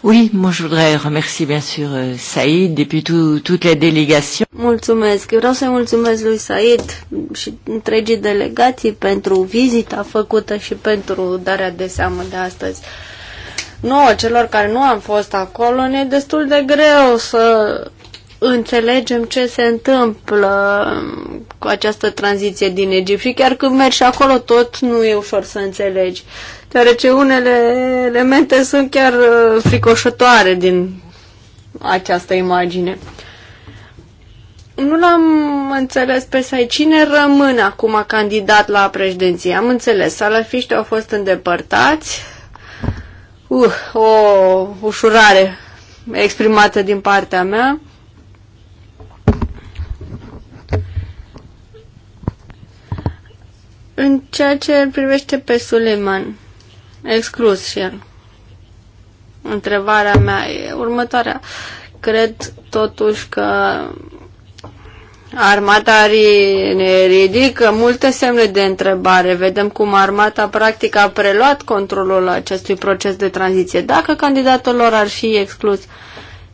Oui, moi je voudrais remercier bien sûr euh, Saïd et puis tout, toute la délégation. Mulțumesc. Eu vreau să mulțumesc lui Said și întregii delegații pentru vizita făcută și pentru darea de seamă de astăzi. Nouă, celor care nu am fost acolo, ne e destul de greu să înțelegem ce se întâmplă cu această tranziție din Egipt și chiar când mergi acolo tot nu e ușor să înțelegi, deoarece unele elemente sunt chiar uh, fricoșătoare din această imagine. Nu l-am înțeles pe Sai. Cine rămâne acum candidat la președinție? Am înțeles. Salafiștii au fost îndepărtați. Uh, o ușurare exprimată din partea mea. În ceea ce privește pe Suleiman, exclus și el, întrebarea mea e următoarea. Cred totuși că armata ne ridică multe semne de întrebare. Vedem cum armata practic a preluat controlul acestui proces de tranziție. Dacă candidatul lor ar fi exclus,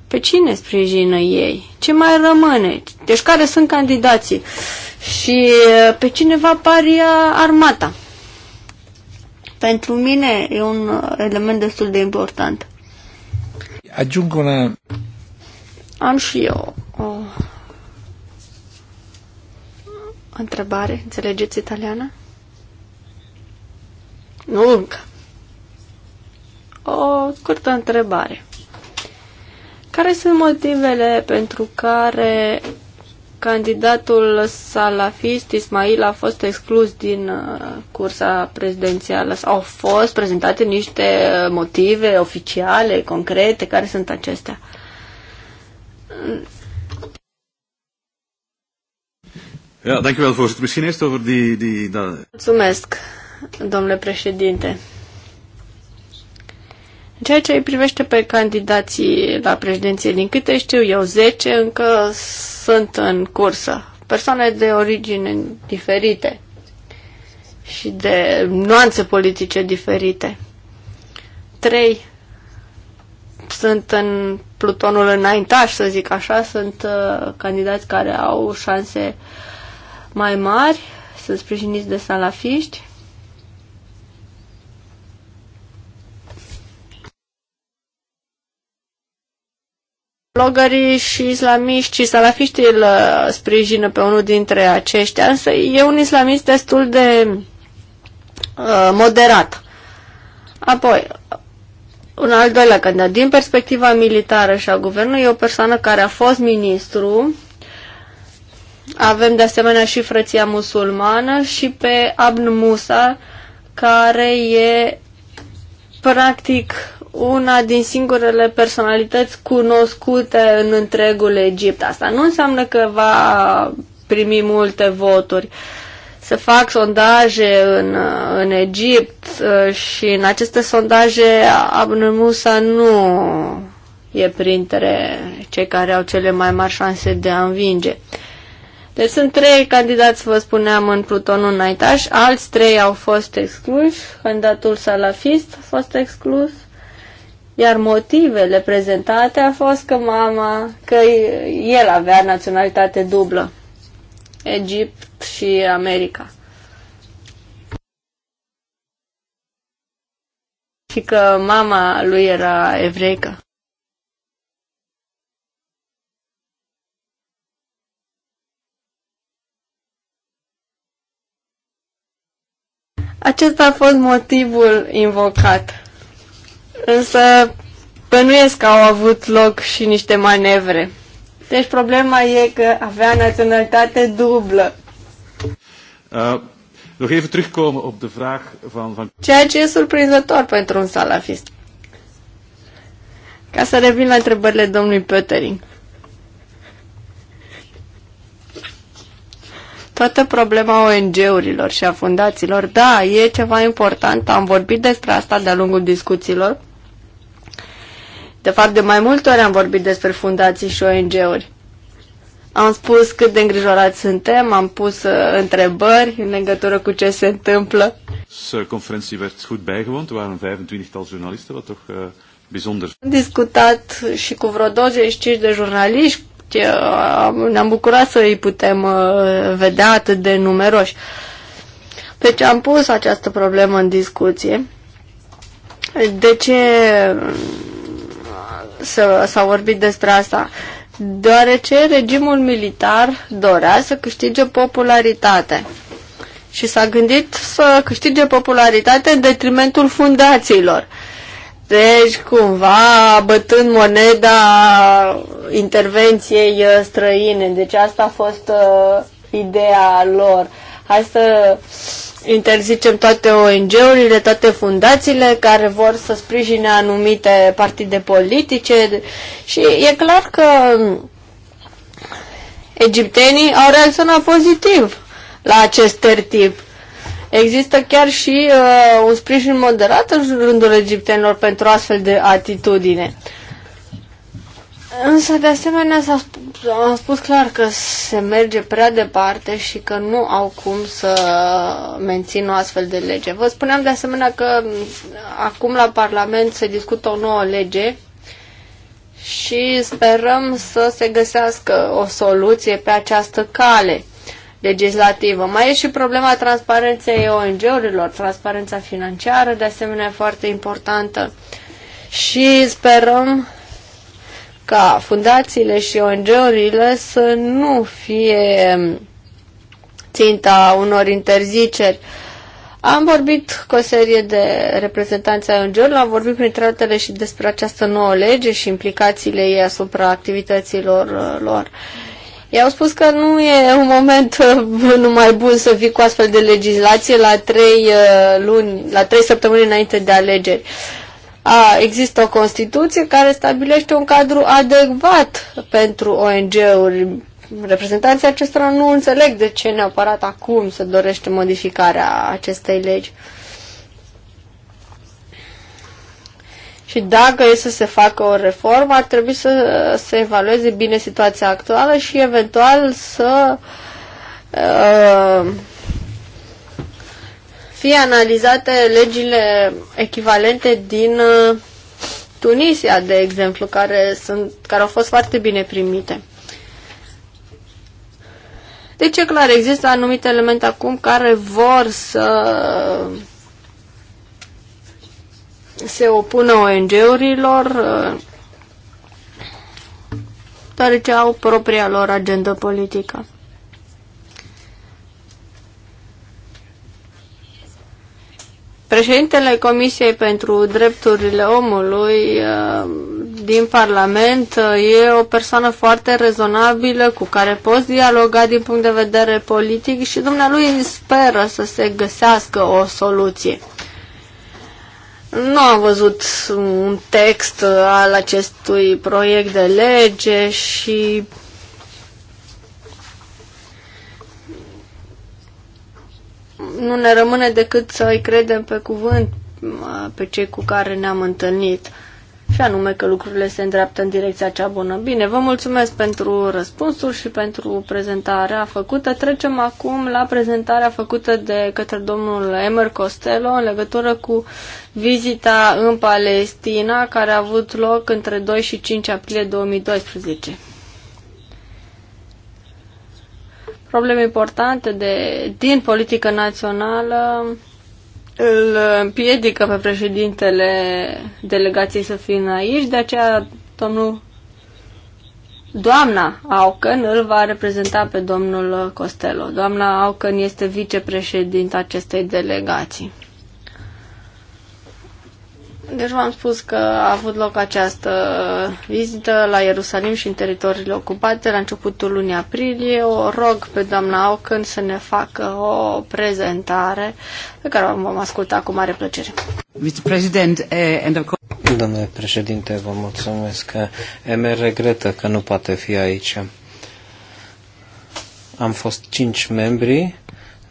pe cine sprijină ei? Ce mai rămâne? Deci care sunt candidații? Uh, și uh, pe cineva paria armata. Pentru mine e un uh, element destul de important. Ajung una... Am și eu o întrebare. Înțelegeți italiana? Nu încă. O scurtă întrebare. Care sunt motivele pentru care candidatul salafist Ismail a fost exclus din uh, cursa prezidențială. Au fost prezentate niște uh, motive oficiale, concrete, care sunt acestea? Ja, dankjewel voorzitter. Misschien eerst over die... die Mulțumesc, domnule președinte ceea ce îi privește pe candidații la președinție, din câte știu eu, 10 încă sunt în cursă. Persoane de origine diferite și de nuanțe politice diferite. Trei sunt în plutonul înaintaș, să zic așa, sunt uh, candidați care au șanse mai mari, sunt sprijiniți de salafiști Blogării și islamiștii, salafiștii îl uh, sprijină pe unul dintre aceștia, însă e un islamist destul de uh, moderat. Apoi, un al doilea candidat, din perspectiva militară și a guvernului, e o persoană care a fost ministru. Avem de asemenea și frăția musulmană și pe Abn Musa, care e practic una din singurele personalități cunoscute în întregul Egipt. Asta nu înseamnă că va primi multe voturi. Se fac sondaje în, în Egipt uh, și în aceste sondaje Abner Musa nu e printre cei care au cele mai mari șanse de a învinge. Deci sunt trei candidați, vă spuneam, în plutonul înaintaș, alți trei au fost excluși, candidatul salafist a fost exclus, iar motivele prezentate a fost că mama, că el avea naționalitate dublă, Egipt și America. Și că mama lui era evreică. Acesta a fost motivul invocat însă bănuiesc că au avut loc și niște manevre. Deci problema e că avea naționalitate dublă. Uh, nog even terugkomen op de vraag van, van... Ceea ce e surprinzător pentru un salafist. Ca să revin la întrebările domnului Pöttering. Toată problema ONG-urilor și a fundațiilor, da, e ceva important, am vorbit despre asta de-a lungul discuțiilor. De fapt, de mai multe ori am vorbit despre fundații și ONG-uri. Am spus cât de îngrijorați suntem, am pus uh, întrebări în legătură cu ce se întâmplă. Conferentie werd goed bijgewoond, er waren 25 tal journalisten, wat toch uh, bijzonder. Am discutat și cu vreo 25 de jurnaliști, uh, ne-am bucurat să îi putem uh, vedea atât de numeroși. Deci am pus această problemă în discuție. De ce s-a vorbit despre asta, deoarece regimul militar dorea să câștige popularitate și s-a gândit să câștige popularitate în detrimentul fundațiilor. Deci, cumva, bătând moneda intervenției uh, străine. Deci asta a fost uh, ideea lor. Hai să uh, interzicem toate ONG-urile, toate fundațiile care vor să sprijine anumite partide politice și e clar că egiptenii au reacționat pozitiv la acest tertip. Există chiar și uh, un sprijin moderat în rândul egiptenilor pentru astfel de atitudine. Uh, Însă, de asemenea, s-a spus, spus clar că se merge prea departe și că nu au cum să mențină o astfel de lege. Vă spuneam de asemenea că acum la Parlament se discută o nouă lege și sperăm să se găsească o soluție pe această cale legislativă. Mai e și problema transparenței ONG-urilor, transparența financiară, de asemenea, foarte importantă. Și sperăm ca fundațiile și ONG-urile să nu fie ținta unor interziceri. Am vorbit cu o serie de reprezentanți ai ong am vorbit printre altele și despre această nouă lege și implicațiile ei asupra activităților uh, lor. I-au spus că nu e un moment uh, numai bun să vii cu astfel de legislație la trei uh, luni, la trei săptămâni înainte de alegeri. Uh, a, există o Constituție care stabilește un cadru adecvat pentru ONG-uri. Reprezentanții acestora nu înțeleg de ce neapărat acum se dorește modificarea acestei legi. Și dacă e să se facă o reformă, ar trebui să se evalueze bine situația actuală și eventual să uh, fie analizate legile echivalente din uh, Tunisia, de exemplu, care, sunt, care au fost foarte bine primite. Deci e clar, există anumite elemente acum care vor să se opună ONG-urilor uh, deoarece au propria lor agendă politică. Președintele Comisiei pentru Drepturile Omului uh, din Parlament uh, e o persoană foarte rezonabilă cu care poți dialoga din punct de vedere politic și dumnealui speră să se găsească o soluție. Nu am văzut un text al acestui proiect de lege și nu ne rămâne decât să îi credem pe cuvânt pe cei cu care ne-am întâlnit și anume că lucrurile se îndreaptă în direcția cea bună. Bine, vă mulțumesc pentru răspunsul și pentru prezentarea făcută. Trecem acum la prezentarea făcută de către domnul Emer Costello în legătură cu vizita în Palestina care a avut loc între 2 și 5 aprilie 2012. probleme importante de, din politică națională îl împiedică pe președintele delegației să fie aici, de aceea domnul Doamna Aucăn îl va reprezenta pe domnul Costello. Doamna Aucăn este vicepreședinta acestei delegații. Deci v-am spus că a avut loc această vizită la Ierusalim și în teritoriile ocupate la începutul lunii aprilie. O rog pe doamna Ocân să ne facă o prezentare pe care o vom asculta cu mare plăcere. Eh, Domnule președinte, vă mulțumesc. Emer regretă că nu poate fi aici. Am fost cinci membri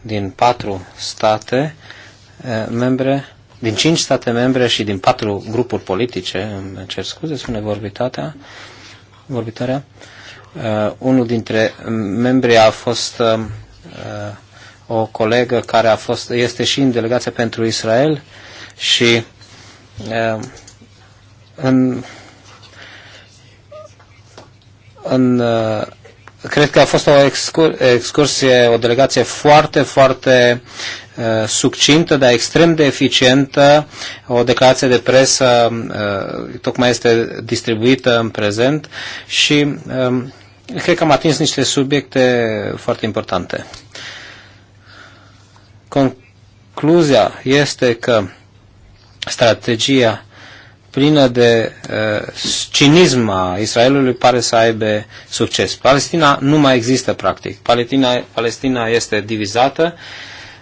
din patru state eh, membre din cinci state membre și din patru grupuri politice, îmi cer scuze, spune vorbitatea, vorbitoarea, uh, unul dintre membrii a fost uh, uh o colegă care a fost, este și în delegația pentru Israel și uh, în, în uh, Cred că a fost o excur excursie, o delegație foarte, foarte uh, succintă, dar extrem de eficientă. O declarație de presă uh, tocmai este distribuită în prezent și uh, cred că am atins niște subiecte foarte importante. Concluzia este că strategia plină de uh, cinism a Israelului pare să aibă succes. Palestina nu mai există practic. Palestina, Palestina este divizată,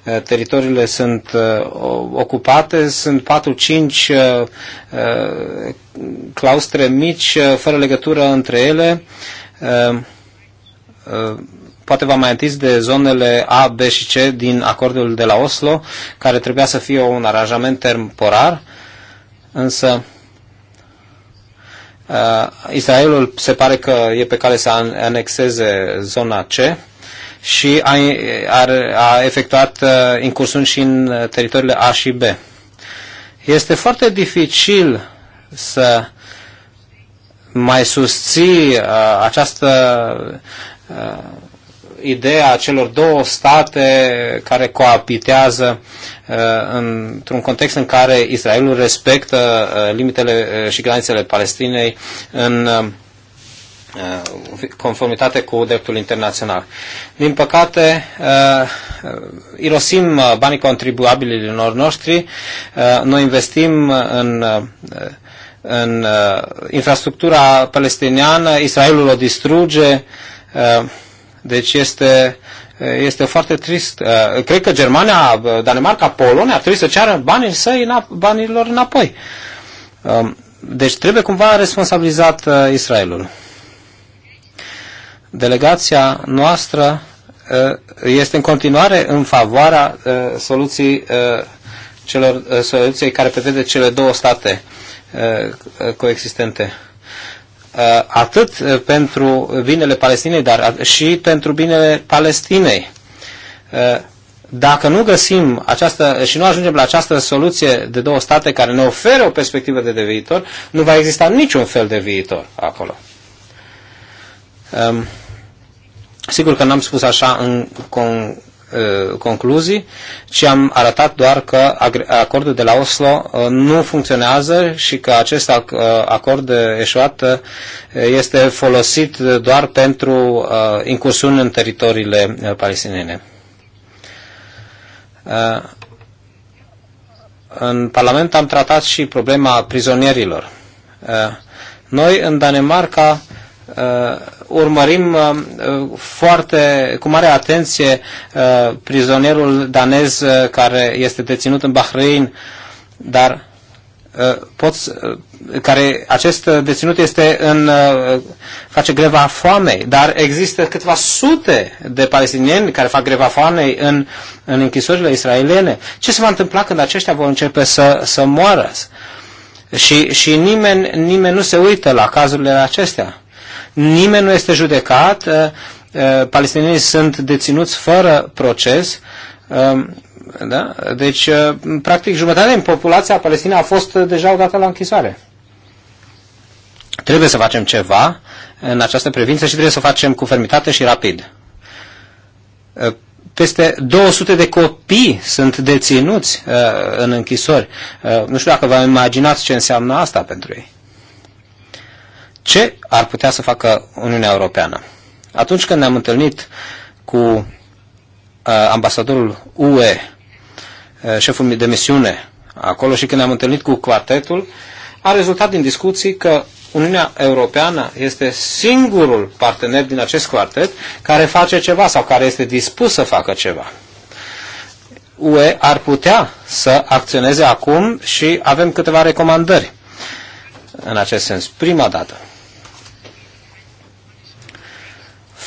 uh, teritoriile sunt uh, ocupate, sunt 4-5 uh, uh, claustre mici, uh, fără legătură între ele. Uh, uh, poate v-am mai întins de zonele A, B și C din acordul de la Oslo, care trebuia să fie un aranjament temporar, însă Uh, Israelul se pare că e pe cale să anexeze zona C și a, a, a efectuat uh, incursiuni și în uh, teritoriile A și B. Este foarte dificil să mai susții uh, această uh, ideea celor două state care coapitează uh, într-un context în care Israelul respectă uh, limitele uh, și granițele Palestinei în conformitate cu dreptul internațional. Din păcate, irosim banii contribuabililor noștri, noi investim în în uh, infrastructura palestiniană, Israelul o distruge, uh, deci este, este foarte trist. Uh, cred că Germania, uh, Danemarca, Polonia ar trebui să ceară banii săi, banilor înapoi. Um, deci trebuie cumva responsabilizat uh, Israelul. Delegația noastră este în continuare în favoarea soluției celor soluției care prevede cele două state coexistente. Uh, atât uh, pentru binele Palestinei, dar și pentru binele Palestinei. Uh, dacă nu găsim această și nu ajungem la această soluție de două state care ne oferă o perspectivă de, de viitor, nu va exista niciun fel de viitor acolo. Um, sigur că n-am spus așa în, în Uh, concluzii, ci am arătat doar că acordul de la Oslo uh, nu funcționează și că acest uh, acord eșuat este folosit doar pentru incursiuni în teritoriile palestinene. În Parlament am tratat și problema prizonierilor. Noi, în Danemarca, urmărim uh, uh, foarte, cu mare atenție uh, prizonierul danez care este deținut în Bahrain, dar poți, care acest deținut este în, face greva foamei, dar există câteva sute de palestinieni care fac greva foamei în, în închisorile israeliene. Ce se va întâmpla când aceștia vor începe să, să moară? Și, și nimeni, nimeni nu se uită la cazurile acestea nimeni nu este judecat, uh, uh, palestinienii sunt deținuți fără proces, um, da? Deci, uh, practic, jumătate din populația palestină a fost deja odată la închisoare. Trebuie să facem ceva în această privință și trebuie să facem cu fermitate și rapid. Peste 200 de copii sunt deținuți în închisori. nu știu dacă vă imaginați ce înseamnă asta pentru ei ce ar putea să facă Uniunea Europeană. Atunci când ne-am întâlnit cu uh, ambasadorul UE, uh, șeful de misiune acolo și când ne-am întâlnit cu quartetul, a rezultat din discuții că Uniunea Europeană este singurul partener din acest quartet care face ceva sau care este dispus să facă ceva. UE ar putea să acționeze acum și avem câteva recomandări în acest sens. Prima dată,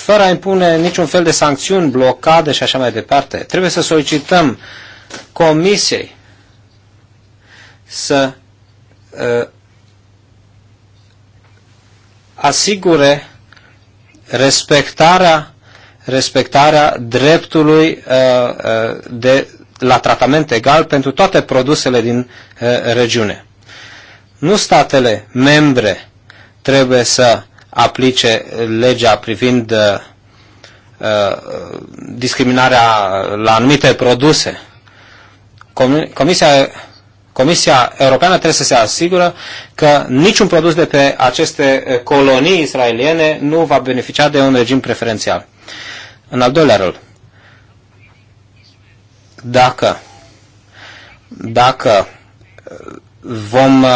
fără a impune niciun fel de sancțiuni, blocade și așa mai departe. Trebuie să solicităm comisiei să uh, asigure respectarea, respectarea dreptului uh, uh, de, la tratament egal pentru toate produsele din uh, regiune. Nu statele membre trebuie să aplice legea privind uh, uh, discriminarea la anumite produse. Comisia, Comisia Europeană trebuie să se asigură că niciun produs de pe aceste uh, colonii israeliene nu va beneficia de un regim preferențial. În al doilea rând, dacă, dacă vom uh,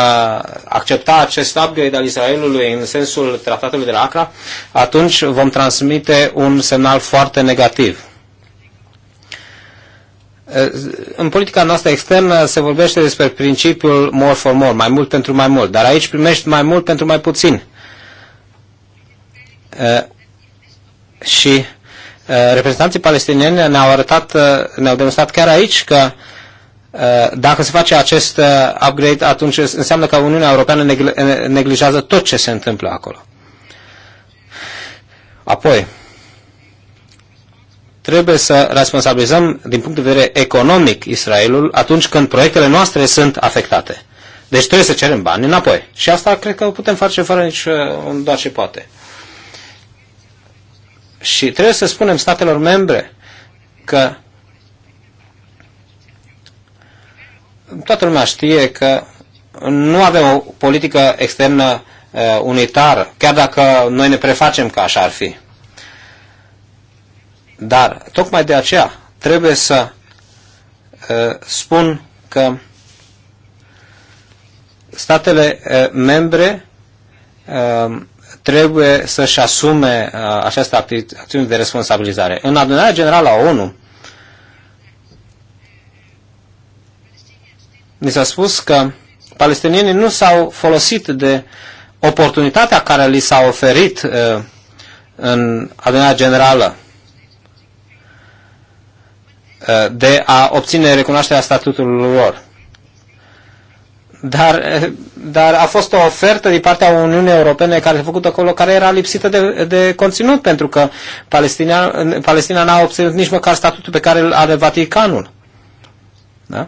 accepta acest upgrade al Israelului în sensul tratatului de la Acra, atunci vom transmite un semnal foarte negativ. Uh, în politica noastră externă se vorbește despre principiul more for more, mai mult pentru mai mult, dar aici primești mai mult pentru mai puțin. Uh, și reprezentanții palestinieni ne-au arătat, ne-au demonstrat chiar aici că uh, Uh, dacă se face acest uh, upgrade, atunci înseamnă că Uniunea Europeană neglijează tot ce se întâmplă acolo. Apoi, trebuie să responsabilizăm din punct de vedere economic Israelul atunci când proiectele noastre sunt afectate. Deci trebuie să cerem bani înapoi. Și asta cred că o putem face fără nici uh, un doar ce poate. Și trebuie să spunem statelor membre că toată lumea știe că nu avem o politică externă uh, unitară, chiar dacă noi ne prefacem că așa ar fi. Dar, tocmai de aceea, trebuie să uh, spun că statele uh, membre trebuie să-și asume această acțiune de responsabilizare. În adunarea generală a ONU, ni s-a spus că palestinienii nu s-au folosit de oportunitatea care li s-a oferit uh, în adunarea generală uh, de a obține recunoașterea statutului lor. Dar, uh, dar a fost o ofertă din partea Uniunii Europene care s-a făcut acolo, care era lipsită de, de conținut, pentru că Palestina, Palestina n-a obținut nici măcar statutul pe care îl are Vaticanul. Da?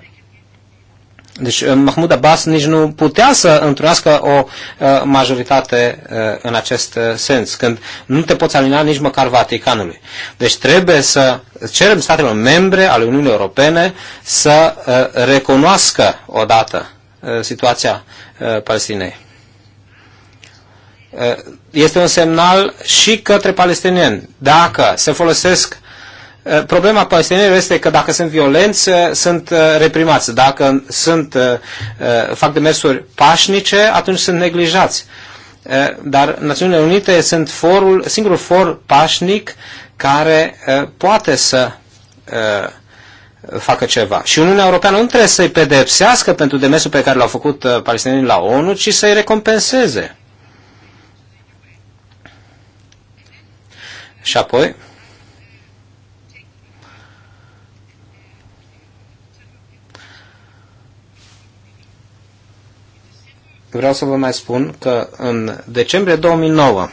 Deci Mahmud Abbas nici nu putea să întrunească o uh, majoritate uh, în acest uh, sens, când nu te poți alina nici măcar Vaticanului. Deci trebuie să cerem statelor membre ale Uniunii Europene să recunoască odată situația Palestinei. Este un semnal și către palestinieni. Dacă se folosesc Eh, problema palestinienilor este că dacă sunt violenți, eh, sunt eh, reprimați. Dacă sunt, fac demersuri pașnice, atunci sunt neglijați. Dar Națiunile Unite sunt forul, singurul for pașnic care poate să facă ceva. Și Uniunea Europeană nu trebuie să-i pedepsească pentru demersul pe care l-au făcut palestinienii la ONU, ci să-i recompenseze. Și apoi, vreau să vă mai spun că în decembrie 2009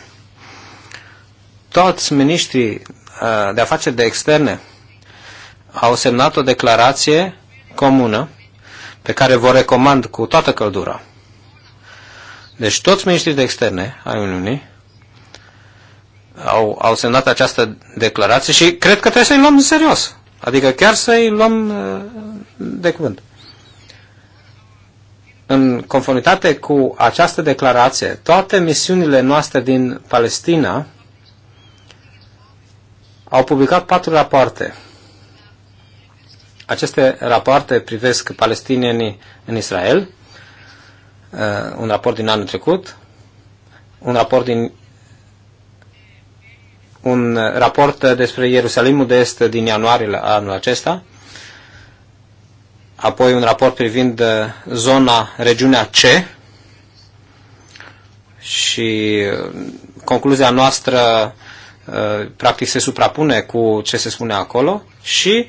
toți miniștrii uh, de afaceri de externe au semnat o declarație comună pe care vă recomand cu toată căldura. Deci toți miniștrii de externe ai Uniunii au, au semnat această declarație și cred că trebuie să-i luăm în serios. Adică chiar să-i luăm uh, de cuvânt. În conformitate cu această declarație, toate misiunile noastre din Palestina au publicat patru rapoarte. Aceste rapoarte privesc palestinienii în Israel, uh, un raport din anul trecut, un raport din un raport despre Ierusalimul de Est din ianuarie anul acesta apoi un raport privind uh, zona, regiunea C și uh, concluzia noastră uh, practic se suprapune cu ce se spune acolo și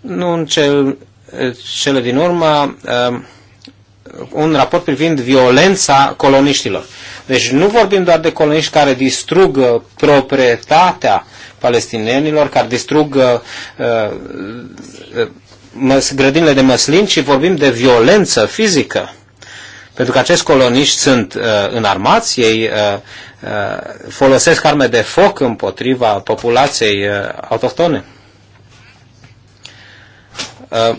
nu în cel, cele din urmă un raport privind violența coloniștilor. Deci nu vorbim doar de coloniști care distrug proprietatea palestinienilor, care distrug uh, grădinile de măslin, ci vorbim de violență fizică. Pentru că acești coloniști sunt uh, înarmați, ei uh, uh, folosesc arme de foc împotriva populației uh, autohtone. Uh,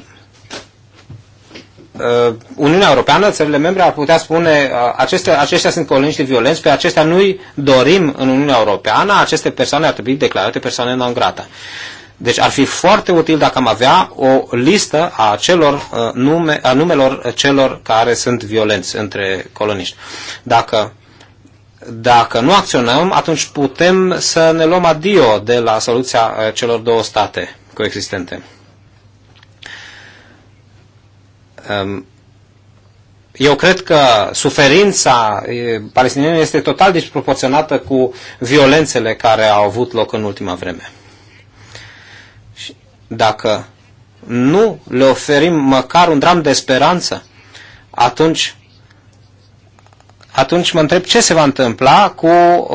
uh, Uniunea Europeană, țările membre ar putea spune uh, aceste, aceștia sunt coloniști violenți, pe aceștia nu-i dorim în Uniunea Europeană, aceste persoane ar trebui declarate persoane non grata. Uh, deci ar fi foarte util dacă am avea o listă a, celor, uh, nume, a numelor celor care sunt violenți între coloniști. Dacă, dacă nu acționăm, atunci putem să ne luăm adio de la soluția uh, celor două state coexistente. Um, eu cred că suferința palestinienilor este total disproporționată cu violențele care au avut loc în ultima vreme. Dacă nu le oferim măcar un dram de speranță, atunci, atunci mă întreb ce se va întâmpla cu,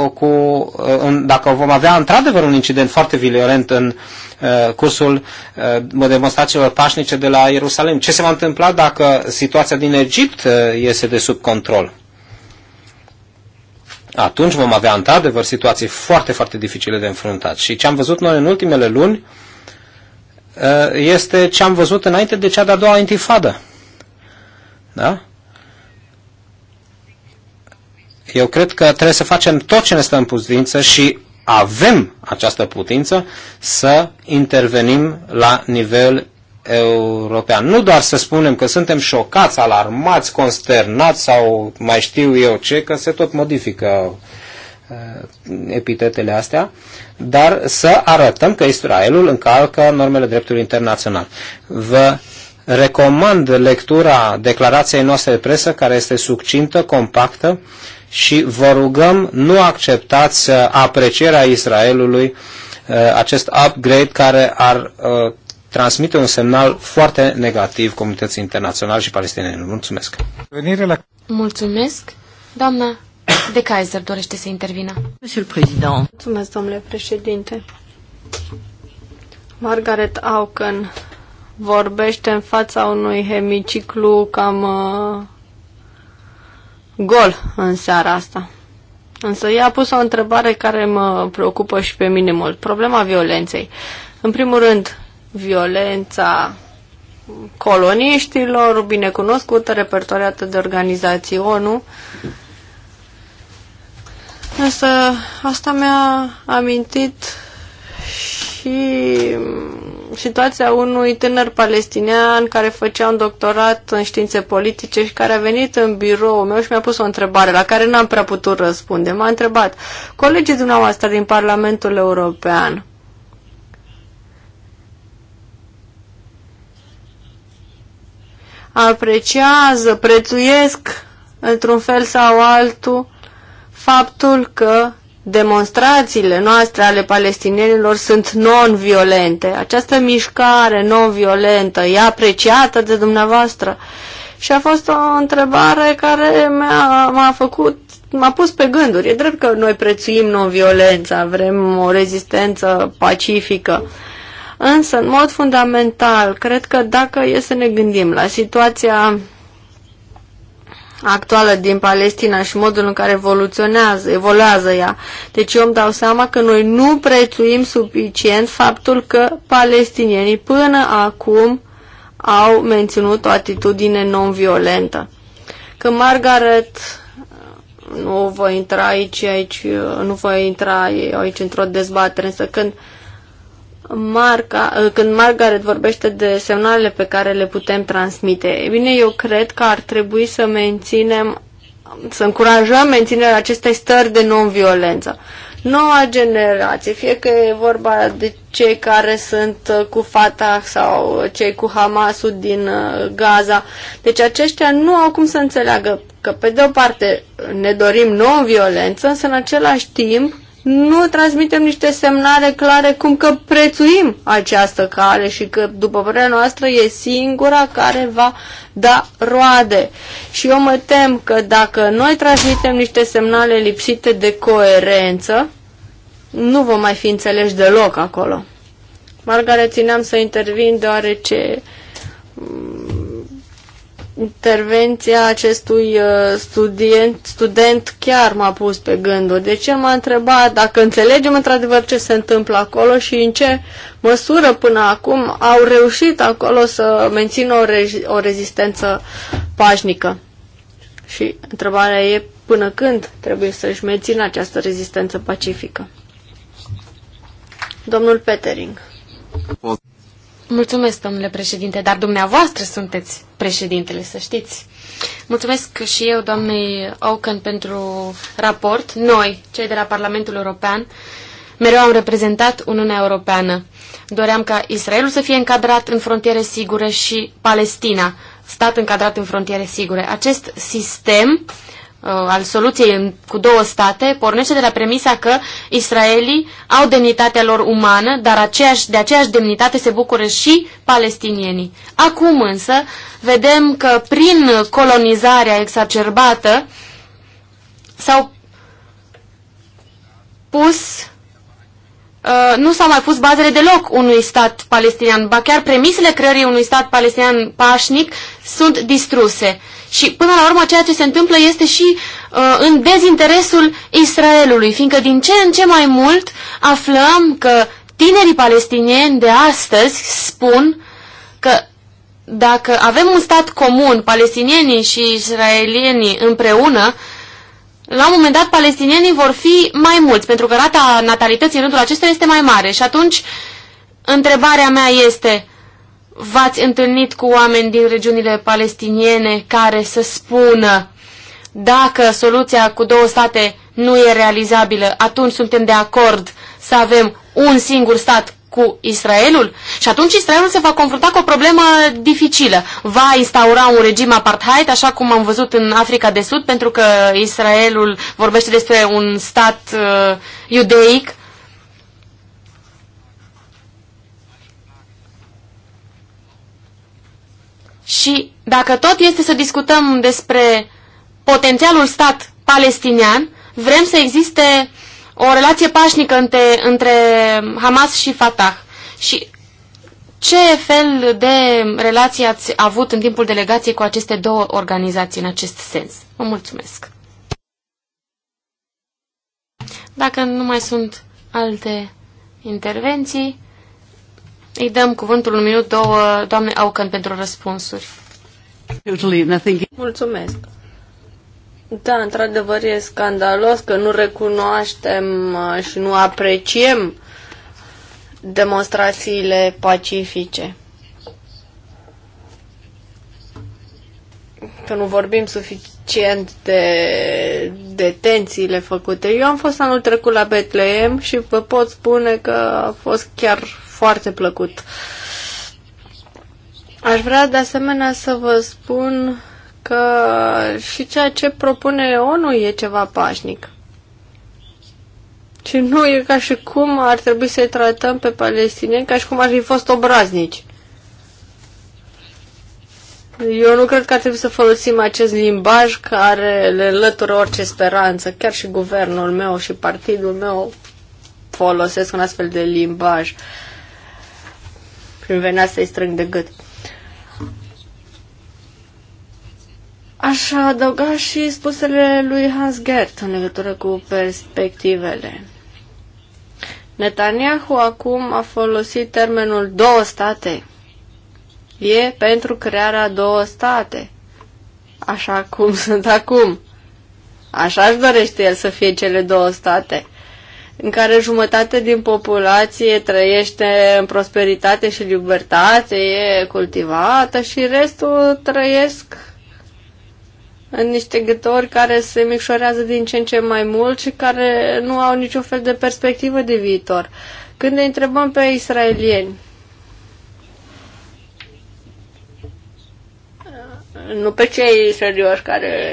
cu uh, în, dacă vom avea într-adevăr un incident foarte violent în uh, cursul uh, demonstrațiilor pașnice de la Ierusalim. Ce se va întâmpla dacă situația din Egipt uh, iese de sub control? Atunci vom avea într-adevăr situații foarte, foarte dificile de înfruntat. Și ce am văzut noi în ultimele luni uh, Uh, este ce am văzut înainte de cea de-a doua intifadă. Da? Eu cred că trebuie să facem tot ce ne stă în putință și avem această putință să intervenim la nivel european. Nu doar să spunem că suntem șocați, alarmați, consternați sau mai știu eu ce, că se tot modifică Uh, epitetele astea, dar să arătăm că Israelul încalcă normele dreptului internațional. Vă recomand lectura declarației noastre de presă, care este succintă, compactă și vă rugăm nu acceptați uh, aprecierea Israelului uh, acest upgrade care ar transmite un semnal foarte negativ comunității internaționale și palestinienilor. Mulțumesc! Mulțumesc! Doamna de Kaiser dorește să intervină. Mulțumesc, domnule președinte. Margaret Auken vorbește în fața unui hemiciclu cam uh, gol în seara asta. Însă ea a pus o întrebare care mă preocupă și pe mine mult. Problema violenței. În primul rând, violența coloniștilor, binecunoscută, repertoriată de organizații ONU, Însă asta mi-a amintit și mm, situația unui tânăr palestinian care făcea un doctorat în științe politice și care a venit în birou meu și mi-a pus o întrebare la care n-am prea putut răspunde. M-a întrebat, colegii dumneavoastră din Parlamentul European, apreciază, prețuiesc într-un fel sau altul faptul că demonstrațiile noastre ale palestinienilor sunt non-violente. Această mișcare non-violentă e apreciată de dumneavoastră. Și a fost o întrebare care m-a, m-a făcut, m-a pus pe gânduri. E drept că noi prețuim non-violența, vrem o rezistență pacifică. Însă, în mod fundamental, cred că dacă e să ne gândim la situația actuală din Palestina și modul în care evoluționează, evoluează ea. Deci eu îmi dau seama că noi nu prețuim suficient faptul că palestinienii până acum au menținut o atitudine non-violentă. Că Margaret nu voi intra aici, aici nu voi intra aici într-o dezbatere, însă când uh, Marca, uh, când Margaret vorbește de semnalele pe care le putem transmite, e bine, eu cred că ar trebui să menținem, să încurajăm menținerea acestei stări de non-violență. Noua generație, fie că e vorba de cei care sunt uh, cu Fatah sau cei cu Hamasul din uh, Gaza, deci aceștia nu au cum să înțeleagă că pe de o parte ne dorim non-violență, însă în același timp nu transmitem niște semnale clare cum că prețuim această cale și că, după părerea noastră, e singura care va da roade. Și eu mă tem că dacă noi transmitem niște semnale lipsite de coerență, nu vom mai fi înțeleși deloc acolo. Margaret, țineam să intervin deoarece intervenția acestui uh, student, student chiar m-a pus pe gândul de deci ce m-a întrebat dacă înțelegem într-adevăr ce se întâmplă acolo și în ce măsură până acum au reușit acolo să mențină o, re- o rezistență pașnică. Și întrebarea e până când trebuie să-și mențină această rezistență pacifică. Domnul Petering. Mulțumesc, domnule președinte, dar dumneavoastră sunteți președintele, să știți. Mulțumesc și eu, doamnei Auken, pentru raport. Noi, cei de la Parlamentul European, mereu am reprezentat Uniunea Europeană. Doream ca Israelul să fie încadrat în frontiere sigure și Palestina, stat încadrat în frontiere sigure. Acest sistem Uh, al soluției cu două state pornește de la premisa că israelii au demnitatea lor umană, dar aceeași, de aceeași demnitate se bucură și palestinienii. Acum însă vedem că prin colonizarea exacerbată s-au pus Uh, nu s-au mai pus bazele deloc unui stat palestinian, ba chiar premisele creării unui stat palestinian pașnic sunt distruse. Și până la urmă ceea ce se întâmplă este și uh, în dezinteresul Israelului, fiindcă din ce în ce mai mult aflăm că tinerii palestinieni de astăzi spun că dacă avem un stat comun, palestinienii și israelienii împreună, la un moment dat palestinienii vor fi mai mulți, pentru că rata natalității în rândul acesta este mai mare. Și atunci, întrebarea mea este, v-ați întâlnit cu oameni din regiunile palestiniene care să spună dacă soluția cu două state nu e realizabilă, atunci suntem de acord să avem un singur stat cu Israelul? Și atunci Israelul se va confrunta cu o problemă dificilă. Va instaura un regim apartheid, așa cum am văzut în Africa de Sud, pentru că Israelul vorbește despre un stat uh, iudeic. Și dacă tot este să discutăm despre potențialul stat palestinian, vrem să existe o relație pașnică între, între Hamas și Fatah. Și ce fel de relație ați avut în timpul delegației cu aceste două organizații în acest sens? Vă mulțumesc! Dacă nu mai sunt alte intervenții, îi dăm cuvântul un minut, două, doamne Aucan, pentru răspunsuri. Mulțumesc! Da, într-adevăr e scandalos că nu recunoaștem uh, și nu apreciem demonstrațiile pacifice. Că nu vorbim suficient de detențiile făcute. Eu am fost anul trecut la Betlehem și vă pot spune că a fost chiar foarte plăcut. Aș vrea de asemenea să vă spun că și ceea ce propune ONU e ceva pașnic. Și nu e ca și cum ar trebui să-i tratăm pe palestinieni ca și cum ar fi fost obraznici. Eu nu cred că ar trebui să folosim acest limbaj care le înlătură orice speranță. Chiar și guvernul meu și partidul meu folosesc un astfel de limbaj. prin venea să-i strâng de gât. Aș adăuga și spusele lui Hans Gert în legătură cu perspectivele. Netanyahu acum a folosit termenul două state. E pentru crearea două state. Așa cum sunt acum. Așa își dorește el să fie cele două state, în care jumătate din populație trăiește în prosperitate și libertate, e cultivată și restul trăiesc în niște gători care se micșorează din ce în ce mai mult și care nu au niciun fel de perspectivă de viitor. Când ne întrebăm pe israelieni, nu pe cei serioși care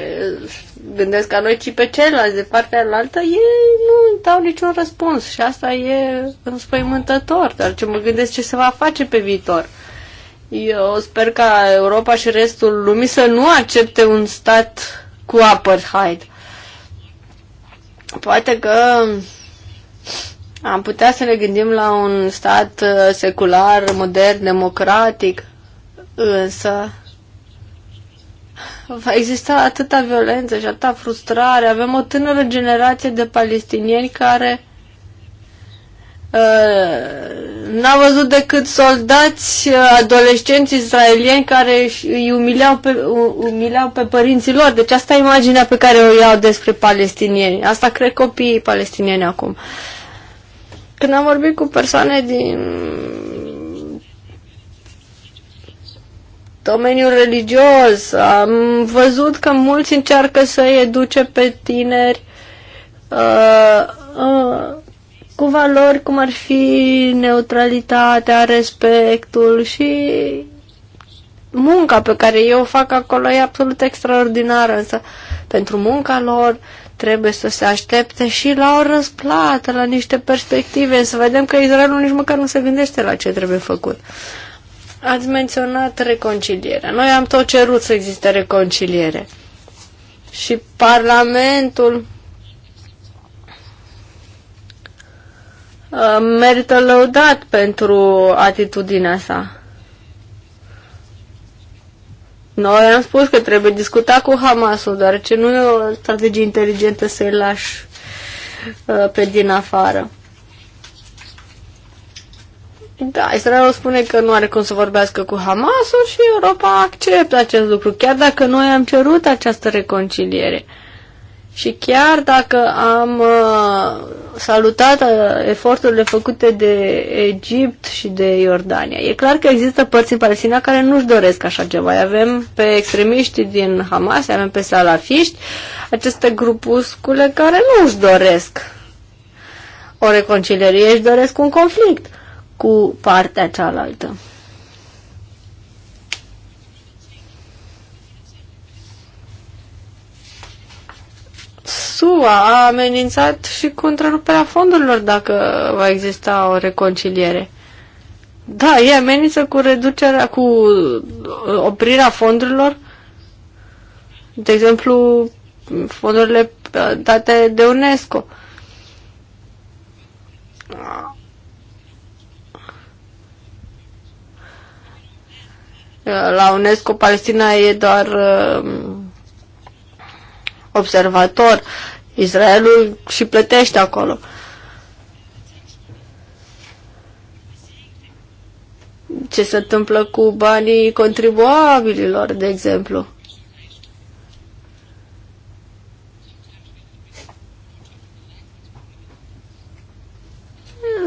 gândesc ca noi, ci pe ceilalți de partea alaltă, ei nu dau niciun răspuns și asta e înspăimântător, dar ce mă gândesc ce se va face pe viitor. Eu sper ca Europa și restul lumii să nu accepte un stat cu apartheid. Poate că am putea să ne gândim la un stat uh, secular, modern, democratic, însă va exista atâta violență și atâta frustrare. Avem o tânără generație de palestinieni care Uh, n-a văzut decât soldați, uh, adolescenți israelieni care îi umileau pe, umileau pe părinții lor. Deci asta e imaginea pe care o iau despre palestinieni. Asta cred copiii palestinieni acum. Când am vorbit cu persoane din domeniul religios, am văzut că mulți încearcă să i educe pe tineri uh, uh, cu valori cum ar fi neutralitatea, respectul și munca pe care eu o fac acolo e absolut extraordinară, însă pentru munca lor trebuie să se aștepte și la o răsplată, la niște perspective, să vedem că Israelul nici măcar nu se gândește la ce trebuie făcut. Ați menționat reconcilierea. Noi am tot cerut să existe reconciliere. Și Parlamentul Uh, merită lăudat pentru atitudinea sa. Noi am spus că trebuie discutat cu Hamasul, dar ce nu e o strategie inteligentă să-i lași uh, pe din afară. Da, Israel spune că nu are cum să vorbească cu Hamasul și Europa acceptă acest lucru, chiar dacă noi am cerut această reconciliere. Și chiar dacă am uh, salutat uh, eforturile făcute de Egipt și de Iordania. E clar că există părți în Palestina care nu-și doresc așa ceva. I avem pe extremiști din Hamas, avem pe salafiști, aceste grupuscule care nu-și doresc o reconciliere. își doresc un conflict cu partea cealaltă. SUA a amenințat și cu întreruperea fondurilor dacă va exista o reconciliere. Da, e amenință cu reducerea, cu uh, oprirea fondurilor. De exemplu, fondurile uh, date de UNESCO. La UNESCO Palestina e doar uh, observator. Israelul și plătește acolo. Ce se întâmplă cu banii contribuabililor, de exemplu?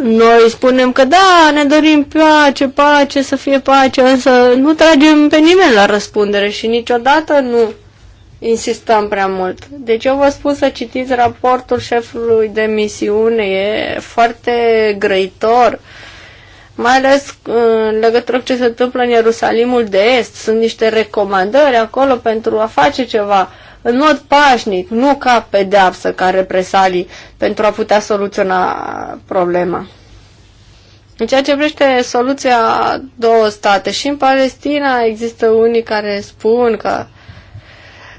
Noi spunem că da, ne dorim pace, pace, să fie pace, însă nu tragem pe nimeni la răspundere și niciodată nu insistăm prea mult. Deci eu vă spun să citiți raportul șefului de misiune, e foarte grăitor, mai ales în legătură cu ce se întâmplă în Ierusalimul de Est. Sunt niște recomandări acolo pentru a face ceva în mod pașnic, nu ca pedeapsă, ca represalii, pentru a putea soluționa problema. În ceea ce privește soluția două state, și în Palestina există unii care spun că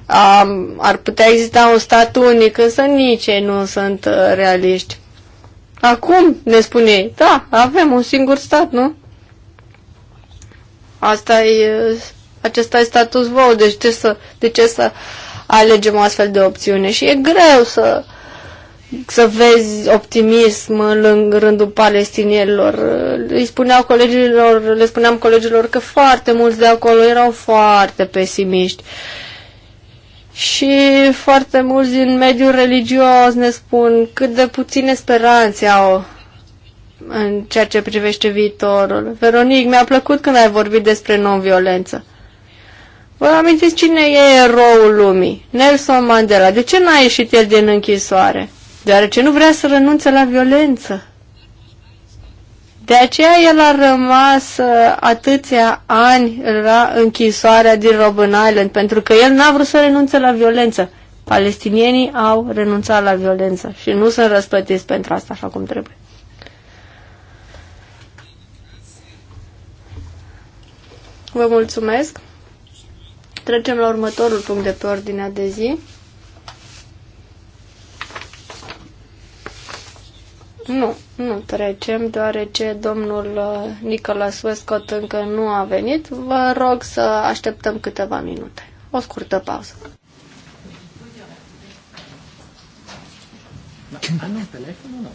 um, ar putea exista un stat unic, însă nici ei nu sunt uh, realiști. Acum ne spune ei, da, avem un singur stat, nu? Asta e, acesta e status quo, deci ce să, de ce să alegem o astfel de opțiune? Și e greu să, să vezi optimism în rândul palestinienilor. Îi spuneau colegilor, le spuneam colegilor că foarte mulți de acolo erau foarte pesimiști. Uh, și foarte mulți din mediul religios ne spun cât de puține speranțe au în ceea ce privește viitorul. Veronic, mi-a plăcut când ai vorbit despre non-violență. Vă amintiți cine e eroul lumii? Nelson Mandela. De ce n-a ieșit el din închisoare? Deoarece nu vrea să renunțe la violență. De aceea el a rămas uh, atâția ani la închisoarea din Robben Island, pentru că el n-a vrut să renunțe la violență. Palestinienii au renunțat la violență și nu sunt răspătiți pentru asta așa cum trebuie. Vă mulțumesc. Trecem la următorul punct de pe ordinea de zi. Nu, nu trecem, deoarece domnul uh, Nicolas Westcott încă nu a venit. Vă rog să așteptăm câteva minute. O scurtă pauză. Ah, nu, telefonul nu.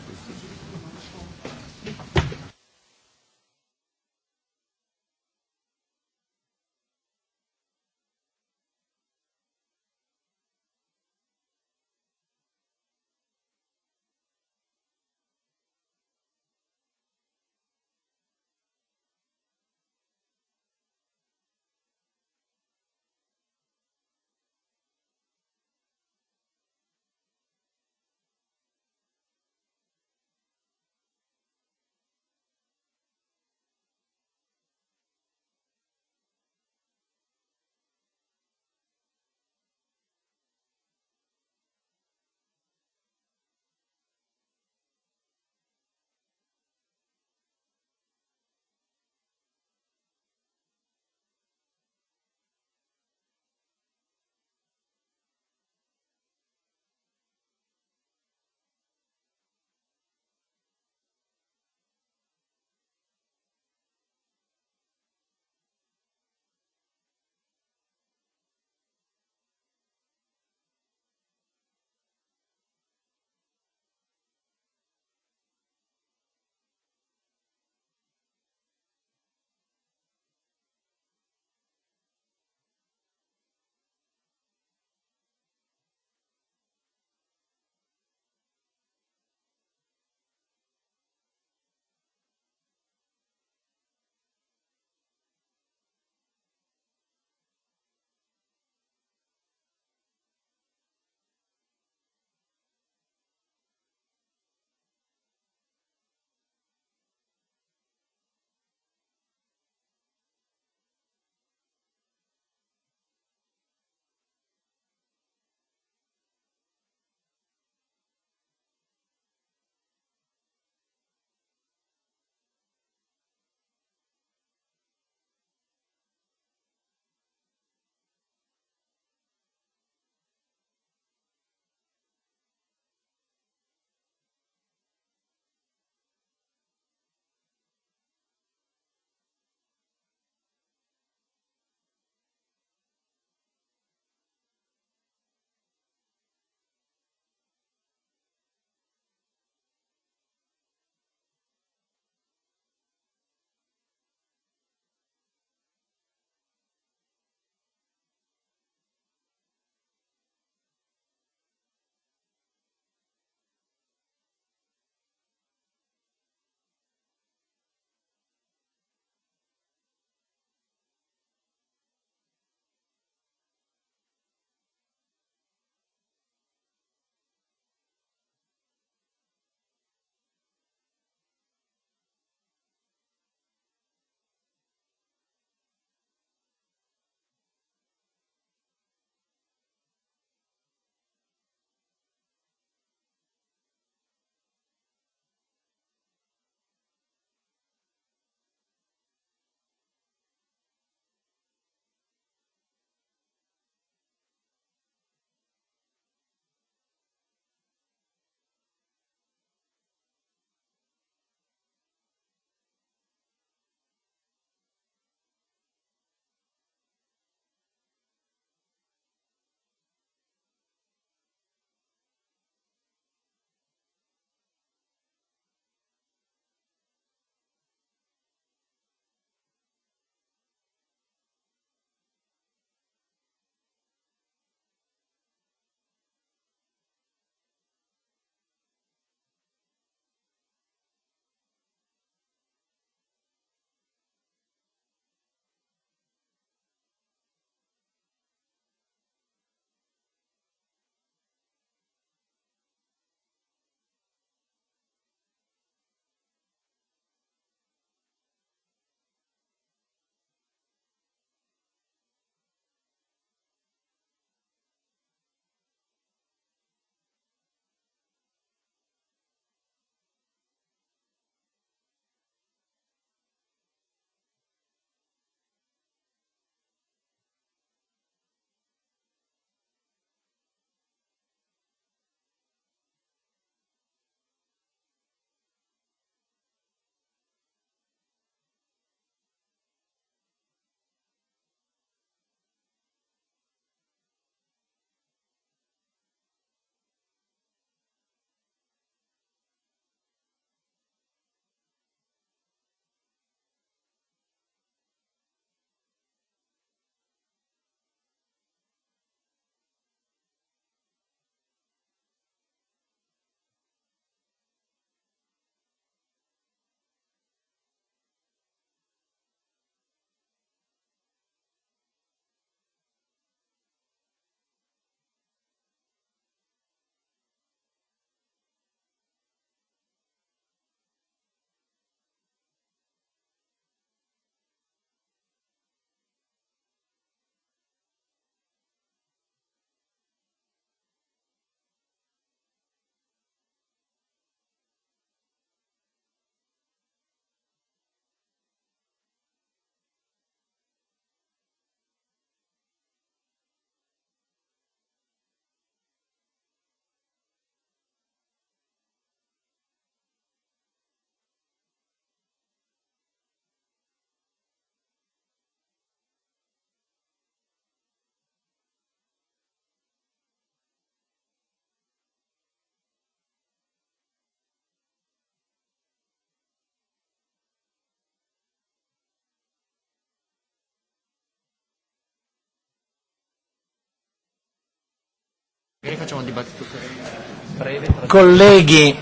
Colleghi,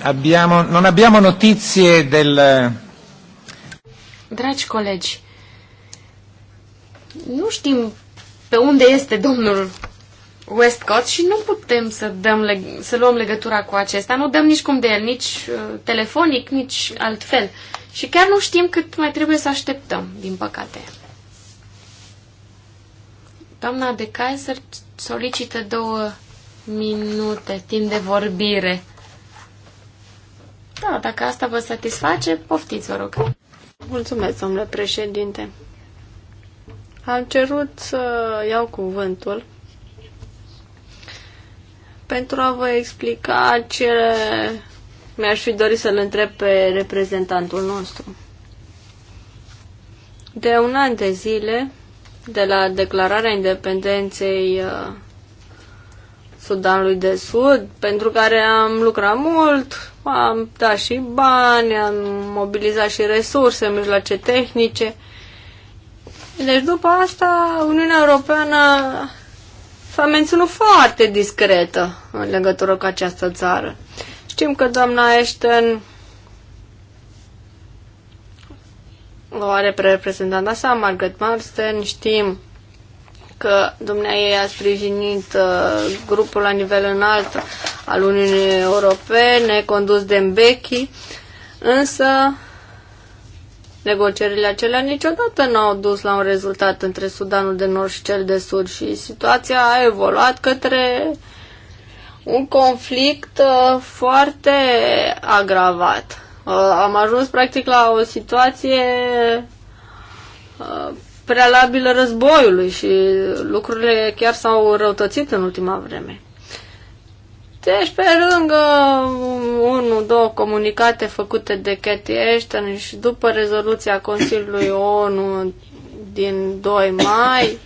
abbiamo, non abbiamo notizie del... Dragi colegi, nu știm pe unde este domnul Westcott și nu putem să, dăm, să luăm legătura cu acesta. Nu dăm nici cum de el, nici uh, telefonic, nici altfel. Și chiar nu știm cât mai trebuie să așteptăm, din păcate. Doamna de Kaiser solicită două minute timp de vorbire. Da, dacă asta vă satisface, poftiți, vă rog. Mulțumesc, domnule președinte. Am cerut să iau cuvântul pentru a vă explica ce mi-aș fi dorit să-l întreb pe reprezentantul nostru. De un an de zile de la declararea independenței uh, Sudanului de Sud, pentru care am lucrat mult, am dat și bani, am mobilizat și resurse, mijloace tehnice. Deci după asta Uniunea Europeană s-a menținut foarte discretă în legătură cu această țară. Știm că doamna Ashton o are pe reprezentanta sa, Margaret Marston, Știm că dumneavoastră a sprijinit uh, grupul la nivel înalt al Uniunii Europene, condus de Mbeki, însă negocierile acelea niciodată nu au dus la un rezultat între Sudanul de Nord și cel de Sud și situația a evoluat către un conflict uh, foarte agravat. Uh, am ajuns practic la o situație uh, prealabilă războiului și lucrurile chiar s-au răutățit în ultima vreme. Deci, pe lângă unul, două comunicate făcute de Cathy Ashton și după rezoluția Consiliului ONU din 2 mai,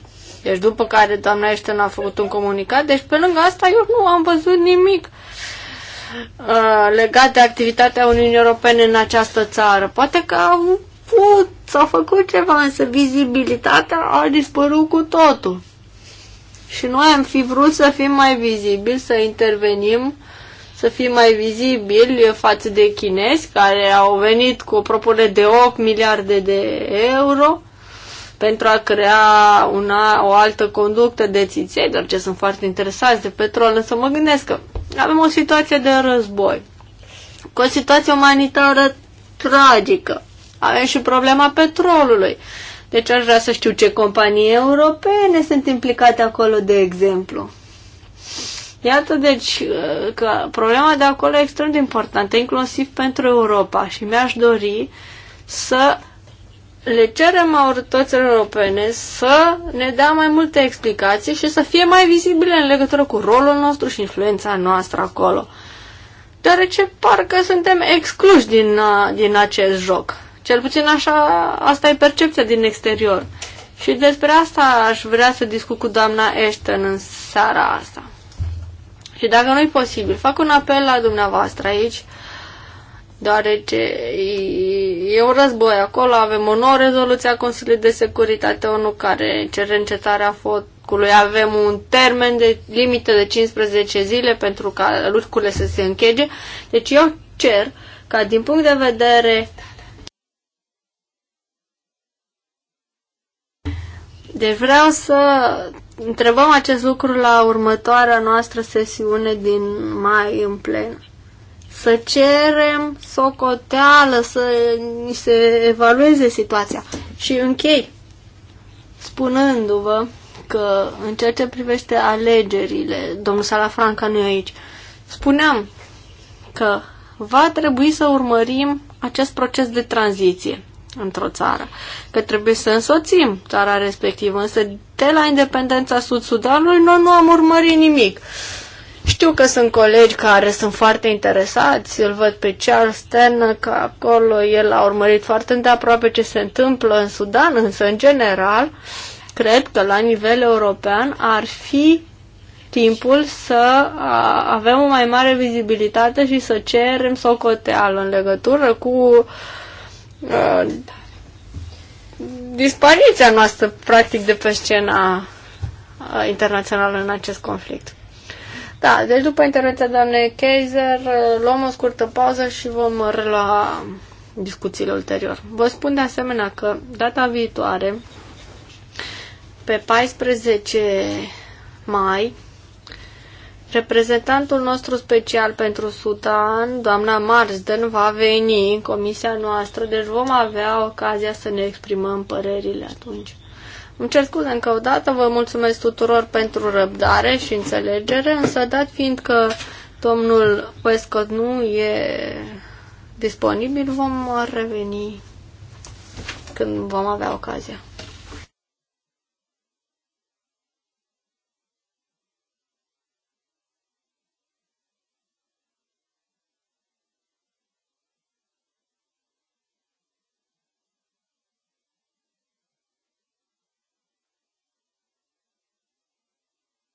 deci după care doamna Ashton a făcut un comunicat, deci pe lângă asta eu nu am văzut nimic uh, Uh, legat de activitatea Uniunii Europene în această țară. Poate că au avut, s-au făcut ceva, însă vizibilitatea a dispărut cu totul. Și noi am fi vrut să fim mai vizibili, să intervenim, să fim mai vizibili față de chinezi care au venit cu o propunere de 8 miliarde de euro pentru a crea una, o altă conductă de țiței, doar ce sunt foarte interesați de petrol, însă mă gândesc că avem o situație de război, cu o situație umanitară tragică. Avem și problema petrolului. Deci aș vrea să știu ce companii europene sunt implicate acolo, de exemplu. Iată, deci, că problema de acolo e extrem de importantă, inclusiv pentru Europa și mi-aș dori să le cerem autorităților europene să ne dea mai multe explicații și să fie mai vizibile în legătură cu rolul nostru și influența noastră acolo. Deoarece parcă suntem excluși din, din acest joc. Cel puțin așa, asta e percepția din exterior. Și despre asta aș vrea să discut cu doamna Ashton în seara asta. Și dacă nu e posibil, fac un apel la dumneavoastră aici, uh, deoarece e un război acolo, avem o nouă rezoluție a Consiliului de Securitate ONU care cere încetarea focului, avem un termen de limită de 15 zile pentru ca lucrurile să se închege. Deci eu cer ca din punct de vedere Deci vreau să întrebăm acest lucru la următoarea noastră sesiune din mai în plen să cerem socoteală, să ni se evalueze situația. Și închei spunându-vă că în ceea ce privește alegerile, domnul Salafranca nu e aici, spuneam că va trebui să urmărim acest proces de tranziție într-o țară, că trebuie să însoțim țara respectivă, însă de la independența Sud-Sudanului noi nu am urmărit nimic. Uh, știu că sunt colegi care sunt foarte interesați, îl văd pe Charles Stern, că acolo el a urmărit foarte îndeaproape ce se întâmplă în Sudan, însă în general cred că la nivel european ar fi timpul să avem o mai mare vizibilitate și să cerem socoteală în legătură cu dispariția noastră practic de pe scena internațională în acest conflict. Da, deci după intervenția doamnei Kaiser luăm o scurtă pauză și vom relua discuțiile ulterior. Vă spun de asemenea că data viitoare, pe 14 mai, reprezentantul nostru special pentru Sudan, doamna Marsden, va veni în comisia noastră, deci vom avea ocazia să ne exprimăm părerile atunci. Îmi cer scuze încă o dată, vă mulțumesc tuturor pentru răbdare și înțelegere, însă dat fiind că domnul Westcott nu e disponibil, vom reveni când vom avea ocazia.